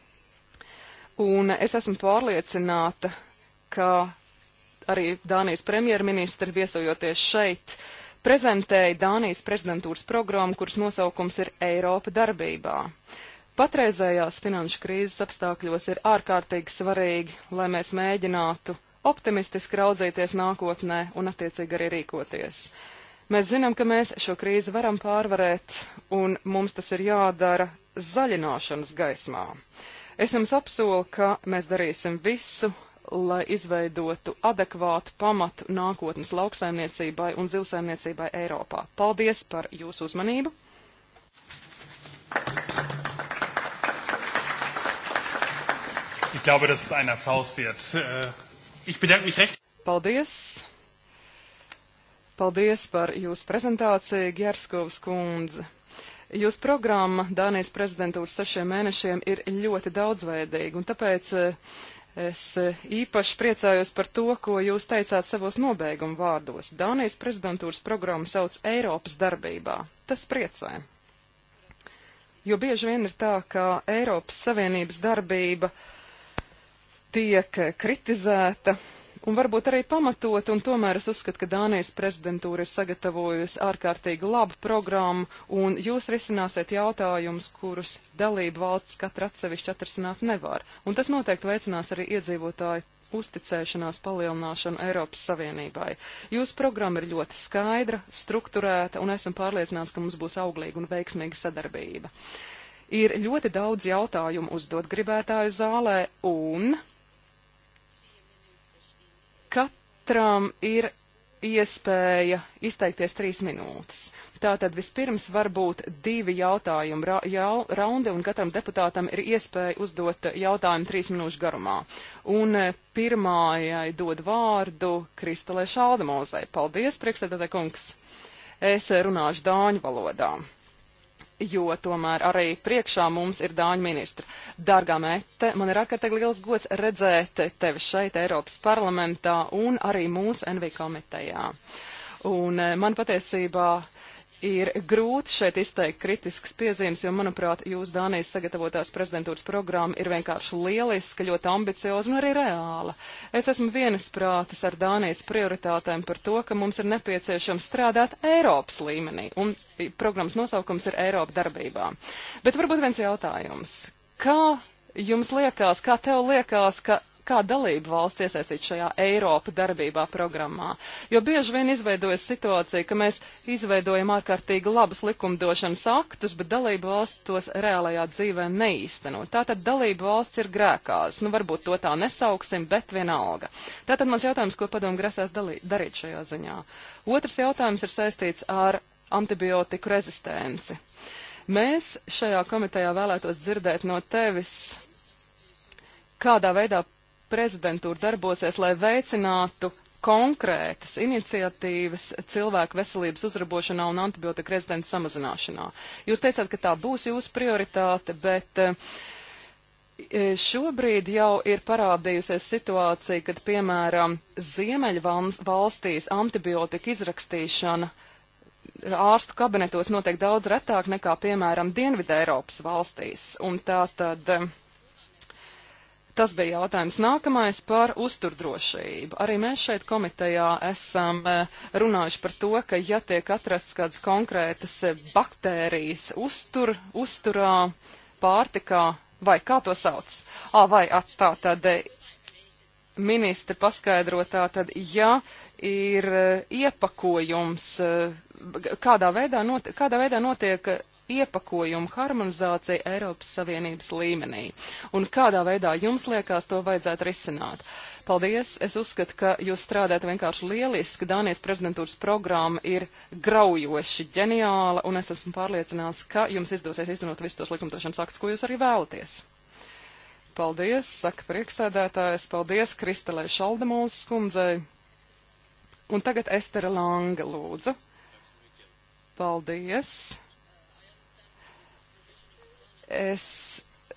Un es esmu pārliecināta, ka arī Dānijas premjerministra viesojoties šeit, prezentēja Dānijas prezidentūras programmu, kuras nosaukums ir Eiropa darbībā. Patreizējās finanšu krīzes apstākļos ir ārkārtīgi svarīgi, lai mēs mēģinātu optimistiski raudzīties nākotnē un attiecīgi arī rīkoties. Mēs zinām, ka mēs šo krīzi varam pārvarēt, un mums tas ir jādara zaļināšanas gaismā. Es jums apsolu, ka mēs darīsim visu, lai izveidotu adekvātu pamatu nākotnes lauksaimniecībai un zivsaimniecībai Eiropā. Paldies par jūsu uzmanību! Ich glaube, das ist ein Applaus wert. Äh, ich bedanke mich recht. Paldies! Paldies par jūsu prezentāciju, Gerskovs kundze. Jūsu programma Dānijas prezidentūras sešiem mēnešiem ir ļoti daudzveidīga, un tāpēc uh, Es e, īpaši priecājos par to, ko jūs teicāt savos nobeiguma vārdos. Dānijas prezidentūras programmu sauc Eiropas darbībā. Tas priecē. Jo bieži vien ir tā, ka Eiropas Savienības darbība tiek kritizēta, un varbūt arī pamatot, un tomēr es uzskatu, ka Dānijas prezidentūra ir sagatavojusi ārkārtīgi labu programmu, un jūs risināsiet jautājumus, kurus dalību valsts katra atsevišķi atrasināt nevar. Un tas noteikti veicinās arī iedzīvotāju uzticēšanās palielināšanu Eiropas Savienībai. Jūsu programma ir ļoti skaidra, strukturēta, un esam pārliecināti, ka mums būs auglīga un veiksmīga sadarbība. Ir ļoti daudz jautājumu uzdot gribētāju zālē, un Katram ir iespēja izteikties trīs minūtes. Tātad vispirms var būt divi jautājumi ra jau, raundi, un katram deputātam ir iespēja uzdot jautājumu trīs minūšu garumā. Un eh, pirmājai dod vārdu Kristalē Šaldemozai. Paldies, priekšsēdētāj kungs! Es eh, runāšu dāņu valodā jo tomēr arī priekšā mums ir Dāņu ministra. Dārgā Mete, man ir ārkārtīgi liels gods redzēt tevi šeit Eiropas parlamentā un arī mūsu NV komitejā. Un eh, man patiesībā uh, ir grūti šeit izteikt kritiskas piezīmes, jo, manuprāt, jūs Dānijas sagatavotās prezidentūras programma ir vienkārši lieliska, ļoti ambicioza un arī reāla. Es esmu vienisprātis ar Dānijas prioritātēm par to, ka mums ir nepieciešams strādāt Eiropas līmenī, un programmas nosaukums ir Eiropa darbībā. Bet varbūt viens jautājums. Kā jums liekas, kā tev liekas, ka kā dalību valsts iesaistīt šajā Eiropa darbībā programmā. Jo bieži vien izveidojas situācija, ka mēs izveidojam ārkārtīgi labus likumdošanas aktus, bet dalību valsts tos reālajā dzīvē neīsteno. Tātad dalību valsts ir grēkās. Nu, varbūt to tā nesauksim, bet vienalga. Tātad mans jautājums, ko padomu grasās dalī, darīt šajā ziņā. Otrs jautājums ir saistīts ar antibiotiku rezistenci. Mēs šajā komitejā vēlētos dzirdēt no tevis, kādā veidā prezidentūra darbosies, lai veicinātu konkrētas iniciatīvas cilvēku veselības uzrabošanā un antibiotika rezidents samazināšanā. Jūs teicāt, ka tā būs jūsu prioritāte, bet e, šobrīd jau ir parādījusies situācija, kad, piemēram, Ziemeļvalstīs antibiotika izrakstīšana ārstu kabinetos notiek daudz retāk nekā, piemēram, Dienvidē Eiropas valstīs. Un tā tad Tas bija jautājums. Nākamais par uzturdrošību. Arī mēs šeit komitejā esam e, runājuši par to, ka ja tiek atrasts kādas konkrētas e, baktērijas uztur, uzturā, pārtikā, vai kā to sauc? Ā, vai at, tā tad e, ministri paskaidrotā, tad ja ir iepakojums, kādā veidā, not, kādā veidā notiek iepakojumu harmonizāciju Eiropas Savienības līmenī. Un kādā veidā jums liekas to vajadzētu risināt? Paldies! Es uzskatu, ka jūs strādājat vienkārši lieliski. Dānijas prezidentūras programma ir graujoši ģeniāla, un es esmu pārliecināts, ka jums izdosies izdarot visus tos likumdošanas aktus, ko jūs arī vēlaties. Paldies, saka priekšsēdētājs, paldies Kristelē Šaldemūlas skundzei. Un tagad Estera Langa lūdzu. Paldies. Es,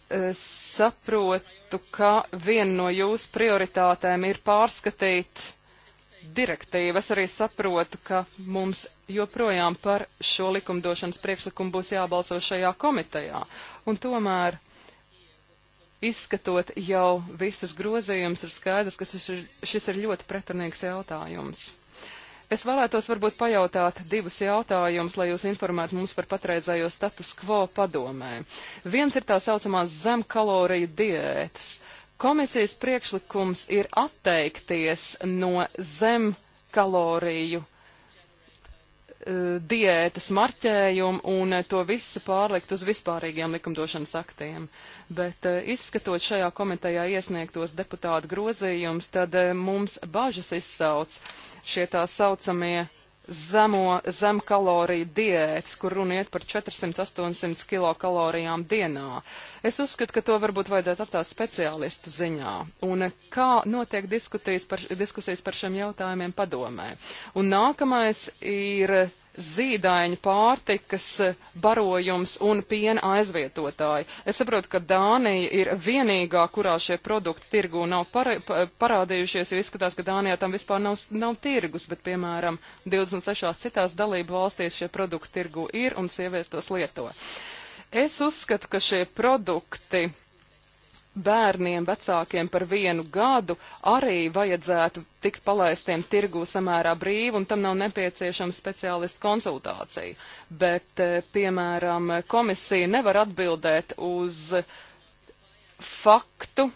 es saprotu, ka viena no jūsu prioritātēm ir pārskatīt direktīvu. Es arī saprotu, ka mums joprojām par šo likumdošanas priekšlikumu būs jābalso šajā komitejā. Un tomēr izskatot jau visus grozījumus, ir skaidrs, ka šis ir, šis ir ļoti pretrunīgs jautājums. Es vēlētos varbūt pajautāt divus jautājumus, lai jūs informētu mums par patreizējo status quo padomē. Viens ir tā saucamās zemkaloriju diētas. Komisijas priekšlikums ir atteikties no zemkaloriju eh, diētas marķējumu un to visu pārlikt uz vispārīgiem likumdošanas aktiem. Uh, bet eh, izskatot šajā komitejā iesniegtos deputātu grozījumus, tad eh, mums bažas izsauc šie tā saucamie zemo, zem kaloriju diētas, kur runa iet par 400-800 kilokalorijām dienā. Es uzskatu, ka to varbūt vajadzētu atstāt speciālistu ziņā. Un eh, kā notiek diskusijas par, diskusijas par šiem jautājumiem padomē? Un nākamais ir zīdaiņu pārtikas eh, barojums un piena aizvietotāji. Es saprotu, ka Dānija ir vienīgā, kurā šie produkti tirgu nav para, parādījušies, jo izskatās, ka Dānijā tam vispār nav, nav tirgus, bet, piemēram, 26 citās dalību valstīs šie produkti tirgu ir un sievietes tos lieto. Es uzskatu, ka šie produkti bērniem vecākiem par vienu gadu arī vajadzētu tikt palaistiem tirgū samērā brīvi, un tam nav nepieciešama speciālistu konsultācija. Bet, eh, piemēram, komisija nevar atbildēt uz faktu,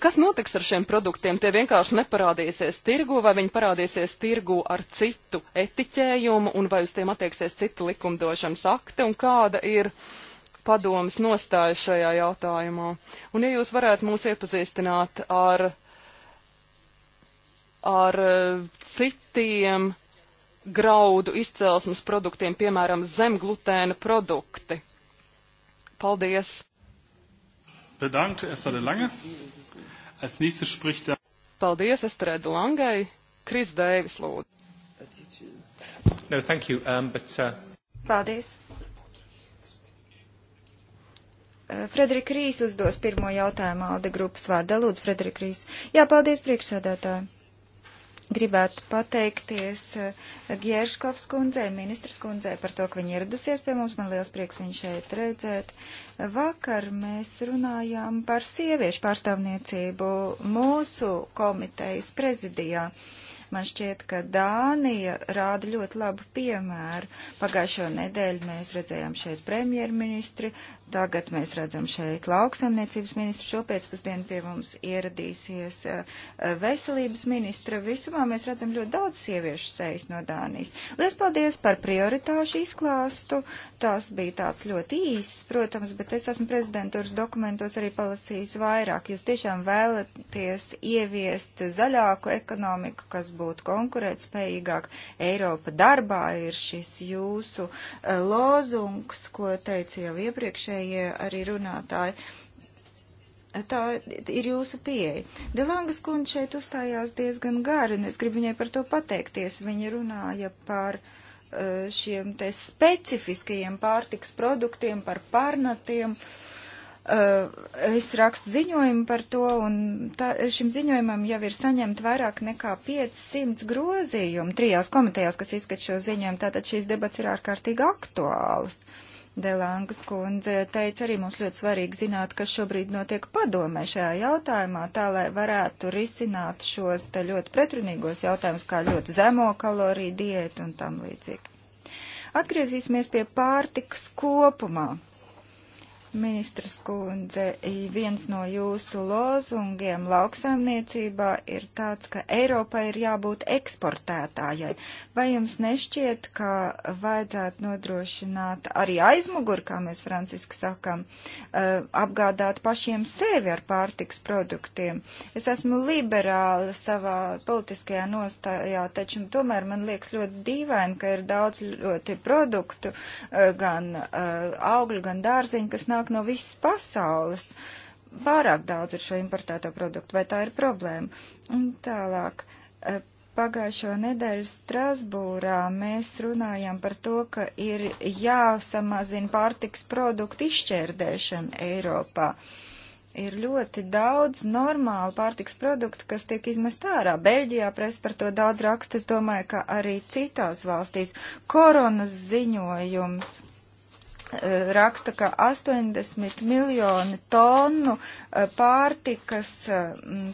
Kas notiks ar šiem produktiem? Tie vienkārši neparādīsies tirgu, vai viņi parādīsies tirgu ar citu etiķējumu, un vai uz tiem attieksies cita likumdošanas akti, un kāda ir padomas nostāja šajā jautājumā? Un ja jūs varētu mūs iepazīstināt ar, ar eh, citiem graudu izcelsmes produktiem, piemēram, zemglutēna produkti. Paldies! bedankt, Esther de Lange. Als nächstes spricht der... Paldies, Esther de Langai. Kris Dēvis, lūdzu. No, thank you, um, but... Uh... Paldies. Uh, Frederika Rīs uzdos pirmo jautājumu Alde grupas vārdā. Lūdzu, Frederika Rīs. Jā, paldies priekšsēdētāji. Gribētu pateikties eh, Gierškovs kundzei, ministras kundzei par to, ka viņa ieradusies pie mums. Man liels prieks viņu šeit redzēt. Vakar mēs runājām par sieviešu pārstāvniecību mūsu komitejas prezidijā. Man šķiet, ka Dānija rāda ļoti labu piemēru. Pagājušo nedēļu mēs redzējām šeit premjerministri, Tagad mēs redzam šeit lauksaimniecības ministru. Šopēcpusdienu pie mums ieradīsies eh, veselības ministra. Visumā mēs redzam ļoti daudz sieviešu sejas no Dānijas. Lies paldies par prioritāšu izklāstu. Tas bija tāds ļoti īss, protams, bet es esmu prezidentūras dokumentos arī palasījis vairāk. Jūs tiešām vēlaties ieviest zaļāku ekonomiku, kas būtu konkurētspējīgāk. Eiropa darbā ir šis jūsu eh, lozungs, ko teica jau iepriekšēji pārējie arī runātāji. Tā ir jūsu pieeja. Delangas kundze šeit uzstājās diezgan gari, un es gribu viņai par to pateikties. Viņa runāja par eh, šiem te specifiskajiem pārtiks produktiem, par pārnatiem. Eh, es rakstu ziņojumu par to, un tā, šim ziņojumam jau ir saņemt vairāk nekā 500 grozījumu trijās komitejās, kas izskat šo ziņojumu. Tātad šīs debats ir ārkārtīgi aktuāls. Uh, Delangas kundze teica, arī mums ļoti svarīgi zināt, kas šobrīd notiek padomē šajā jautājumā, tā lai varētu risināt šos te ļoti pretrunīgos jautājumus, kā ļoti zemo kaloriju diētu un tam līdzīgi. Atgriezīsimies pie pārtikas kopumā. Ministras kundze, viens no jūsu lozungiem lauksaimniecībā ir tāds, ka Eiropai ir jābūt eksportētājai. Vai jums nešķiet, ka vajadzētu nodrošināt arī aizmugur, kā mēs franciski sakam, eh, apgādāt pašiem sevi ar pārtiks produktiem? Es esmu liberāla savā politiskajā nostājā, taču tomēr man liekas ļoti dīvaini, ka ir daudz ļoti produktu, eh, gan eh, augļu, gan dārziņu, kas nav nāk no visas pasaules. Pārāk daudz ir šo importēto produktu, vai tā ir problēma? Un tālāk. Eh, pagājušo nedēļu Strasbūrā mēs runājām par to, ka ir jāsamazina pārtiks produktu izšķērdēšana Eiropā. Ir ļoti daudz normālu pārtiks produktu, kas tiek izmest ārā. Beļģijā presa par to daudz raksta, es domāju, ka arī citās valstīs. Koronas ziņojums raksta, ka 80 miljoni tonu eh, pārtikas eh,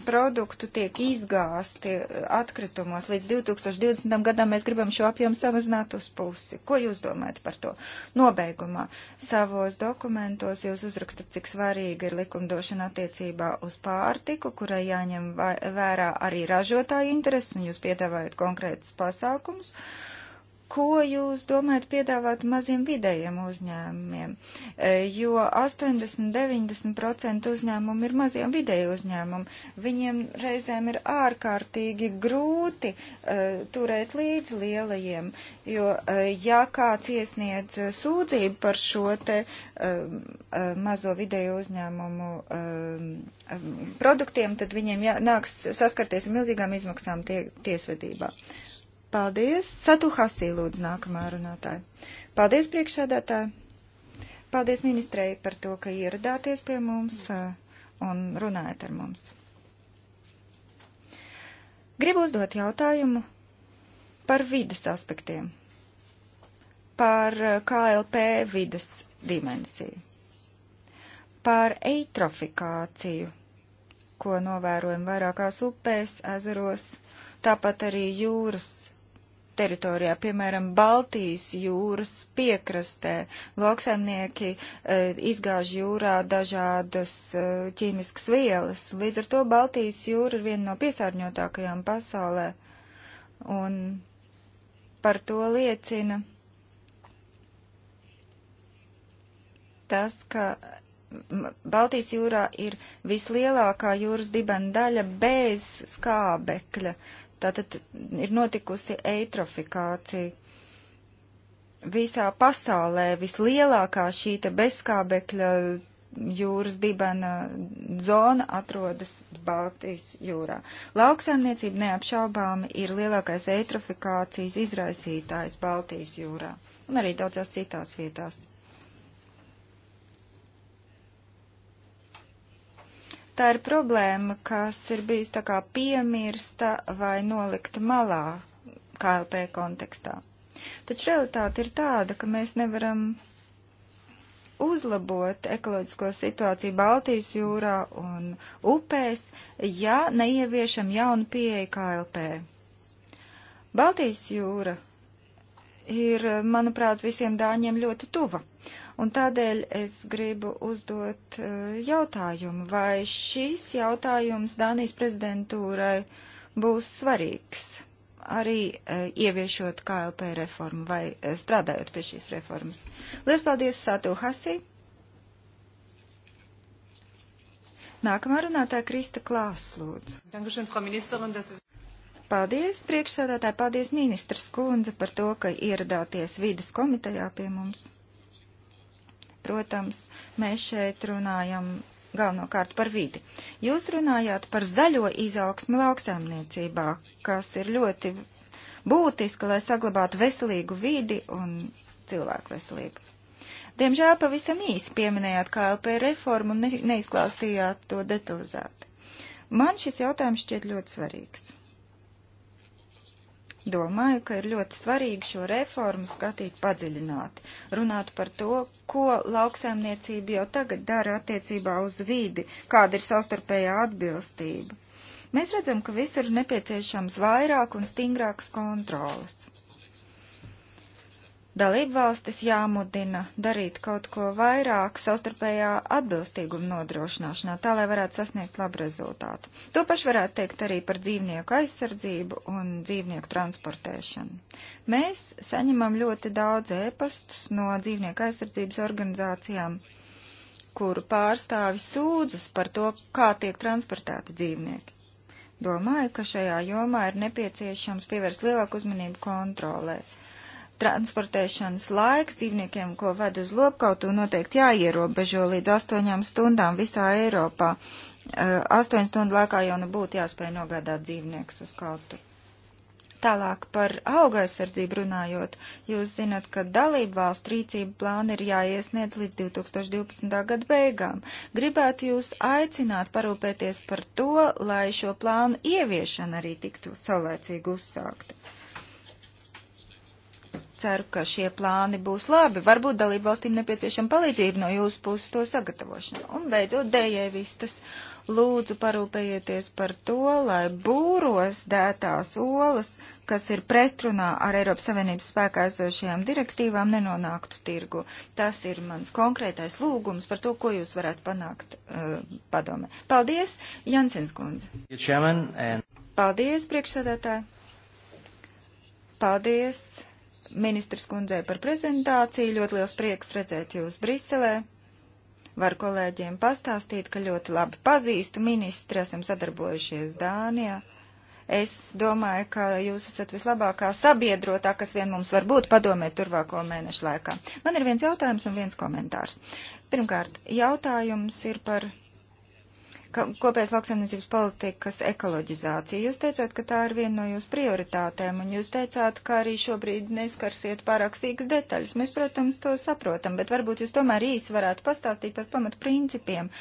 produktu tiek izgāsti eh, atkritumos. Līdz 2020. gadam mēs gribam šo apjomu samazināt uz pusi. Ko jūs domājat par to? Nobeigumā savos dokumentos jūs uzrakstat, cik svarīga ir likumdošana attiecībā uz pārtiku, kurai jāņem vērā arī ražotāja intereses, un jūs piedāvājat konkrētus pasākumus. Uh, Ko jūs domājat piedāvāt maziem vidējiem uzņēmumiem? E, jo 80-90% uzņēmumu ir mazie un vidēji uzņēmumi. Viņiem reizēm ir ārkārtīgi grūti uh, turēt līdz lielajiem, jo uh, ja kāds iesniedz sūdzību par šo te uh, mazo vidēju uzņēmumu produktiem, tad viņiem jā, nāks saskarties ar milzīgām izmaksām tie, tiesvedībā. Paldies! Satu Hasī lūdzu nākamā runātāja. Paldies, priekšsēdētāji! Paldies ministrei par to, ka ieradāties pie mums eh, un runājat ar mums. Gribu uzdot jautājumu par vidas aspektiem, par eh, KLP vidas dimensiju, par eitrofikāciju, ko novērojam vairākās upēs, ezeros, tāpat arī jūras teritorijā, piemēram, Baltijas jūras piekrastē. Lauksaimnieki e, izgāž jūrā dažādas e, ķīmiskas vielas. Līdz ar to Baltijas jūra ir viena no piesārņotākajām pasaulē. Un par to liecina tas, ka Baltijas jūrā ir vislielākā jūras dibena daļa bez skābekļa. Tātad ir notikusi eitrofikācija. Visā pasaulē vislielākā šī te bezkābekļa jūras dibena zona atrodas Baltijas jūrā. Lauksaimniecība neapšaubāmi ir lielākais eitrofikācijas izraisītājs Baltijas jūrā un arī daudzās citās vietās. Tā ir problēma, kas ir bijusi tā kā piemirsta vai nolikta malā KLP kontekstā. Taču realitāte ir tāda, ka mēs nevaram uzlabot ekoloģisko situāciju Baltijas jūrā un upēs, ja neieviešam jaunu pieeju KLP. Baltijas jūra ir, manuprāt, visiem dāņiem ļoti tuva. Un tādēļ es gribu uzdot eh, jautājumu, vai šis jautājums Dānijas prezidentūrai būs svarīgs arī eh, ieviešot KLP reformu vai eh, strādājot pie šīs reformas. Lielas paldies, Satu Hasī! Nākamā runātāja Krista Klāslūdzu. Paldies, priekšsēdētāji, paldies ministras kundze par to, ka ieradāties vidas komitejā pie mums protams, mēs šeit runājam galvenokārt par vidi. Jūs runājāt par zaļo izaugsmu lauksēmniecībā, kas ir ļoti būtiska, lai saglabātu veselīgu vidi un cilvēku veselību. Diemžēl pavisam īsi pieminējāt KLP reformu un neizklāstījāt to detalizēti. Man šis jautājums šķiet ļoti svarīgs. Domāju, ka ir ļoti svarīgi šo reformu skatīt padziļināt, runāt par to, ko lauksaimniecība jau tagad dara attiecībā uz vidi, kāda ir savstarpējā atbilstība. Mēs redzam, ka visur ir nepieciešams vairāk un stingrākas kontrolas Dalību valstis jāmudina darīt kaut ko vairāk savstarpējā atbilstīguma nodrošināšanā, tā lai varētu sasniegt labu rezultātu. To pašu varētu teikt arī par dzīvnieku aizsardzību un dzīvnieku transportēšanu. Mēs saņemam ļoti daudz ēpastus no dzīvnieku aizsardzības organizācijām kuru pārstāvi sūdzas par to, kā tiek transportēti dzīvnieki. Domāju, ka šajā jomā ir nepieciešams pievērst lielāku uzmanību kontrolē transportēšanas laiks dzīvniekiem, ko ved uz lopkautu, noteikti jāierobežo līdz astoņām stundām visā Eiropā. Eh, astoņu stundu laikā jau nebūtu nu jāspēj nogādāt dzīvniekus uz kautu. Tālāk par augaisardzību runājot, jūs zinat, ka dalību valstu rīcību plāni ir jāiesniedz līdz 2012. gada beigām. Gribētu jūs aicināt parūpēties par to, lai šo plānu ieviešana arī tiktu saulēcīgi uzsākta ceru, ka šie plāni būs labi. Varbūt dalību valstīm nepieciešama palīdzība no jūsu puses to sagatavošanā. Un beidzot, dējēvistas, lūdzu parūpējieties par to, lai būros dētās olas, kas ir pretrunā ar Eiropas Savienības spēkā esošajām direktīvām, nenonāktu tirgu. Tas ir mans konkrētais lūgums par to, ko jūs varētu panākt uh, padome. Paldies, Jansens kundze. Paldies, priekšsēdētāji. Paldies ministrs kundzei par prezentāciju. Ļoti liels prieks redzēt jūs Briselē. Var kolēģiem pastāstīt, ka ļoti labi pazīstu ministri, esam sadarbojušies Dānijā. Es domāju, ka jūs esat vislabākā sabiedrotā, kas vien mums var būt padomē turvāko mēnešu laikā. Man ir viens jautājums un viens komentārs. Pirmkārt, jautājums ir par kopējas lauksaimniecības politikas ekoloģizācija. Jūs teicāt, ka tā ir viena no jūsu prioritātēm, un jūs teicāt, ka arī šobrīd neskarsiet pārāk sīkas detaļas. Mēs, protams, to saprotam, bet varbūt jūs tomēr īsi varētu pastāstīt par pamatprincipiem,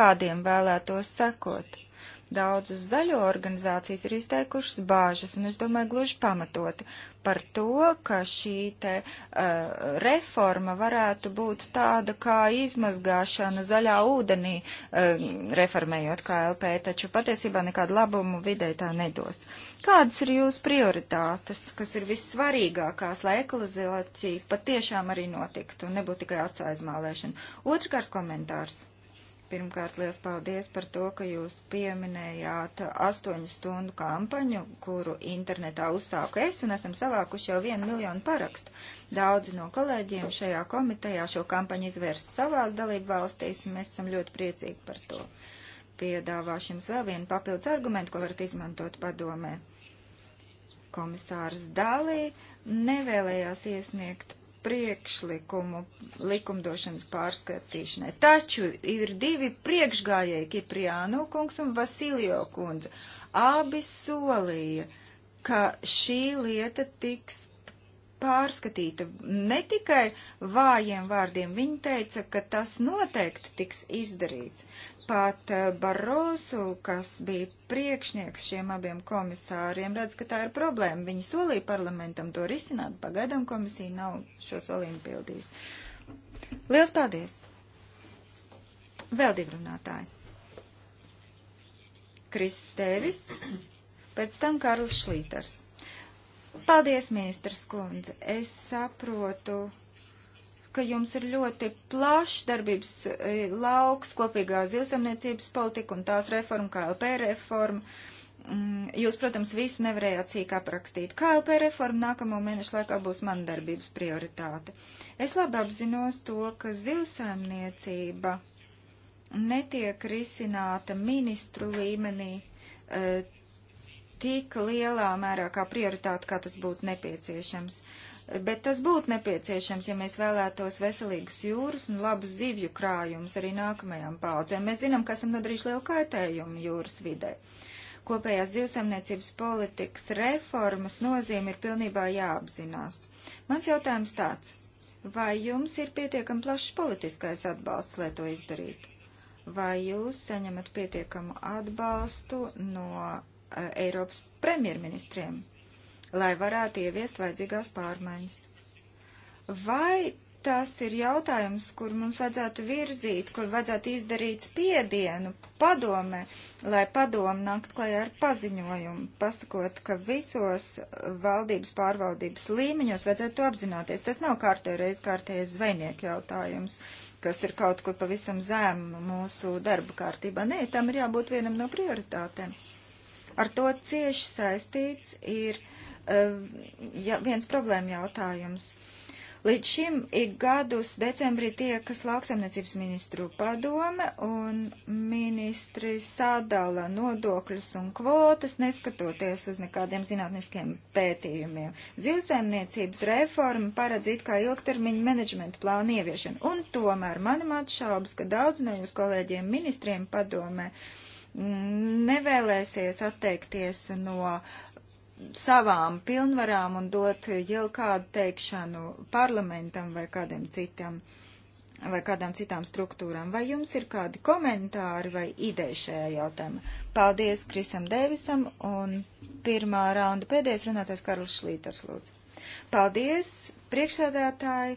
kādiem vēlētos sekot. Daudzas zaļo organizācijas ir izteikušas bāžas, un es domāju, gluži pamatoti par to, ka šī te uh, reforma varētu būt tāda kā izmazgāšana zaļā ūdenī, uh, reformējot KLP, taču patiesībā nekādu labumu vidē tā nedos. Kādas ir jūsu prioritātes, kas ir vissvarīgākās, lai ekolizācija patiešām arī notiktu un nebūtu tikai atsāizmālēšana? Otrkārt komentārs. Pirmkārt, liels paldies par to, ka jūs pieminējāt astoņu stundu kampaņu, kuru internetā uzsāku es, un esam savākuši jau vienu miljonu parakstu. Daudzi no kolēģiem šajā komitejā šo kampaņu izvērst savās dalību valstīs, un mēs esam ļoti priecīgi par to. Piedāvāšu jums vēl vienu papildus argumentu, ko varat izmantot padomē. Komisārs Dālī nevēlējās iesniegt priekšlikumu likumdošanas pārskatīšanai. Taču ir divi priekšgājēji, Kipriāno kungs un Vasiljo kundze. Abi solīja, ka šī lieta tiks pārskatīta ne tikai vājiem vārdiem. Viņa teica, ka tas noteikti tiks izdarīts. Pat eh, Barroso, kas bija priekšnieks šiem abiem komisāriem, redz, ka tā ir problēma. Viņi solīja parlamentam to risināt, pagaidām komisija nav šo solījumu pildījusi. Lielas paldies! Vēl divi runātāji. Kris Stēvis, pēc tam Karls Šlīters. Paldies, ministrs kundze. Es saprotu, ka jums ir ļoti plašs darbības e, lauks kopīgā zivsamniecības politika un tās reforma, KLP reforma. Mm, jūs, protams, visu nevarējāt sīkā aprakstīt. KLP reforma nākamo mēnešu laikā būs mana darbības prioritāte. Es labi apzinos to, ka zivsaimniecība netiek risināta ministru līmenī e, tik lielā mērā kā prioritāte, kā tas būtu nepieciešams. Uh, bet tas būtu nepieciešams, ja mēs vēlētos veselīgus jūras un labus zivju krājumus arī nākamajām paudzēm. Mēs zinām, ka esam nodarījuši lielu kaitējumu jūras vidē. Kopējās dzīvesamniecības politikas reformas nozīme ir pilnībā jāapzinās. Mans jautājums tāds. Vai jums ir pietiekami plašs politiskais atbalsts, lai to izdarītu? Vai jūs saņemat pietiekamu atbalstu no uh, Eiropas premjerministriem? lai varētu ieviest vajadzīgās pārmaiņas. Vai tas ir jautājums, kur mums vajadzētu virzīt, kur vajadzētu izdarīt spiedienu padome, lai padome nākt klajā ar paziņojumu, pasakot, ka visos valdības pārvaldības līmeņos vajadzētu to apzināties. Tas nav kārtēreiz kārtējais zvejnieku jautājums, kas ir kaut kur pavisam zem mūsu darba kārtībā. Nē, tam ir jābūt vienam no prioritātēm. Ar to cieši saistīts ir. Uh, Eh, ja, viens problēma jautājums. Līdz šim ik gadus decembrī tiekas lauksaimniecības ministru padome un ministri sadala nodokļus un kvotas, neskatoties uz nekādiem zinātniskiem pētījumiem. Dzīvsaimniecības reforma paredz it kā ilgtermiņa menedžmenta plānu ieviešanu, un tomēr manam atšaubas, ka daudz no jūs kolēģiem ministriem padomē mm, nevēlēsies atteikties no uh, savām pilnvarām un dot jau kādu teikšanu parlamentam vai kādam citam vai kādām citām struktūrām. Vai jums ir kādi komentāri vai ideja šajā jautājumā? Paldies Krisam Dēvisam un pirmā raunda pēdējais runātais Karls Šlīters lūdzu. Paldies, priekšsēdētāji,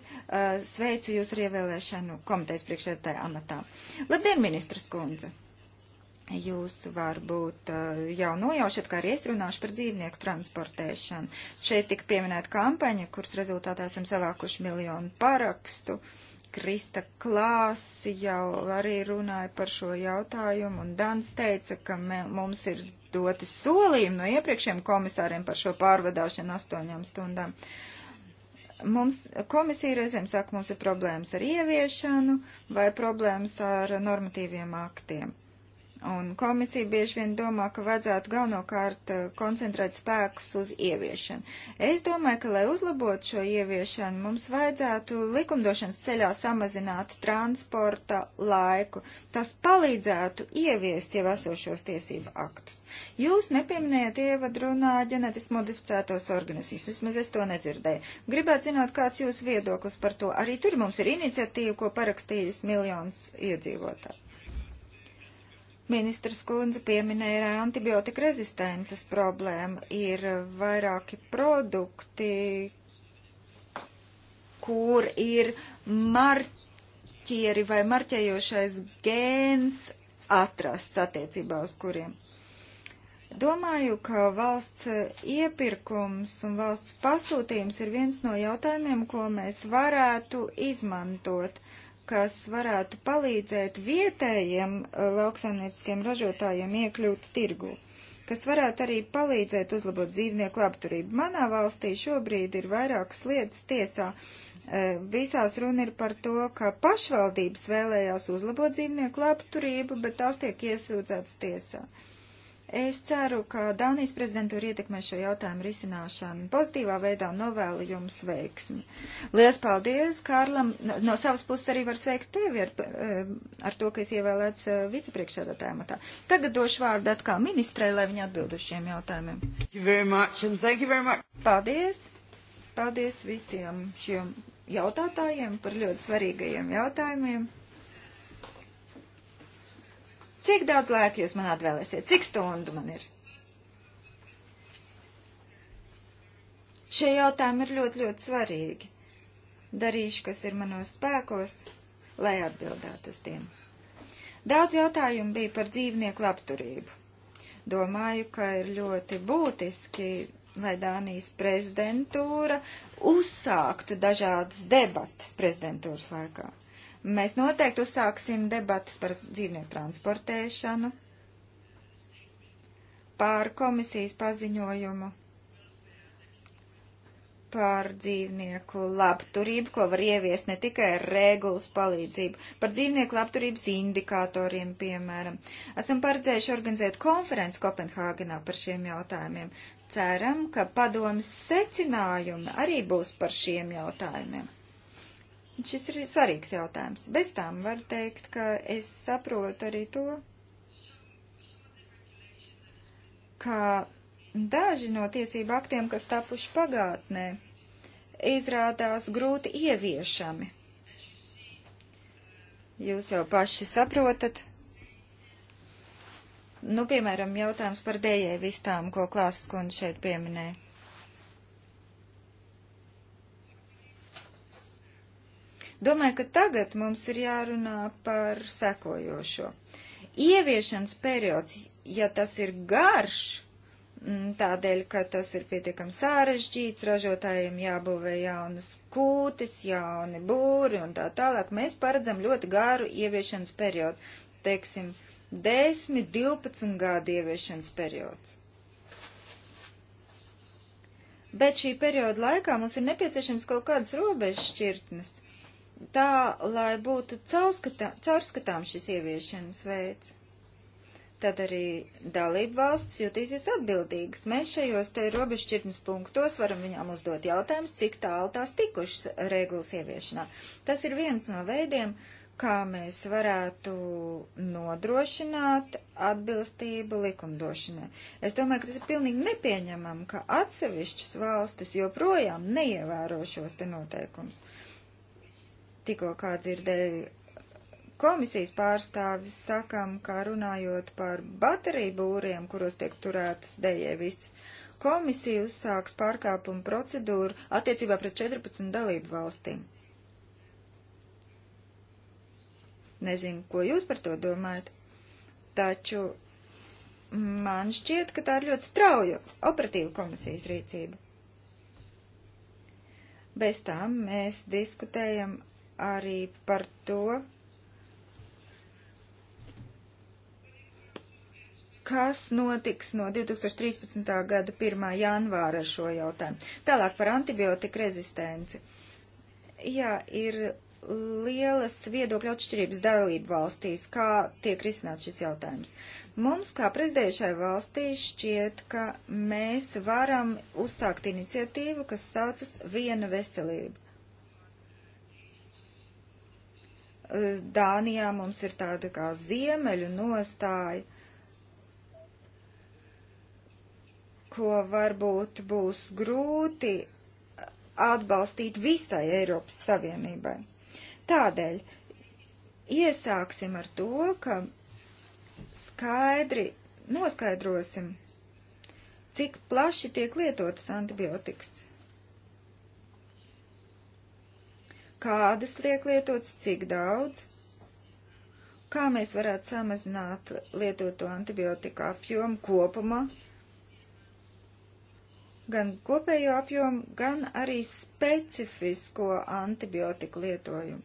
sveicu jūs ar ievēlēšanu komitejas priekšsēdētāja amatā. Labdien, ministras kundze! Jūs varbūt eh, jau nojaušat, ka arī es runāšu par dzīvnieku transportēšanu. Šeit tika pieminēta kampaņa, kuras rezultātā esam savākuši miljonu parakstu. Krista Klāsi jau arī runāja par šo jautājumu, un Dans teica, ka me, mums ir doti solījumi no iepriekšējiem komisāriem par šo pārvadāšanu astoņām stundām. Mums komisija reizēm saka, mums ir problēmas ar ieviešanu vai problēmas ar normatīviem aktiem Un komisija bieži vien domā, ka vajadzētu galvenokārt eh, koncentrēt spēkus uz ieviešanu. Es domāju, ka, lai uzlabotu šo ieviešanu, mums vajadzētu likumdošanas ceļā samazināt transporta laiku. Tas palīdzētu ieviest jau esošos tiesību aktus. Jūs nepieminējat ievadrunā ģenetis modificētos organismus, vismaz es to nedzirdēju. Gribētu zināt, kāds jūs viedoklis par to. Arī tur mums ir iniciatīva, ko parakstījusi miljons iedzīvotāji. Ministras kundze pieminēja arī antibiotika rezistences problēmu. Ir vairāki produkti, kur ir marķieri vai marķējošais gēns atrasts attiecībā uz kuriem. Domāju, ka valsts iepirkums un valsts pasūtījums ir viens no jautājumiem, ko mēs varētu izmantot. Uh, kas varētu palīdzēt vietējiem eh, lauksaimnieciskiem ražotājiem iekļūt tirgu, kas varētu arī palīdzēt uzlabot dzīvnieku labturību. Manā valstī šobrīd ir vairākas lietas tiesā. Eh, visās runa ir par to, ka pašvaldības vēlējās uzlabot dzīvnieku labturību, bet tās tiek iesūdzētas tiesā. Uh, Es ceru, ka Dānijas prezidentūra ietekmē šo jautājumu risināšanu pozitīvā veidā un novēlu jums veiksmi. Lielas paldies, Kārlam. No, no savas puses arī var sveikt tevi ar, eh, ar to, ka esi ievēlēts eh, vicepriekšsēdētājā matā. Tagad došu vārdu atkal ministrei, lai viņa atbild uz šiem jautājumiem. Paldies! Paldies visiem šiem jautātājiem par ļoti svarīgajiem jautājumiem. Cik daudz laika jūs man atvēlēsiet? Cik stundu man ir? Šie jautājumi ir ļoti, ļoti svarīgi. Darīšu, kas ir manos spēkos, lai atbildētu uz tiem. Daudz jautājumu bija par dzīvnieku labturību. Domāju, ka ir ļoti būtiski, lai Dānijas prezidentūra uzsāktu dažādas debatas prezidentūras laikā. Mēs noteikti uzsāksim debatas par dzīvnieku transportēšanu, par komisijas paziņojumu, par dzīvnieku labturību, ko var ieviest ne tikai ar regulas palīdzību, par dzīvnieku labturības indikatoriem, piemēram. Esam paredzējuši organizēt konferenci Kopenhāgenā par šiem jautājumiem. Ceram, ka padomas secinājumi arī būs par šiem jautājumiem. Šis ir svarīgs jautājums. Bez tām var teikt, ka es saprotu arī to, ka daži no tiesību aktiem, kas tapuši pagātnē, izrādās grūti ieviešami. Jūs jau paši saprotat. Nu, piemēram, jautājums par dējai vistām, ko klāsas kundze šeit pieminēja. Domāju, ka tagad mums ir jārunā par sekojošo. Ieviešanas periods, ja tas ir garš, mm, tādēļ, ka tas ir pietiekami sarežģīts, ražotājiem jābūvē jaunas kūtis, jauni būri un tā tālāk. Mēs paredzam ļoti garu ieviešanas periodu, teiksim, 10, 12 gadu ieviešanas periods. Bet šī perioda laikā mums ir nepieciešams kaut kādas robežas šķirtnes tā, lai būtu caurskatām šis ieviešanas veids. Tad arī dalību valsts jutīsies atbildīgas. Mēs šajos te robežšķirtnes punktos varam viņām uzdot jautājumus, cik tālu tās tikušas regulas ieviešanā. Tas ir viens no veidiem, kā mēs varētu nodrošināt atbilstību likumdošanai. Es domāju, ka tas ir pilnīgi nepieņemam, ka atsevišķas valstis joprojām neievēro šos te noteikumus. Uh, tikko kā dzirdēju komisijas pārstāvis sakam, kā runājot par bateriju būriem, kuros tiek turētas dējēvistas, komisija uzsāks pārkāpumu procedūru attiecībā pret 14 dalību valstīm. Nezinu, ko jūs par to domājat, taču man šķiet, ka tā ir ļoti strauja operatīva komisijas rīcība. Bez tām mēs diskutējam arī par to, kas notiks no 2013. gada 1. janvāra ar šo jautājumu. Tālāk par antibiotika rezistenci. Jā, ir lielas viedokļa atšķirības dalību valstīs, kā tiek risināts šis jautājums. Mums, kā prezidējušai valstī, šķiet, ka mēs varam uzsākt iniciatīvu, kas saucas Viena veselība. Dānijā mums ir tāda kā ziemeļu nostāja, ko varbūt būs grūti atbalstīt visai Eiropas Savienībai. Tādēļ iesāksim ar to, ka skaidri noskaidrosim, cik plaši tiek lietotas antibiotikas. kādas tiek lietotas, cik daudz, kā mēs varētu samazināt lietoto antibiotiku apjomu kopumā, gan kopējo apjomu, gan arī specifisko antibiotiku lietojumu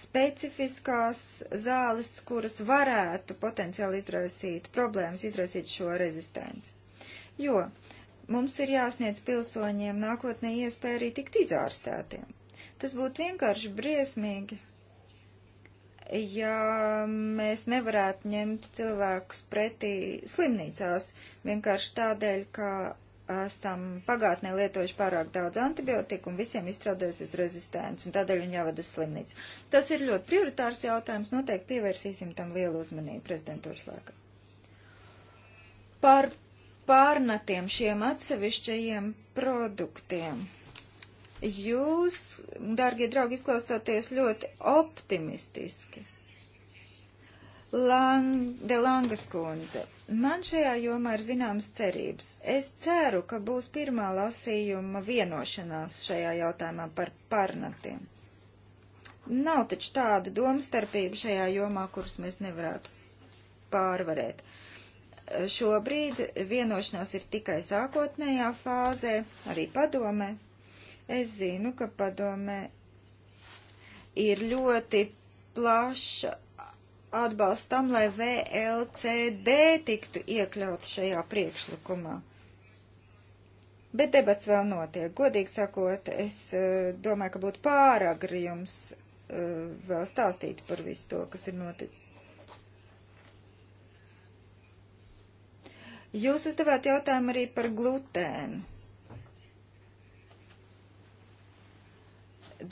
specifiskās zāles, kuras varētu potenciāli izraisīt problēmas, izraisīt šo rezistenci. Jo mums ir jāsniedz pilsoņiem nākotnē iespēja arī tikt izārstētiem. Tas būtu vienkārši briesmīgi, ja mēs nevarētu ņemt cilvēkus pretī slimnīcās vienkārši tādēļ, ka esam pagātnē lietojuši pārāk daudz antibiotiku un visiem izstrādājusies rezistents, un tādēļ viņi jāved uz slimnīcu. Tas ir ļoti prioritārs jautājums, noteikti pievērsīsim tam lielu uzmanību prezidentūras laikā. Par pārnatiem šiem atsevišķajiem produktiem. Jūs, dārgie draugi, izklausāties ļoti optimistiski. Lang, de Langas kundze, man šajā jomā ir zināmas cerības. Es ceru, ka būs pirmā lasījuma vienošanās šajā jautājumā par parnatiem. Nav taču tādu domstarpību šajā jomā, kuras mēs nevarētu pārvarēt. Šobrīd vienošanās ir tikai sākotnējā fāzē, arī padomē, Es zinu, ka padomē ir ļoti plaša atbalstam, lai VLCD tiktu iekļauts šajā priekšlikumā. Bet debats vēl notiek. Godīgi sakot, es eh, domāju, ka būtu pāragri jums eh, vēl stāstīt par visu to, kas ir noticis. Jūs uzdevāt jautājumu arī par glutēnu.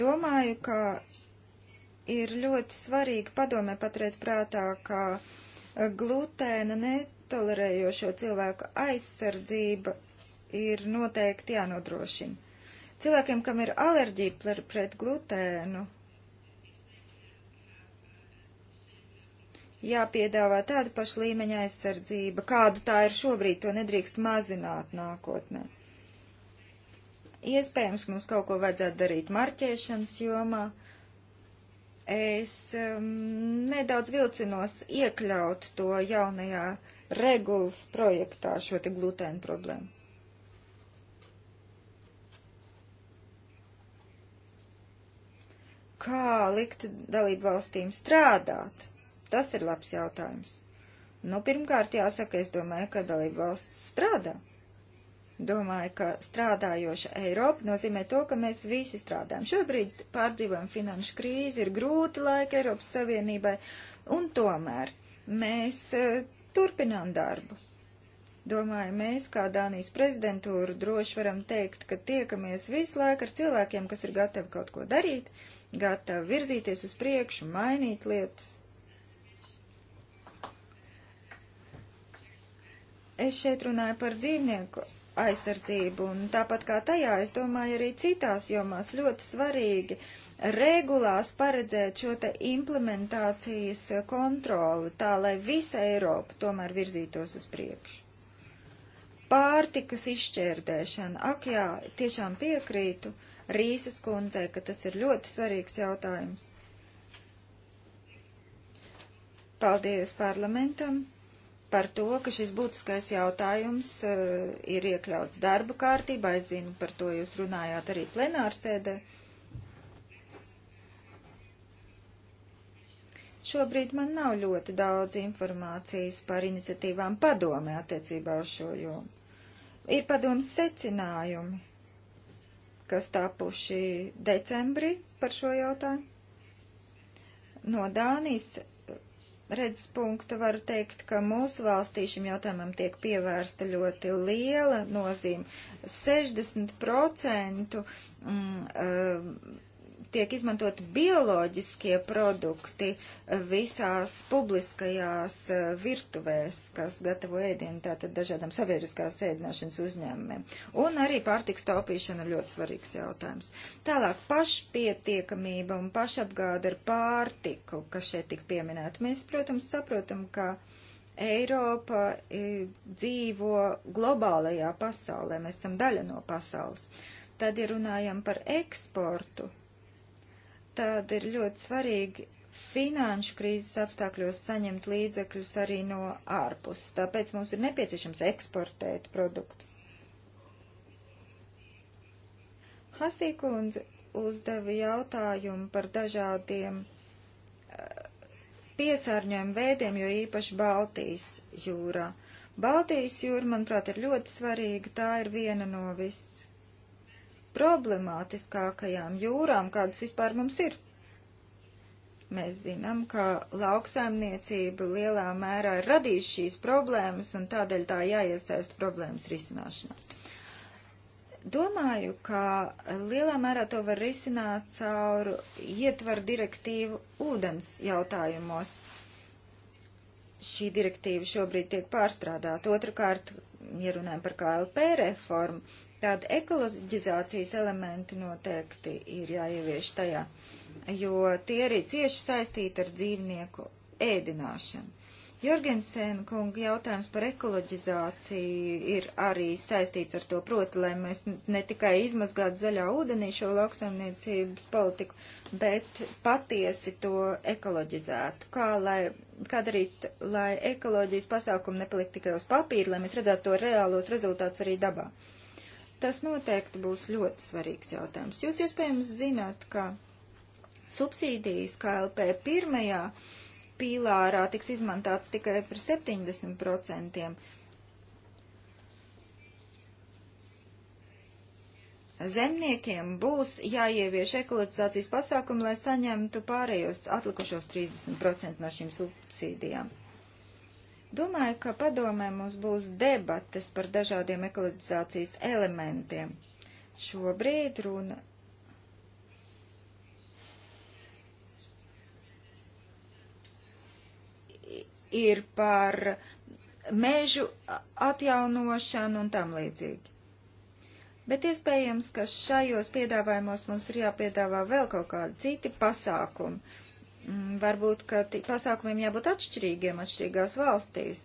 Domāju, ka ir ļoti svarīgi padomē paturēt prātā, ka e, glutēna netolerējošo cilvēku aizsardzība ir noteikti jānodrošina. Cilvēkiem, kam ir alerģija pret glutēnu, jāpiedāvā tāda paša līmeņa aizsardzība, kāda tā ir šobrīd, to nedrīkst mazināt nākotnē. Iespējams, ka mums kaut ko vajadzētu darīt marķēšanas jomā. Es um, nedaudz vilcinos iekļaut to jaunajā regulas projektā šo te glutēnu problēmu. Kā likt dalību valstīm strādāt? Tas ir labs jautājums. Nu, pirmkārt jāsaka, es domāju, ka dalību valsts strādā. Domāju, ka strādājoša Eiropa nozīmē to, ka mēs visi strādājam. Šobrīd pārdzīvojam finanšu krīzi, ir grūti laika Eiropas Savienībai, un tomēr mēs e, turpinām darbu. Domāju, mēs, kā Dānijas prezidentūra, droši varam teikt, ka tiekamies visu laiku ar cilvēkiem, kas ir gatavi kaut ko darīt, gatavi virzīties uz priekšu, mainīt lietas. Es šeit runāju par dzīvnieku aizsardzību. Un tāpat kā tajā, es domāju, arī citās jomās ļoti svarīgi regulās paredzēt šo te implementācijas kontroli, tā lai visa Eiropa tomēr virzītos uz priekšu pārtikas izšķērdēšana. Ak jā, tiešām piekrītu Rīsas kundzei, ka tas ir ļoti svarīgs jautājums. Paldies parlamentam par to, ka šis būtiskais jautājums uh, ir iekļauts darba kārtībā. Es zinu, par to jūs runājāt arī plenārsēdē. Šobrīd man nav ļoti daudz informācijas par iniciatīvām padomē attiecībā uz šo jomu. Ir padomas secinājumi, kas tapuši decembrī par šo jautājumu. No Dānijas redzes punkta varu teikt, ka mūsu valstī šim jautājumam tiek pievērsta ļoti liela nozīme. 60% tiek izmantot bioloģiskie produkti eh, visās publiskajās eh, virtuvēs, kas gatavo ēdienu tātad dažādām sabiedriskās ēdināšanas uzņēmumiem. Un arī pārtiks taupīšana ir ļoti svarīgs jautājums. Tālāk pašpietiekamība un pašapgāda ar pārtiku, kas šeit tik pieminēta. Mēs, protams, saprotam, ka. Eiropa eh, dzīvo globālajā pasaulē, mēs esam daļa no pasaules. Tad, ja runājam par eksportu, Tad ir ļoti svarīgi finanšu krīzes apstākļos saņemt līdzekļus arī no ārpus. Tāpēc mums ir nepieciešams eksportēt produktus. Hasīkundze uzdeva jautājumu par dažādiem eh, piesārņojumu veidiem, jo īpaši Baltijas jūrā. Baltijas jūra, manuprāt, ir ļoti svarīga. Tā ir viena no viss visproblemātiskākajām jūrām, kādas vispār mums ir. Mēs zinām, ka lauksaimniecība lielā mērā ir radījusi šīs problēmas un tādēļ tā jāiesaist problēmas risināšanā. Domāju, ka lielā mērā to var risināt caur ietvaru direktīvu ūdens jautājumos. Šī direktīva šobrīd tiek pārstrādāta. Otrakārt, ja runājam par KLP reformu, Tāda ekoloģizācijas elementi noteikti ir jāievieš tajā, jo tie arī cieši saistīti ar dzīvnieku ēdināšanu. Jorgensēna kunga jautājums par ekoloģizāciju ir arī saistīts ar to, proti, lai mēs ne tikai izmazgātu zaļā ūdenī šo lauksaimniecības politiku, bet patiesi to ekoloģizētu. Kā, lai, kā darīt, lai ekoloģijas pasākumi nepalikt tikai uz papīra, lai mēs redzētu to reālos rezultātus arī dabā. Uh, Tas noteikti būs ļoti svarīgs jautājums. Jūs iespējams zināt, ka subsīdijas KLP pirmajā pīlārā tiks izmantāts tikai par 70%. Zemniekiem būs jāievieš ekoloģizācijas pasākumi, lai saņemtu pārējos atlikušos 30% no šīm subsīdijām. Domāju, ka padomē mums būs debates par dažādiem ekoloģizācijas elementiem. Šobrīd runa. Ir par mežu atjaunošanu un tam līdzīgi. Bet iespējams, ka šajos piedāvājumos mums ir jāpiedāvā vēl kaut kādi citi pasākumi Mm, varbūt, ka pasākumiem jābūt atšķirīgiem atšķirīgās valstīs.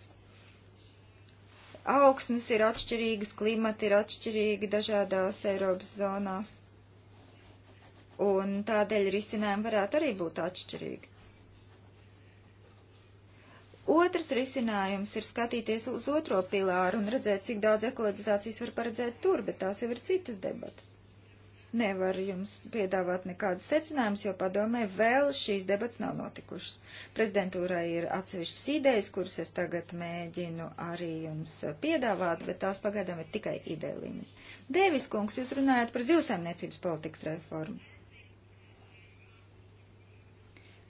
Augsnes ir atšķirīgas, klimati ir atšķirīgi dažādās Eiropas zonās. Un tādēļ risinājumi varētu arī būt atšķirīgi. Otrs risinājums ir skatīties uz otro pilāru un redzēt, cik daudz ekoloģizācijas var paredzēt tur, bet tās jau ir citas debatas nevaru jums piedāvāt nekādus secinājumus, jo padomē vēl šīs debats nav notikušas. Prezidentūrai ir atsevišķas idejas, kuras es tagad mēģinu arī jums piedāvāt, bet tās pagaidām ir tikai ideja līmenī. Dēvis kungs, jūs runājat par zilsēmniecības politikas reformu.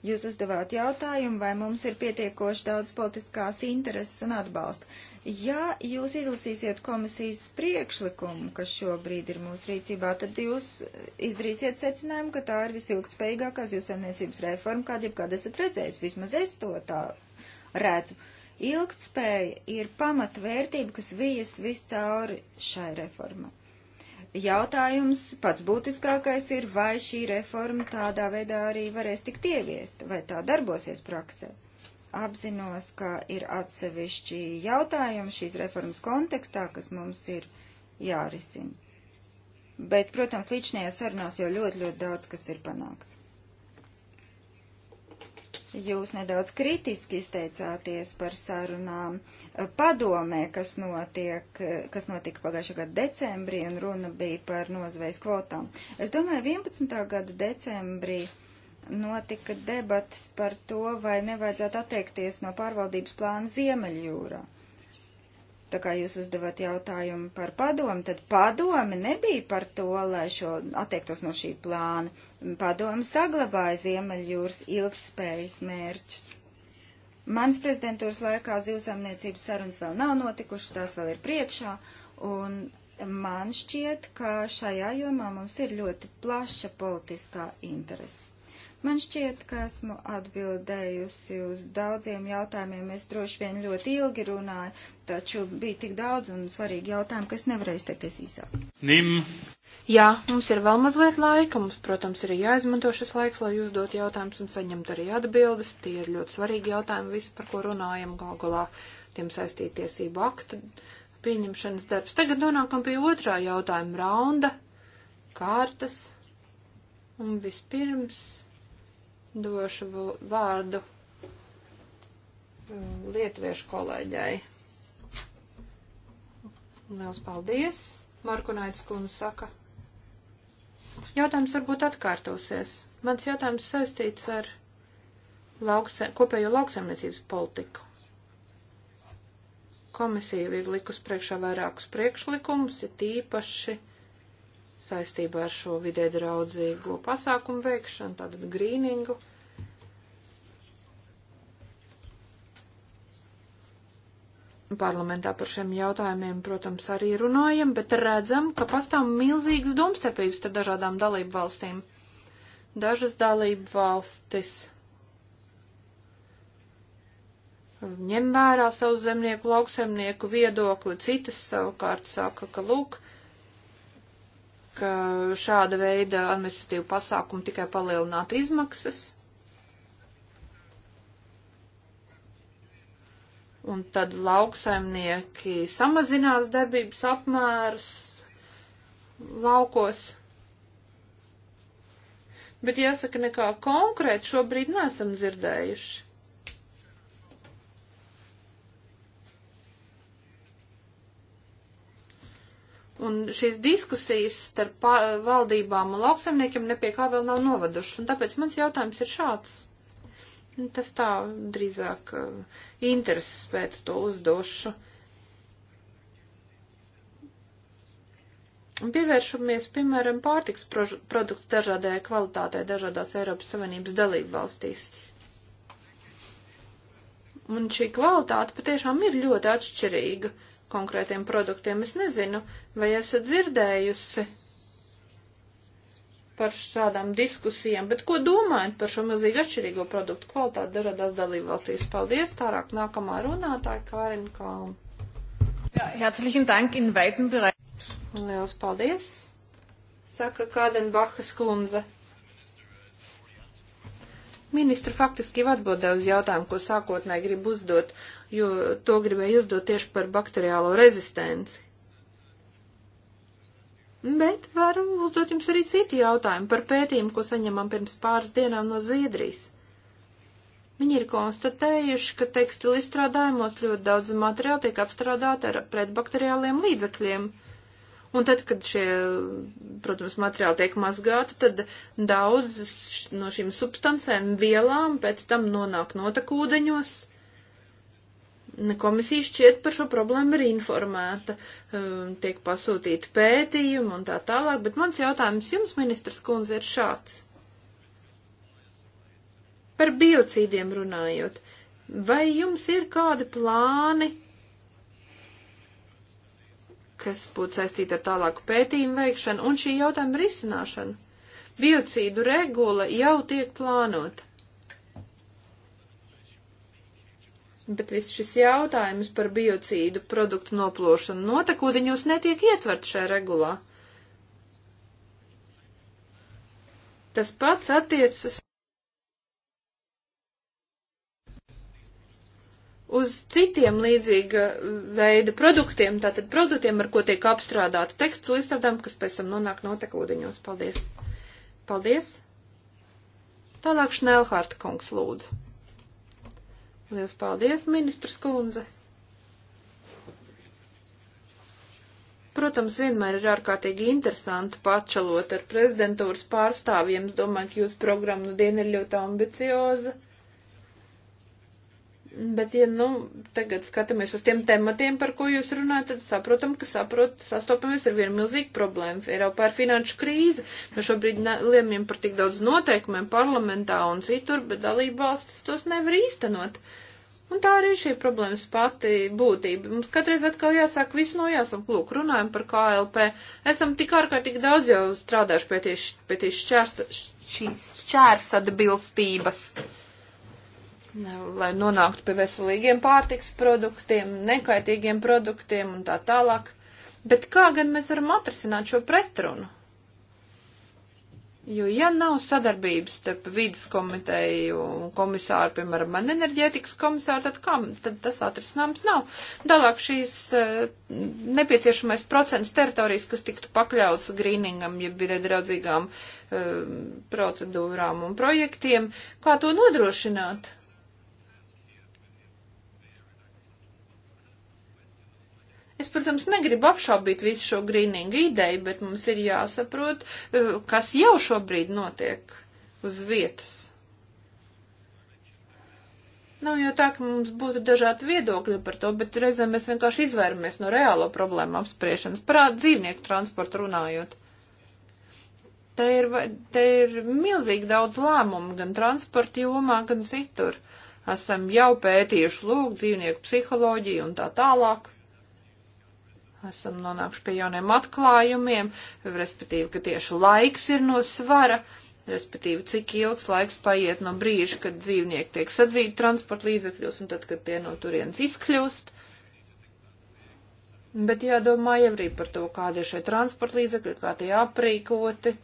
Jūs uzdevāt jautājumu, vai mums ir pietiekoši daudz politiskās intereses un atbalsta. Ja jūs izlasīsiet komisijas priekšlikumu, kas šobrīd ir mūsu rīcībā, tad jūs izdarīsiet secinājumu, ka tā ir visilgtspējīgākā zivsaimniecības reforma, kādu jebkad esat redzējis. Vismaz es to tā redzu. Ilgtspēja ir pamatvērtība, kas vijas viscauri šai reformai jautājums pats būtiskākais ir, vai šī reforma tādā veidā arī varēs tikt ieviesta, vai tā darbosies praksē. Apzinos, ka ir atsevišķi jautājumi šīs reformas kontekstā, kas mums ir jārisina. Bet, protams, līdšanajā sarunās jau ļoti, ļoti daudz kas ir panākts. Jūs nedaudz kritiski izteicāties par sarunām padomē, kas, notiek, kas notika pagājušā gada decembrī, un runa bija par nozvejas kvotām. Es domāju, 11. gada decembrī notika debatas par to, vai nevajadzētu atteikties no pārvaldības plāna Ziemeļjūrā. Uh, Tā kā jūs uzdevat jautājumu par padomu, tad padome nebija par to, lai šo attiektos no šī plāna. Padome saglabāja Ziemeļjūras ilgtspējas mērķus. Mans prezidentūras laikā zivsaimniecības sarunas vēl nav notikušas, tās vēl ir priekšā, un man šķiet, ka šajā jomā mums ir ļoti plaša politiskā interese. Man šķiet, ka esmu atbildējusi uz daudziem jautājumiem. Es droši vien ļoti ilgi runāju, taču bija tik daudz un svarīgi jautājumi, ka es nevarēju izteikties īsāk. Snim. Jā, mums ir vēl mazliet laika. Mums, protams, ir jāizmanto šis laiks, lai uzdot jautājumus un saņemt arī atbildes. Tie ir ļoti svarīgi jautājumi, visi, par ko runājam gal galā. Tiem saistīt tiesību aktu pieņemšanas darbs. Tagad nonākam pie otrā jautājuma raunda, kārtas. Un vispirms došu vārdu um, lietuviešu kolēģai. Liels paldies, Markunaitis kundze saka. Jautājums varbūt atkārtosies. Mans jautājums saistīts ar laukse, kopējo lauksaimniecības politiku. Komisija ir likus priekšā vairākus priekšlikumus, ir tīpaši. Ja saistībā ar šo vidē draudzīgo pasākumu veikšanu, tātad grīningu. Parlamentā par šiem jautājumiem, protams, arī runājam, bet redzam, ka pastāv milzīgas domstarpības starp dažādām dalību valstīm. Dažas dalību valstis ņem vērā savu zemnieku, lauksemnieku viedokli, citas savukārt saka, ka lūk, ka šāda veida administratīva pasākuma tikai palielinātu izmaksas. Un tad lauksaimnieki samazinās darbības apmērus laukos. Bet jāsaka, nekā konkrēti šobrīd nesam dzirdējuši. Un šīs diskusijas starp valdībām un lauksaimniekiem nepie kā vēl nav novadušas. Un tāpēc mans jautājums ir šāds. Nu, tas tā drīzāk eh, intereses pēc to uzdošu. Pievēršamies, piemēram, pārtiks produktu dažādajai kvalitātei dažādās Eiropas Savienības dalību valstīs. Un šī kvalitāte patiešām ir ļoti atšķirīga konkrētiem produktiem. Es nezinu, vai esat dzirdējusi par šādām diskusijām, bet ko domājat par šo milzīgi atšķirīgo produktu kvalitāti dažādās dalībvalstīs? Paldies, tārāk nākamā runātāja Kārina Kalna. Jā, herzlichen Dank in weiten Bereich. Liels paldies, saka Kādenbachas kundze. Ministra faktiski jau atbildēja uz jautājumu, ko sākotnēji grib uzdot jo to gribēju uzdot tieši par bakteriālo rezistenci. Bet varu uzdot jums arī citu jautājumu par pētījumu, ko saņemam pirms pāris dienām no Zviedrijas. Viņi ir konstatējuši, ka tekstilu izstrādājumos ļoti daudz materiāla tiek apstrādāta ar pretbakteriāliem līdzekļiem. Un tad, kad šie, protams, materiāli tiek mazgāti, tad daudz no šīm substancēm, vielām pēc tam nonāk notekūdeņos. Komisija šķiet par šo problēmu ir informēta, um, tiek pasūtīti pētījumi un tā tālāk, bet mans jautājums jums, ministrs kundze, ir šāds. Par biocīdiem runājot, vai jums ir kādi plāni, kas būtu saistīti ar tālāku pētījumu veikšanu un šī jautājuma risināšanu? Biocīdu regula jau tiek plānota. Bet viss šis jautājums par biocīdu produktu noplošanu notekūdeņos netiek ietverts šajā regulā. Tas pats attiecas uz citiem līdzīga veida produktiem, tātad produktiem, ar ko tiek apstrādāta tekstu izstrādājumi, kas pēc tam nonāk notekūdeņos. Paldies! Paldies! Tālāk Šnelhārta kungs lūdzu. Lielas paldies, ministrs kundze! Protams, vienmēr ir ārkārtīgi interesanti pačalot ar prezidentūras pārstāvjiem. Es domāju, ka jūsu programma nu diena ir ļoti ambicioza. Bet, ja nu tagad skatāmies uz tiem tematiem, par ko jūs runājat, tad saprotam, ka saprot, sastopamies ar vienu milzīgu problēmu. Eiropā ir finanšu krīze. Mēs šobrīd lēmjam par tik daudz noteikumiem parlamentā un citur, bet dalību valstis tos nevar īstenot. Uh, Un tā arī šī problēmas pati būtība. Mums katreiz atkal jāsāk viss no jāsam, lūk, runājam par KLP. Esam tik ārkārtīgi daudz jau strādājuši pie tieši, pie tieši šķērsta, šīs šķērs atbilstības, lai nonāktu pie veselīgiem pārtiks produktiem, nekaitīgiem produktiem un tā tālāk. Bet kā gan mēs varam atrasināt šo pretrunu? Jo, ja nav sadarbības starp vidas komiteju un komisāru, piemēram, man enerģētikas komisāru, tad kam? Tad tas atrisināms nav. Tālāk šīs eh, nepieciešamais procents teritorijas, kas tiktu pakļauts grīningam, ja vidē draudzīgām um, procedūrām un projektiem, kā to nodrošināt? Es, protams, negribu apšaubīt visu šo grīningu ideju, bet mums ir jāsaprot, e, kas jau šobrīd notiek uz vietas. Nav jau tā, ka mums būtu dažādi viedokļi par to, bet reizēm mēs vienkārši izvairamies no reālo problēmu apspriešanas, parāda dzīvnieku transportu runājot. Te ir, te ir milzīgi daudz lēmumu gan transporta jomā, gan citur. Esam jau pētījuši lūk dzīvnieku psiholoģiju un tā tālāk esam nonākuši pie jauniem atklājumiem, respektīvi, ka tieši laiks ir no svara, respektīvi, cik ilgs laiks paiet no brīža, kad dzīvnieki tiek sadzīti transporta līdzekļos un tad, kad tie no turienes izkļūst. Bet jādomā jau arī par to, kādi ir šie transporta līdzekļi, kā tie aprīkoti,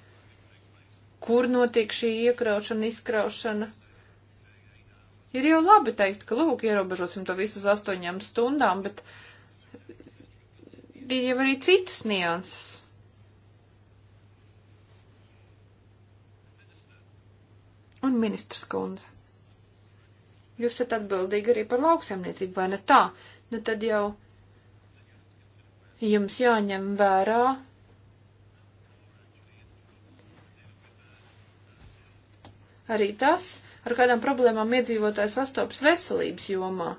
kur notiek šī iekraušana, izkraušana. Ir jau labi teikt, ka lūk, ierobežosim to visu uz astoņām stundām, bet uh, ir jau arī citas nianses. Un ministrs kundze. Jūs esat atbildīgi arī par lauksaimniecību, vai ne tā? Nu tad jau jums jāņem vērā arī tas, ar kādām problēmām iedzīvotājs sastopas veselības jomā.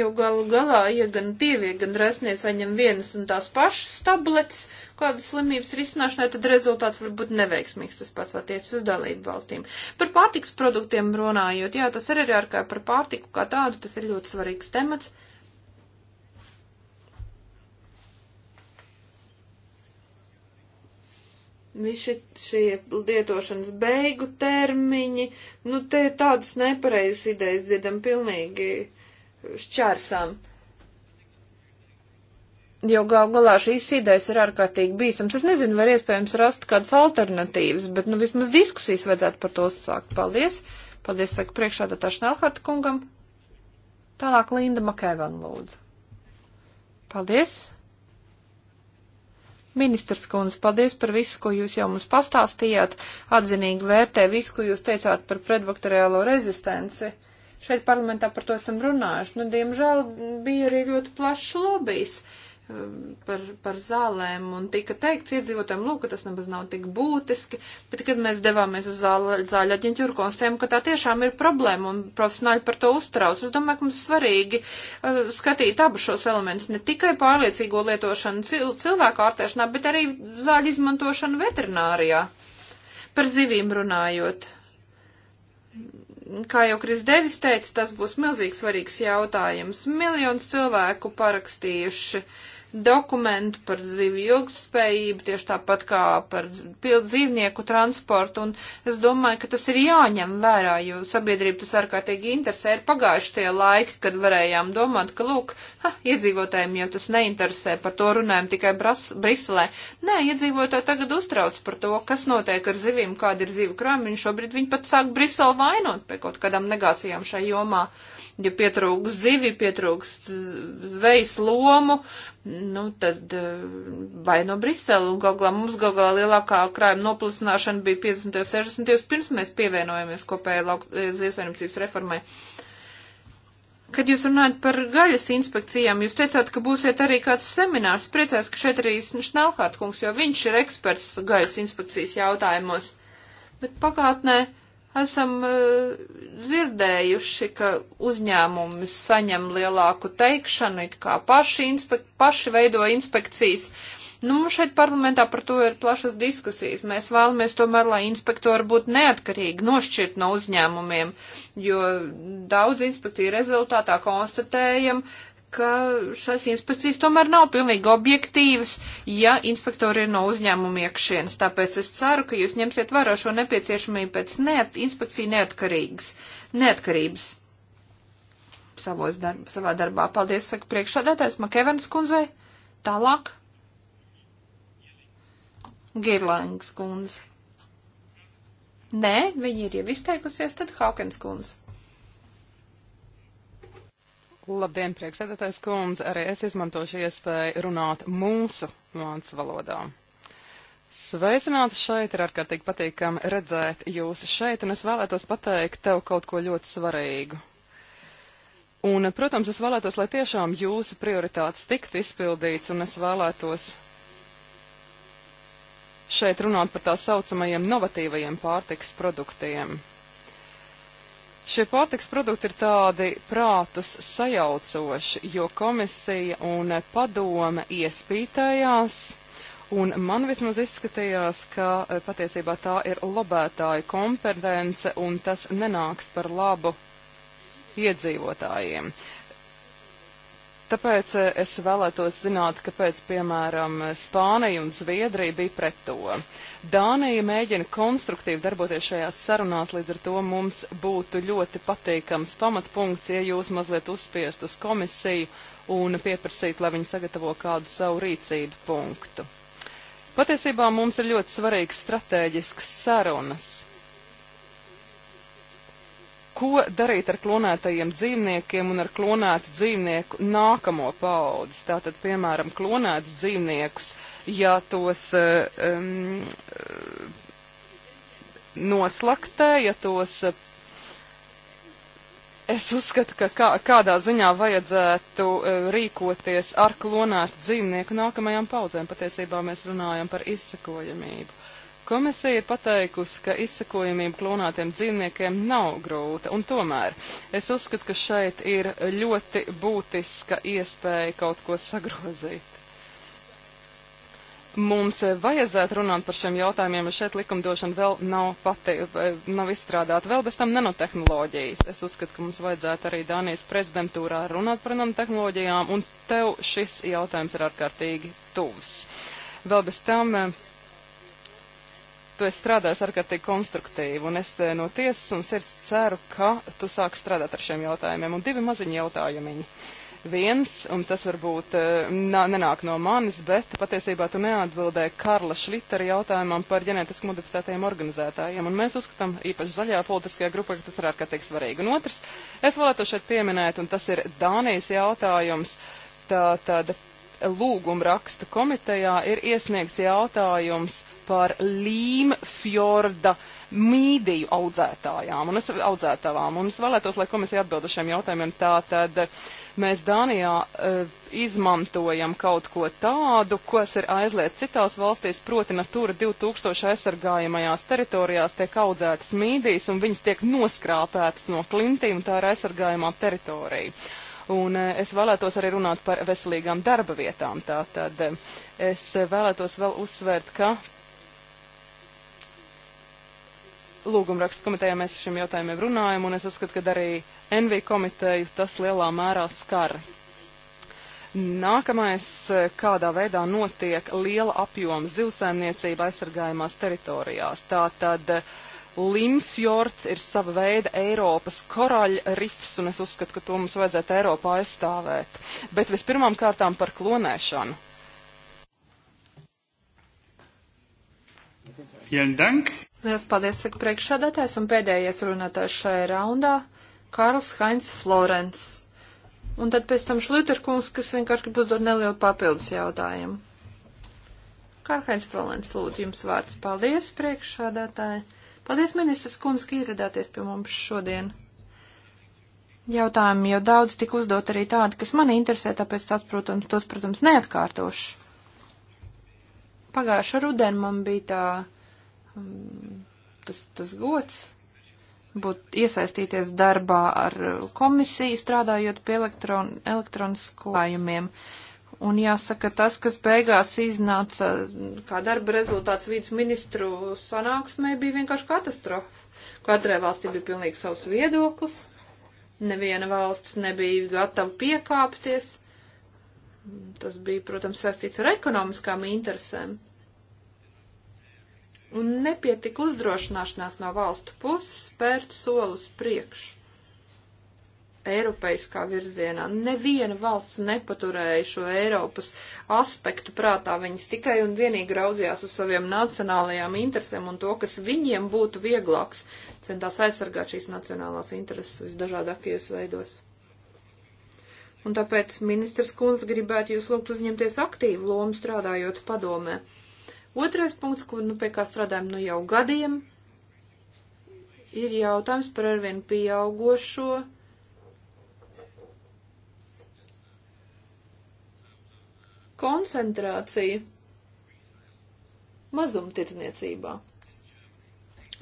jo galu galā, ja gan dievie, gan resnie saņem vienas un tās pašas tabletes kādas slimības risināšanai, tad rezultāts var būt neveiksmīgs. Tas pats attiecas uz dalību valstīm. Par pārtiks produktiem runājot, jā, tas ir arī ar kā par pārtiku kā tādu, tas ir ļoti svarīgs temats. visi šie lietošanas beigu termiņi, nu te tādas nepareizas idejas dzirdam pilnīgi šķērsām. Jo gal galā šīs idejas ir ārkārtīgi bīstams. Es nezinu, vai iespējams rast kādas alternatīvas, bet nu vismaz diskusijas vajadzētu par to sākt. Paldies! Paldies, saka priekšā tā Šnelharta kungam. Tālāk Linda Makēvan lūdzu. Paldies! Ministrs Kundze, paldies par visu, ko jūs jau mums pastāstījāt. Atzinīgi vērtē visu, ko jūs teicāt par predbakteriālo rezistenci. Šeit parlamentā par to esam runājuši. Nu, diemžēl bija arī ļoti plašs lobijs um, par, par zālēm un tika teikts iedzīvotājiem, lūk, ka tas nemaz nav tik būtiski, bet kad mēs devāmies uz zāle, zāļu aģentūru, konstatējām, ka tā tiešām ir problēma un profesionāļi par to uztrauc. Es domāju, ka mums svarīgi uh, skatīt abu šos elementus, ne tikai pārliecīgo lietošanu cil, cilvēku ārstēšanā, bet arī zāļu izmantošanu veterinārijā. Par zivīm runājot kā jau Kris Devis teica, tas būs milzīgs svarīgs jautājums. Miljons cilvēku parakstījuši uh, dokumentu par zivju ilgspējību, tieši tāpat kā par dzīvnieku transportu, un es domāju, ka tas ir jāņem vērā, jo sabiedrība tas ārkārtīgi interesē. Ir pagājuši tie laiki, kad varējām domāt, ka, lūk, ha, iedzīvotājiem jau tas neinteresē, par to runājam tikai Bras Briselē. Nē, iedzīvotāji tagad uztrauc par to, kas notiek ar zivīm, kāda ir zivu krāmiņa, šobrīd viņi pat sāk Briselu vainot pie kaut kādām negācijām šai jomā, ja pietrūks zivi, pietrūks zvejas lomu, nu tad eh, vai no Brisela, un galvā mums galvā lielākā krājuma noplasināšana bija 50. un 60. pirms mēs pievienojamies kopējai eh, zivsvainības reformai. Kad jūs runājat par gaļas inspekcijām, jūs teicāt, ka būsiet arī kāds seminārs. Priecājos, ka šeit arī Šnelhārt kungs, jo viņš ir eksperts gaļas inspekcijas jautājumos. Bet pagātnē. Ne Esam e, dzirdējuši, ka uzņēmumi saņem lielāku teikšanu, it kā paši, inspek paši veido inspekcijas. Nu, mums šeit parlamentā par to ir plašas diskusijas. Mēs vēlamies tomēr, lai inspektori būtu neatkarīgi, nošķirt no uzņēmumiem, jo daudz inspektīju rezultātā konstatējam, uh, ka šās inspekcijas tomēr nav pilnīgi objektīvas, ja inspektori ir no uzņēmuma iekšienes. Tāpēc es ceru, ka jūs ņemsiet vērā šo nepieciešamību pēc neat, inspekciju neatkarīgas, neatkarības savos darb, savā darbā. Paldies, saka priekšādātājs Makevens kundzei. Tālāk. Girlangs kundze. Nē, viņi ir jau izteikusies, tad Haukens kundze. Labdien, priekšsēdētājs kundze! Arī es izmantošu iespēju runāt mūsu mācas valodā. Sveicināti šeit, ir ārkārtīgi patīkami redzēt jūs šeit, un es vēlētos pateikt tev kaut ko ļoti svarīgu. Un, protams, es vēlētos, lai tiešām jūsu prioritātes tiktu izpildīts, un es vēlētos šeit runāt par tā saucamajiem novatīvajiem pārtiks produktiem. Šie pārtiks produkti ir tādi prātus sajaucoši, jo komisija un padome iespītējās, un man vismaz izskatījās, ka eh, patiesībā tā ir lobētāju kompetence, un tas nenāks par labu iedzīvotājiem. Tāpēc eh, es vēlētos zināt, kāpēc, piemēram, Spānija un Zviedrija bija pret to. Uh, Dānija mēģina konstruktīvi darboties šajās sarunās, līdz ar to mums būtu ļoti patīkams pamatpunkts, ja jūs mazliet uzspiest uz komisiju un pieprasīt, lai viņi sagatavo kādu savu rīcību punktu. Patiesībā mums ir ļoti svarīgas stratēģiskas sarunas. Ko darīt ar klonētajiem dzīvniekiem un ar klonētu dzīvnieku nākamo paudzi? Tātad, piemēram, klonētus dzīvniekus uh, ja tos um, noslaktē, ja tos. Eh, es uzskatu, ka kā, kādā ziņā vajadzētu eh, rīkoties ar klonētu dzīvnieku nākamajām paudzēm. Patiesībā mēs runājam par izsekojamību. Komisija ir pateikusi, ka izsakojamība klonātiem dzīvniekiem nav grūta, un tomēr es uzskatu, ka šeit ir ļoti būtiska iespēja kaut ko sagrozīt mums eh, vajadzētu runāt par šiem jautājumiem, jo šeit likumdošana vēl nav, pati, eh, nav izstrādāta. Vēl bez tam nanotehnoloģijas. Es uzskatu, ka mums vajadzētu arī Dānijas prezidentūrā runāt par nanotehnoloģijām, un tev šis jautājums ir ārkārtīgi tuvs. Vēl bez tam eh, tu esi strādājis ārkārtīgi konstruktīvi, un es no tiesas un sirds ceru, ka tu sāki strādāt ar šiem jautājumiem. Un divi maziņi jautājumiņi. Uh, Viens, un tas varbūt eh, nenāk no manis, bet patiesībā tu neatbildēji Karla Šlitera jautājumam par ģenētiski modificētajiem organizētājiem, un mēs uzskatām īpaši zaļā politiskajā grupā, ka tas ir ārkārtīgi svarīgi. Un otrs, es vēlētu šeit pieminēt, un tas ir Dānijas jautājums, tā tad lūguma raksta komitejā ir iesniegts jautājums par Līmfjorda mīdiju audzētājām un es, audzētavām. Un es vēlētos, lai komisija atbild uz šiem jautājumiem. Tā tad Mēs Dānijā uh, izmantojam kaut ko tādu, kas ir aizliegts citās valstīs, proti Natura 2000 aizsargājamajās teritorijās tiek audzētas mīdijas un viņas tiek noskrāpētas no klintīm, tā ir aizsargājamā teritorija. Un uh, es vēlētos arī runāt par veselīgām darba vietām. Tātad e, es vēlētos vēl uzsvērt, ka lūgumrakstu komitejā mēs šiem jautājumiem runājam, un es uzskatu, ka arī NV komiteju tas lielā mērā skar. Nākamais, kādā veidā notiek liela apjoma zivsaimniecība aizsargājumās teritorijās. Tātad eh, Limfjords ir sava veida Eiropas koraļa rifs, un es uzskatu, ka to mums vajadzētu Eiropā aizstāvēt. Bet vispirmām kārtām par klonēšanu. Vielen Dank. Liels paldies, saka priekšsādātājs un pēdējais runātājs šajā raundā - Kārls Hainz Florence. Un tad pēc tam Šluterkungs, kas vienkārši grib uzdot nelielu papildus jautājumu. Kārhains Frolens, lūdzu, jums vārds. Paldies, priekšsādātāji. Paldies, ministrs Kunz, ka ieradāties pie mums šodien. Jautājumi jau daudz tika uzdot arī tādi, kas mani interesē, tāpēc tās, protams, tos, protams, neatkārtošu. Pagājušā rudena man bija tā Mm, tas, tas gods būt iesaistīties darbā ar komisiju, strādājot pie elektron, elektroniskajumiem. Un jāsaka, tas, kas beigās iznāca kā darba rezultāts vīdes ministru sanāksmē, bija vienkārši katastrofa. Katrai valstī bija pilnīgi savs viedoklis, neviena valsts nebija gatava piekāpties. Tas bija, protams, saistīts ar ekonomiskām interesēm un nepietika uzdrošināšanās no valstu puses spērt solus priekšu. Eiropeiskā virzienā. Neviena valsts nepaturēja šo Eiropas aspektu prātā. Viņas tikai un vienīgi raudzījās uz saviem nacionālajām interesēm un to, kas viņiem būtu vieglāks, centās aizsargāt šīs nacionālās intereses visdažādākajos veidos. Un tāpēc ministrs Kunz gribētu jūs lūgt uzņemties aktīvu lomu strādājot padomē Otrais punkts, ko, nu, pie kā strādājam nu jau gadiem, ir jautājums par arvien pieaugošo koncentrāciju mazumtirdzniecībā.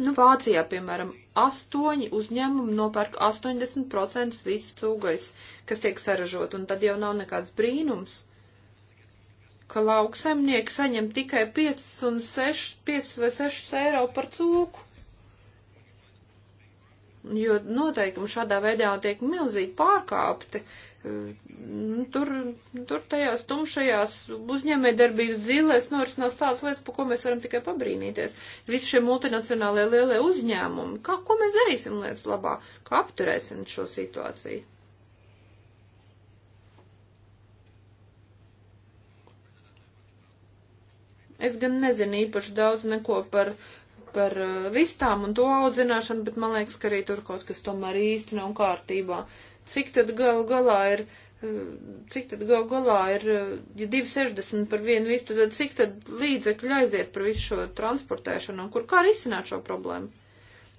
Nu, Vācijā, piemēram, astoņi uzņēmumi nopērk 80% viss cūgais, kas tiek saražot, un tad jau nav nekāds brīnums, ka lauksaimnieki saņem tikai 5, 6, 5 vai 6 eiro par cūku. Jo noteikumi šādā veidā tiek milzīgi pārkāpti. Nu, tur, tur tajās tumšajās uzņēmējdarbības dzīvēs norisinās tādas lietas, par ko mēs varam tikai pabrīnīties. Visi šie multinacionālie lielie uzņēmumi, kā, ko mēs darīsim lietas labā, kā apturēsim šo situāciju? Es gan nezinu īpaši daudz neko par, par uh, vistām un to audzināšanu, bet man liekas, ka arī tur kaut kas tomēr īsti nav kārtībā. Cik tad gal galā ir, uh, cik tad gal galā ir, uh, ja 260 par vienu vistu, tad cik tad līdzekļi aiziet par visu šo transportēšanu un kur kā risināt šo problēmu?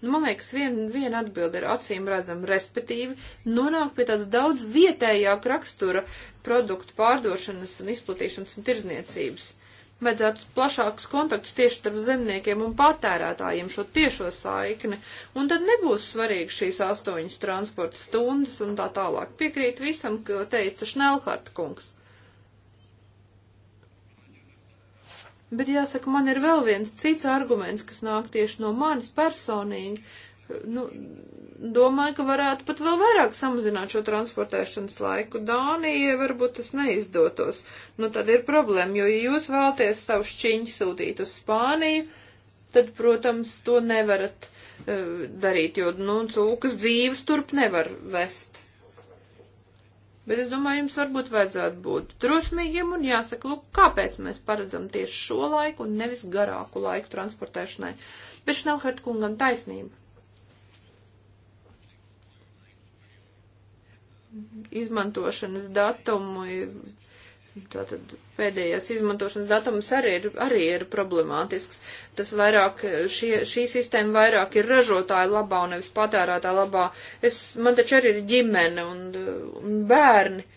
Nu, man liekas, viena vien atbilde ir acīm redzama, respektīvi nonāk pie tāds daudz vietējāk rakstura produktu pārdošanas un izplatīšanas un tirzniecības. Uh, vajadzētu plašākus kontaktus tieši starp zemniekiem un patērētājiem, šo tiešo saikni, un tad nebūs svarīgi šīs astoņas transporta stundas un tā tālāk. Piekrīt visam, ko teica Šnelhart kungs. Bet jāsaka, man ir vēl viens cits arguments, kas nāk tieši no manis personīgi, nu, domāju, ka varētu pat vēl vairāk samazināt šo transportēšanas laiku. Dānija varbūt tas neizdotos. Nu, tad ir problēma, jo, ja jūs vēlaties savu šķiņķi sūtīt uz Spāniju, tad, protams, to nevarat uh, darīt, jo, nu, cūkas dzīves turp nevar vest. Bet es domāju, jums varbūt vajadzētu būt drosmīgiem un jāsaka, lūk, kāpēc mēs paredzam tieši šo laiku un nevis garāku laiku transportēšanai. Bet Šnelhert kungam taisnība. izmantošanas datumu, tātad pēdējais izmantošanas datums arī ir, arī ir problemātisks. Tas vairāk, šie, šī sistēma vairāk ir ražotāja labā un nevis patērētā labā. Es, man taču arī ir ģimene un, un bērni.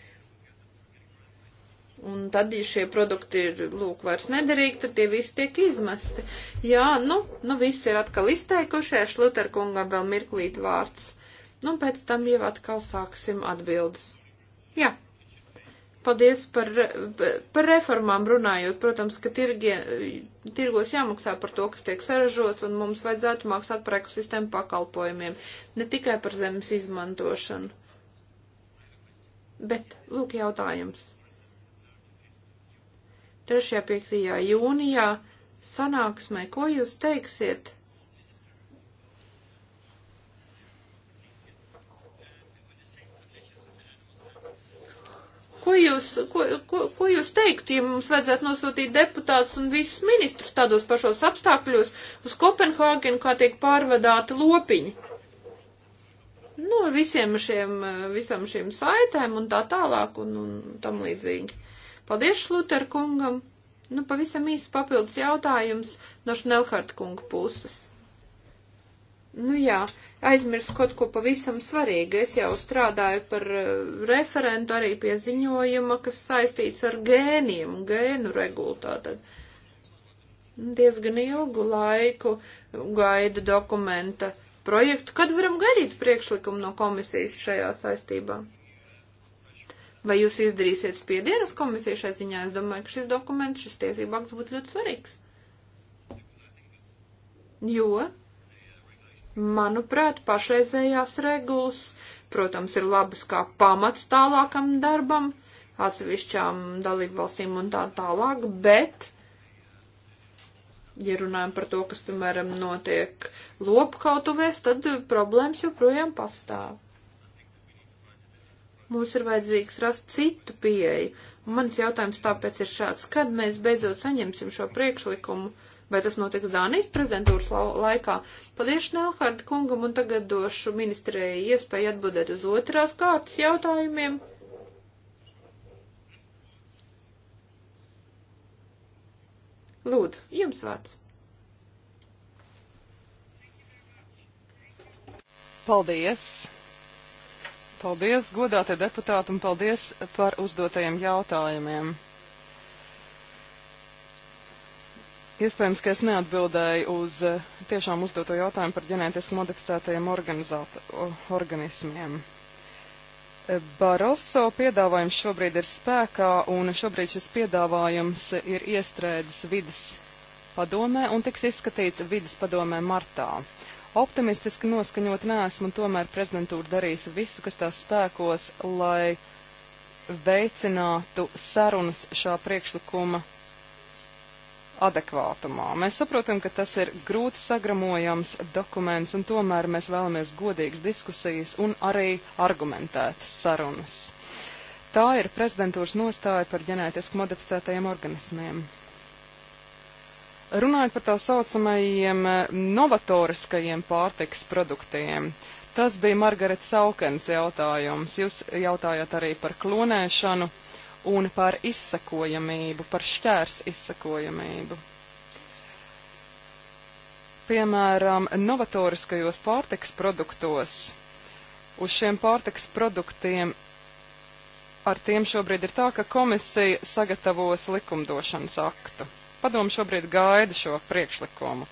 Un tad, ja šie produkti ir, lūk, vairs nederīgi, tad tie visi tiek izmesti. Jā, nu, nu viss ir atkal izteikušies, Šluterkungam vēl mirklīt vārds. Nu, un pēc tam jau atkal sāksim atbildes. Jā. Paldies par, par reformām runājot. Protams, ka tirgie, tirgos jāmaksā par to, kas tiek saražots, un mums vajadzētu maksāt par ekosistēmu pakalpojumiem, ne tikai par zemes izmantošanu. Bet, lūk, jautājums. 3. 5. jūnijā sanāksmē, ko jūs teiksiet? Ko jūs, ko, ko, ko jūs teiktu, ja mums vajadzētu nosūtīt deputātus un visus ministrus tādos pašos apstākļos uz Kopenhāgenu, kā tiek pārvadāti lopiņi? No nu, visiem šiem, visam šiem saitēm un tā tālāk un, un tam līdzīgi. Paldies Šluter kungam. Nu, pavisam īsts papildus jautājums no Šnelharta kunga puses. Nu jā, aizmirst kaut ko pavisam svarīgu. Es jau strādāju par eh, referentu arī pie ziņojuma, kas saistīts ar gēniem un gēnu regulātātad. Diezgan ilgu laiku gaida dokumenta projektu. Kad varam gaidīt priekšlikumu no komisijas šajā saistībā? Vai jūs izdarīsiet spiedienu uz komisiju šai ziņā? Es domāju, ka šis dokuments, šis tiesība akts būtu ļoti svarīgs. Jo Manuprāt, pašreizējās regulas, protams, ir labas kā pamats tālākam darbam, atsevišķām dalību valstīm un tā tālāk, bet, ja runājam par to, kas, piemēram, notiek lopu kautuvēs, tad problēmas joprojām pastāv. Mums ir vajadzīgs rast citu pieeju. Un mans jautājums tāpēc ir šāds, kad mēs beidzot saņemsim šo priekšlikumu? Vai tas notiks Dānijas prezidentūras laikā? Paldies Nāhārda kungam un tagad došu ministrēji iespēju atbildēt uz otrās kārtas jautājumiem. Lūdzu, jums vārds. Paldies! Paldies, godātie deputāti, un paldies par uzdotajiem jautājumiem! Iespējams, ka es neatbildēju uz eh, tiešām uzdoto jautājumu par ģenētiski modificētajiem organismiem. Eh, Baroso piedāvājums šobrīd ir spēkā, un šobrīd šis piedāvājums ir iestrēdzis vidas padomē un tiks izskatīts vidas padomē martā. Optimistiski noskaņot neesmu, un tomēr prezidentūra darīs visu, kas tās spēkos, lai veicinātu sarunas šā priekšlikuma adekvātumā. Mēs saprotam, ka tas ir grūti sagramojams dokuments, un tomēr mēs vēlamies godīgas diskusijas un arī argumentētas sarunas. Tā ir prezidentūras nostāja par ģenētiski modificētajiem organismiem. Runājot par tā saucamajiem eh, novatoriskajiem pārtiks produktiem, tas bija Margaret Saukens jautājums. Jūs jautājāt arī par klonēšanu. Uh, un par izsakojamību, par šķērs izsakojamību. Piemēram, novatoriskajos pārtiks produktos. Uz šiem pārtiks produktiem ar tiem šobrīd ir tā, ka komisija sagatavos likumdošanas aktu. Padomu šobrīd gaida šo priekšlikumu.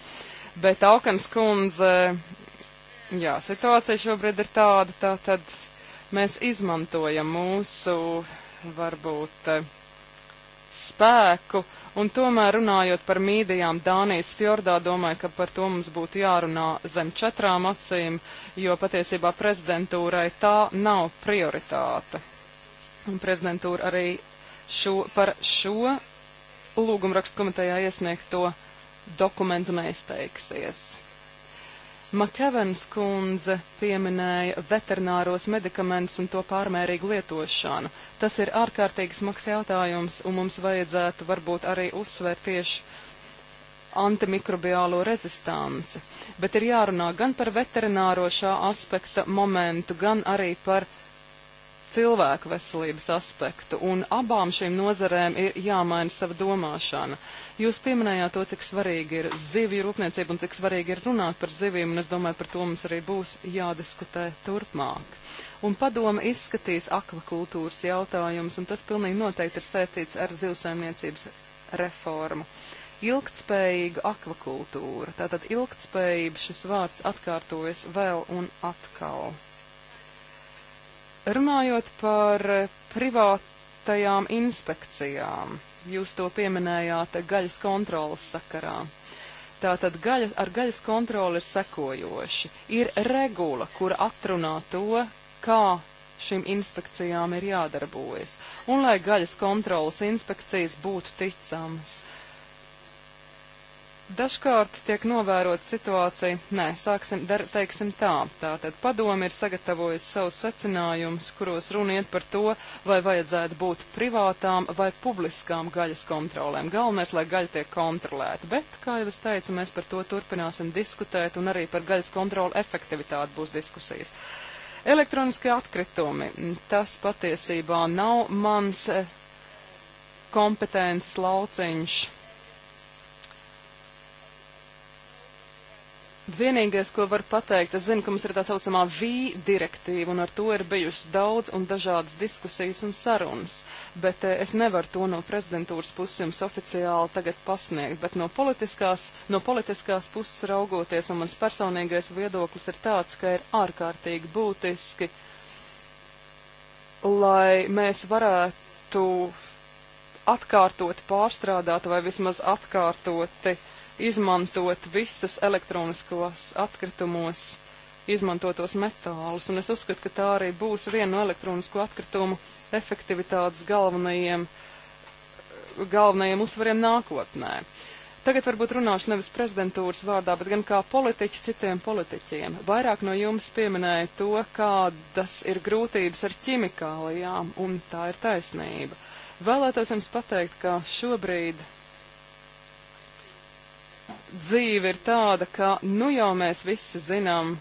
Bet Aukans kundze, jā, situācija šobrīd ir tāda, tā tad mēs izmantojam mūsu varbūt eh, spēku, un tomēr runājot par mīdijām Dānijas fjordā, domāju, ka par to mums būtu jārunā zem četrām acīm, jo patiesībā prezidentūrai tā nav prioritāte. Un prezidentūra arī šo, par šo lūgumrakstu komitejā iesniegto dokumentu neizteiksies. Makavens kundze pieminēja veterināros medikamentus un to pārmērīgu lietošanu. Tas ir ārkārtīgi smags jautājums, un mums vajadzētu varbūt arī uzsvērt tieši antimikrobiālo rezistanci. Bet ir jārunā gan par veterināro šā aspekta momentu, gan arī par cilvēku veselības aspektu, un abām šīm nozarēm ir jāmaina sava domāšana. Jūs pieminējāt to, cik svarīgi ir zivju rūpniecība un cik svarīgi ir runāt par zivīm, un es domāju, par to mums arī būs jādiskutē turpmāk. Un padoma izskatīs akvakultūras jautājumus, un tas pilnīgi noteikti ir saistīts ar zivsaimniecības reformu ilgtspējīga akvakultūra. Tātad ilgtspējība šis vārds atkārtojas vēl un atkal. Runājot par privātajām inspekcijām, jūs to pieminējāt gaļas kontrolas sakarā. Tātad gaļa, ar gaļas kontroli ir sekojoši. Ir regula, kura atrunā to, kā šīm inspekcijām ir jādarbojas, un lai gaļas kontrolas inspekcijas būtu ticamas. Dažkārt tiek novērot situācija, nē, sāksim, dar, teiksim tā, tātad padomi ir sagatavojusi savus secinājumus, kuros runa iet par to, vai vajadzētu būt privātām vai publiskām gaļas kontrolēm. Galvenais, lai gaļa tiek kontrolēta, bet, kā jau es teicu, mēs par to turpināsim diskutēt un arī par gaļas kontrolu efektivitāti būs diskusijas. Elektroniskie atkritumi, tas patiesībā nav mans eh, kompetences lauciņš Vienīgais, ko var pateikt, es zinu, ka mums ir tā saucamā V direktīva, un ar to ir bijušas daudz un dažādas diskusijas un sarunas. Bet eh, es nevaru to no prezidentūras puses jums oficiāli tagad pasniegt, bet no politiskās, no politiskās puses raugoties, un mans personīgais viedoklis ir tāds, ka ir ārkārtīgi būtiski, lai mēs varētu atkārtot pārstrādāt vai vismaz atkārtoti uh, izmantot visus elektroniskos atkritumos izmantotos metālus, un es uzskatu, ka tā arī būs viena no elektronisko atkritumu efektivitātes galvenajiem, galvenajiem uzsvariem nākotnē. Tagad varbūt runāšu nevis prezidentūras vārdā, bet gan kā politiķi citiem politiķiem. Vairāk no jums pieminēja to, kādas ir grūtības ar ķimikālijām, un tā ir taisnība. Vēlētos jums pateikt, ka šobrīd dzīve ir tāda, ka nu jau mēs visi zinām,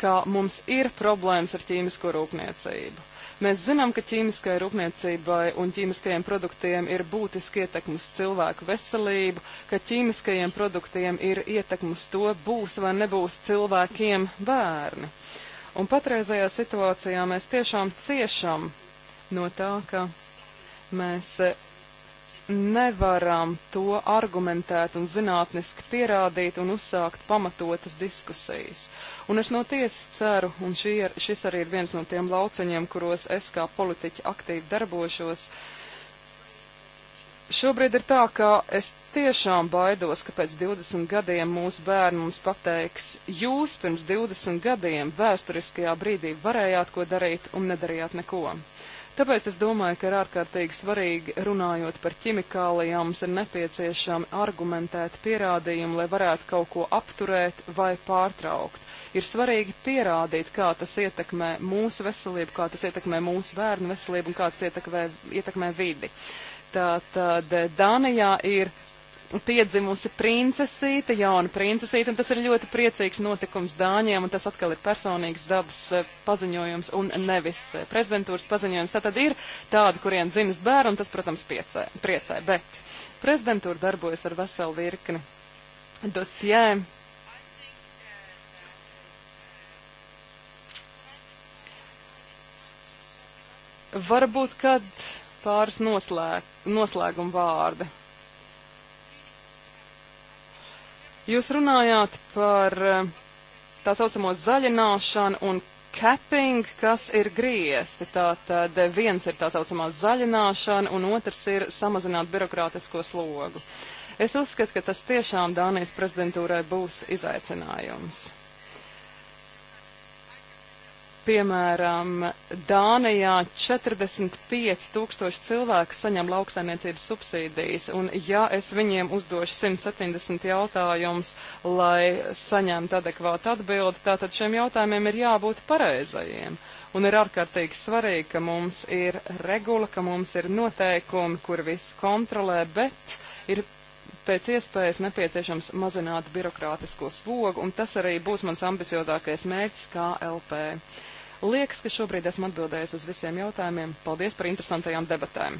ka mums ir problēmas ar ķīmisko rūpniecību. Mēs zinām, ka ķīmiskai rūpniecībai un ķīmiskajiem produktiem ir būtiski ietekmi uz cilvēku veselību, ka ķīmiskajiem produktiem ir ietekmi uz to, būs vai nebūs cilvēkiem bērni. Un patreizajā situācijā mēs tiešām ciešam no tā, ka mēs nevaram to argumentēt un zinātniski pierādīt un uzsākt pamatotas diskusijas. Un es no tiesas ceru, un ir, šis arī ir viens no tiem lauceņiem, kuros es kā politiķi aktīvi darbošos. Šobrīd ir tā, ka es tiešām baidos, ka pēc 20 gadiem mūsu bērni mums pateiks, jūs pirms 20 gadiem vēsturiskajā brīdī varējāt ko darīt un nedarījāt neko. Tāpēc es domāju, ka ir ārkārtīgi svarīgi runājot par ķimikālijām, mums ir nepieciešami argumentēt pierādījumi, lai varētu kaut ko apturēt vai pārtraukt. Ir svarīgi pierādīt, kā tas ietekmē mūsu veselību, kā tas ietekmē mūsu bērnu veselību un kā tas ietekmē, ietekmē vidi. Tātad Dānijā ir piedzimusi princesīte, jauna princesīte, un tas ir ļoti priecīgs notikums Dāņiem, un tas atkal ir personīgs dabas eh, paziņojums un nevis eh, prezidentūras paziņojums. Tātad ir tādi, kuriem dzimis bērni, un tas, protams, priecē, priecē bet prezidentūra darbojas ar veselu virkni dosjē. Varbūt, kad pāris noslēg, noslēguma vārdi. Jūs runājāt par eh, tā saucamo zaļināšanu un capping, kas ir griesti. Tātad viens ir tā saucamā zaļināšana un otrs ir samazināt birokrātisko slogu. Es uzskatu, ka tas tiešām Dānijas prezidentūrai būs izaicinājums. Piemēram, Dānijā 45 tūkstoši cilvēku saņem lauksaimniecības subsīdijas, un ja es viņiem uzdošu 170 jautājumus, lai saņemtu adekvātu atbildi, tātad šiem jautājumiem ir jābūt pareizajiem. Un ir ārkārtīgi svarīgi, ka mums ir regula, ka mums ir noteikumi, kur viss kontrolē, bet ir pēc iespējas nepieciešams mazināt birokrātisko slogu, un tas arī būs mans ambiciozākais mērķis KLP. LP. Liekas, ka šobrīd esmu atbildējis uz visiem jautājumiem. Paldies par interesantajām debatēm.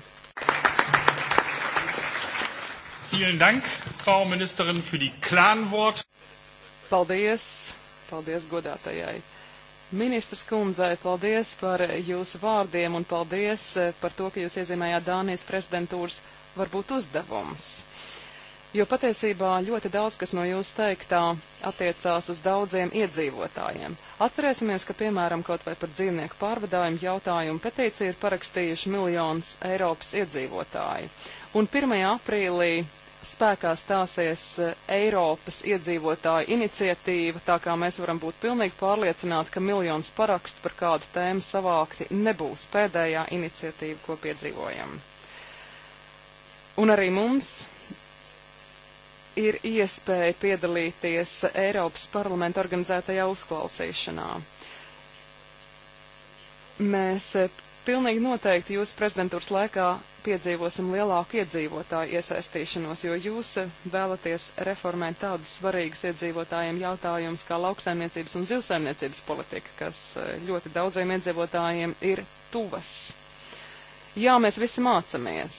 Vielen Dank, Frau Ministerin, für die klaren Worte. Paldies, paldies godātajai. Ministrs kundzei, paldies par jūsu vārdiem un paldies eh, par to, ka jūs iezīmējāt Dānijas prezidentūras varbūt uzdevumus jo patiesībā ļoti daudz, kas no jūs teiktā, attiecās uz daudziem iedzīvotājiem. Atcerēsimies, ka, piemēram, kaut vai par dzīvnieku pārvadājumu jautājumu petīciju ir parakstījuši miljonus Eiropas iedzīvotāji. Un 1. aprīlī spēkā stāsies eh, Eiropas iedzīvotāju iniciatīva, tā kā mēs varam būt pilnīgi pārliecināti, ka miljons parakstu par kādu tēmu savākti nebūs pēdējā iniciatīva, ko piedzīvojam. Un arī mums ir iespēja piedalīties Eiropas parlamenta organizētajā uzklausīšanā. Mēs eh, pilnīgi noteikti jūsu prezidentūras laikā piedzīvosim lielāku iedzīvotāju iesaistīšanos, jo jūs eh, vēlaties reformēt tādus svarīgus iedzīvotājiem jautājumus kā lauksaimniecības un zivsaimniecības politika, kas eh, ļoti daudziem iedzīvotājiem ir tuvas. Jā, mēs visi mācamies,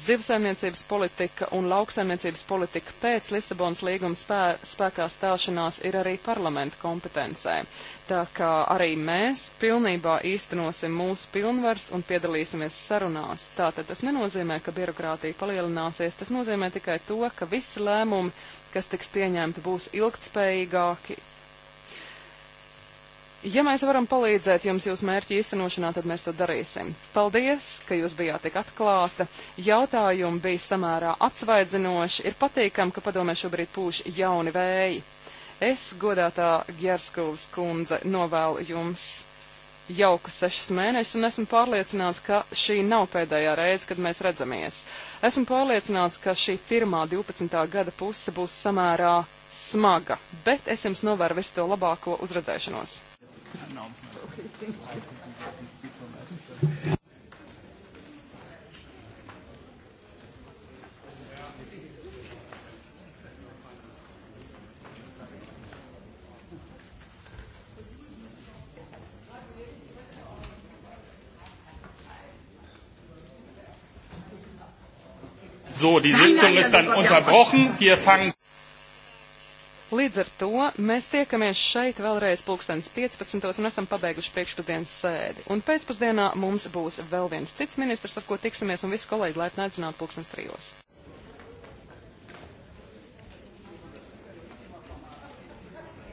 zivsaimniecības politika un lauksaimniecības politika pēc Lisabonas līguma spē, spēkā stāšanās ir arī parlamenta kompetencē. Tā kā arī mēs pilnībā īstenosim mūsu pilnvars un piedalīsimies sarunās. Tātad tas nenozīmē, ka birokrātija palielināsies, tas nozīmē tikai to, ka visi lēmumi, kas tiks pieņemti, būs ilgtspējīgāki Ja mēs varam palīdzēt jums jūsu mērķu īstenošanā, tad mēs to darīsim. Paldies, ka jūs bijāt tik atklāta. Jautājumi bija samērā atsvaidzinoši. Ir patīkam, ka padomē šobrīd pūš jauni vēji. Es, godātā Gjerskovas kundze, novēlu jums jauku sešus mēnešus, un esmu pārliecināts, ka šī nav pēdējā reize, kad mēs redzamies. Esmu pārliecināts, ka šī pirmā 12. gada puse būs samērā smaga, bet es jums novēru visu to labāko uzredzēšanos announcement. Okay, thank you. So, die Sitzung ist dann unterbrochen. Wir fangen Līdz ar to mēs tiekamies šeit vēlreiz pulkstens 15. un esam pabeiguši priekšpusdienas sēdi. Un pēcpusdienā mums būs vēl viens cits ministrs, ar ko tiksimies, un visi kolēģi laipni aicināt pulkstens trijos.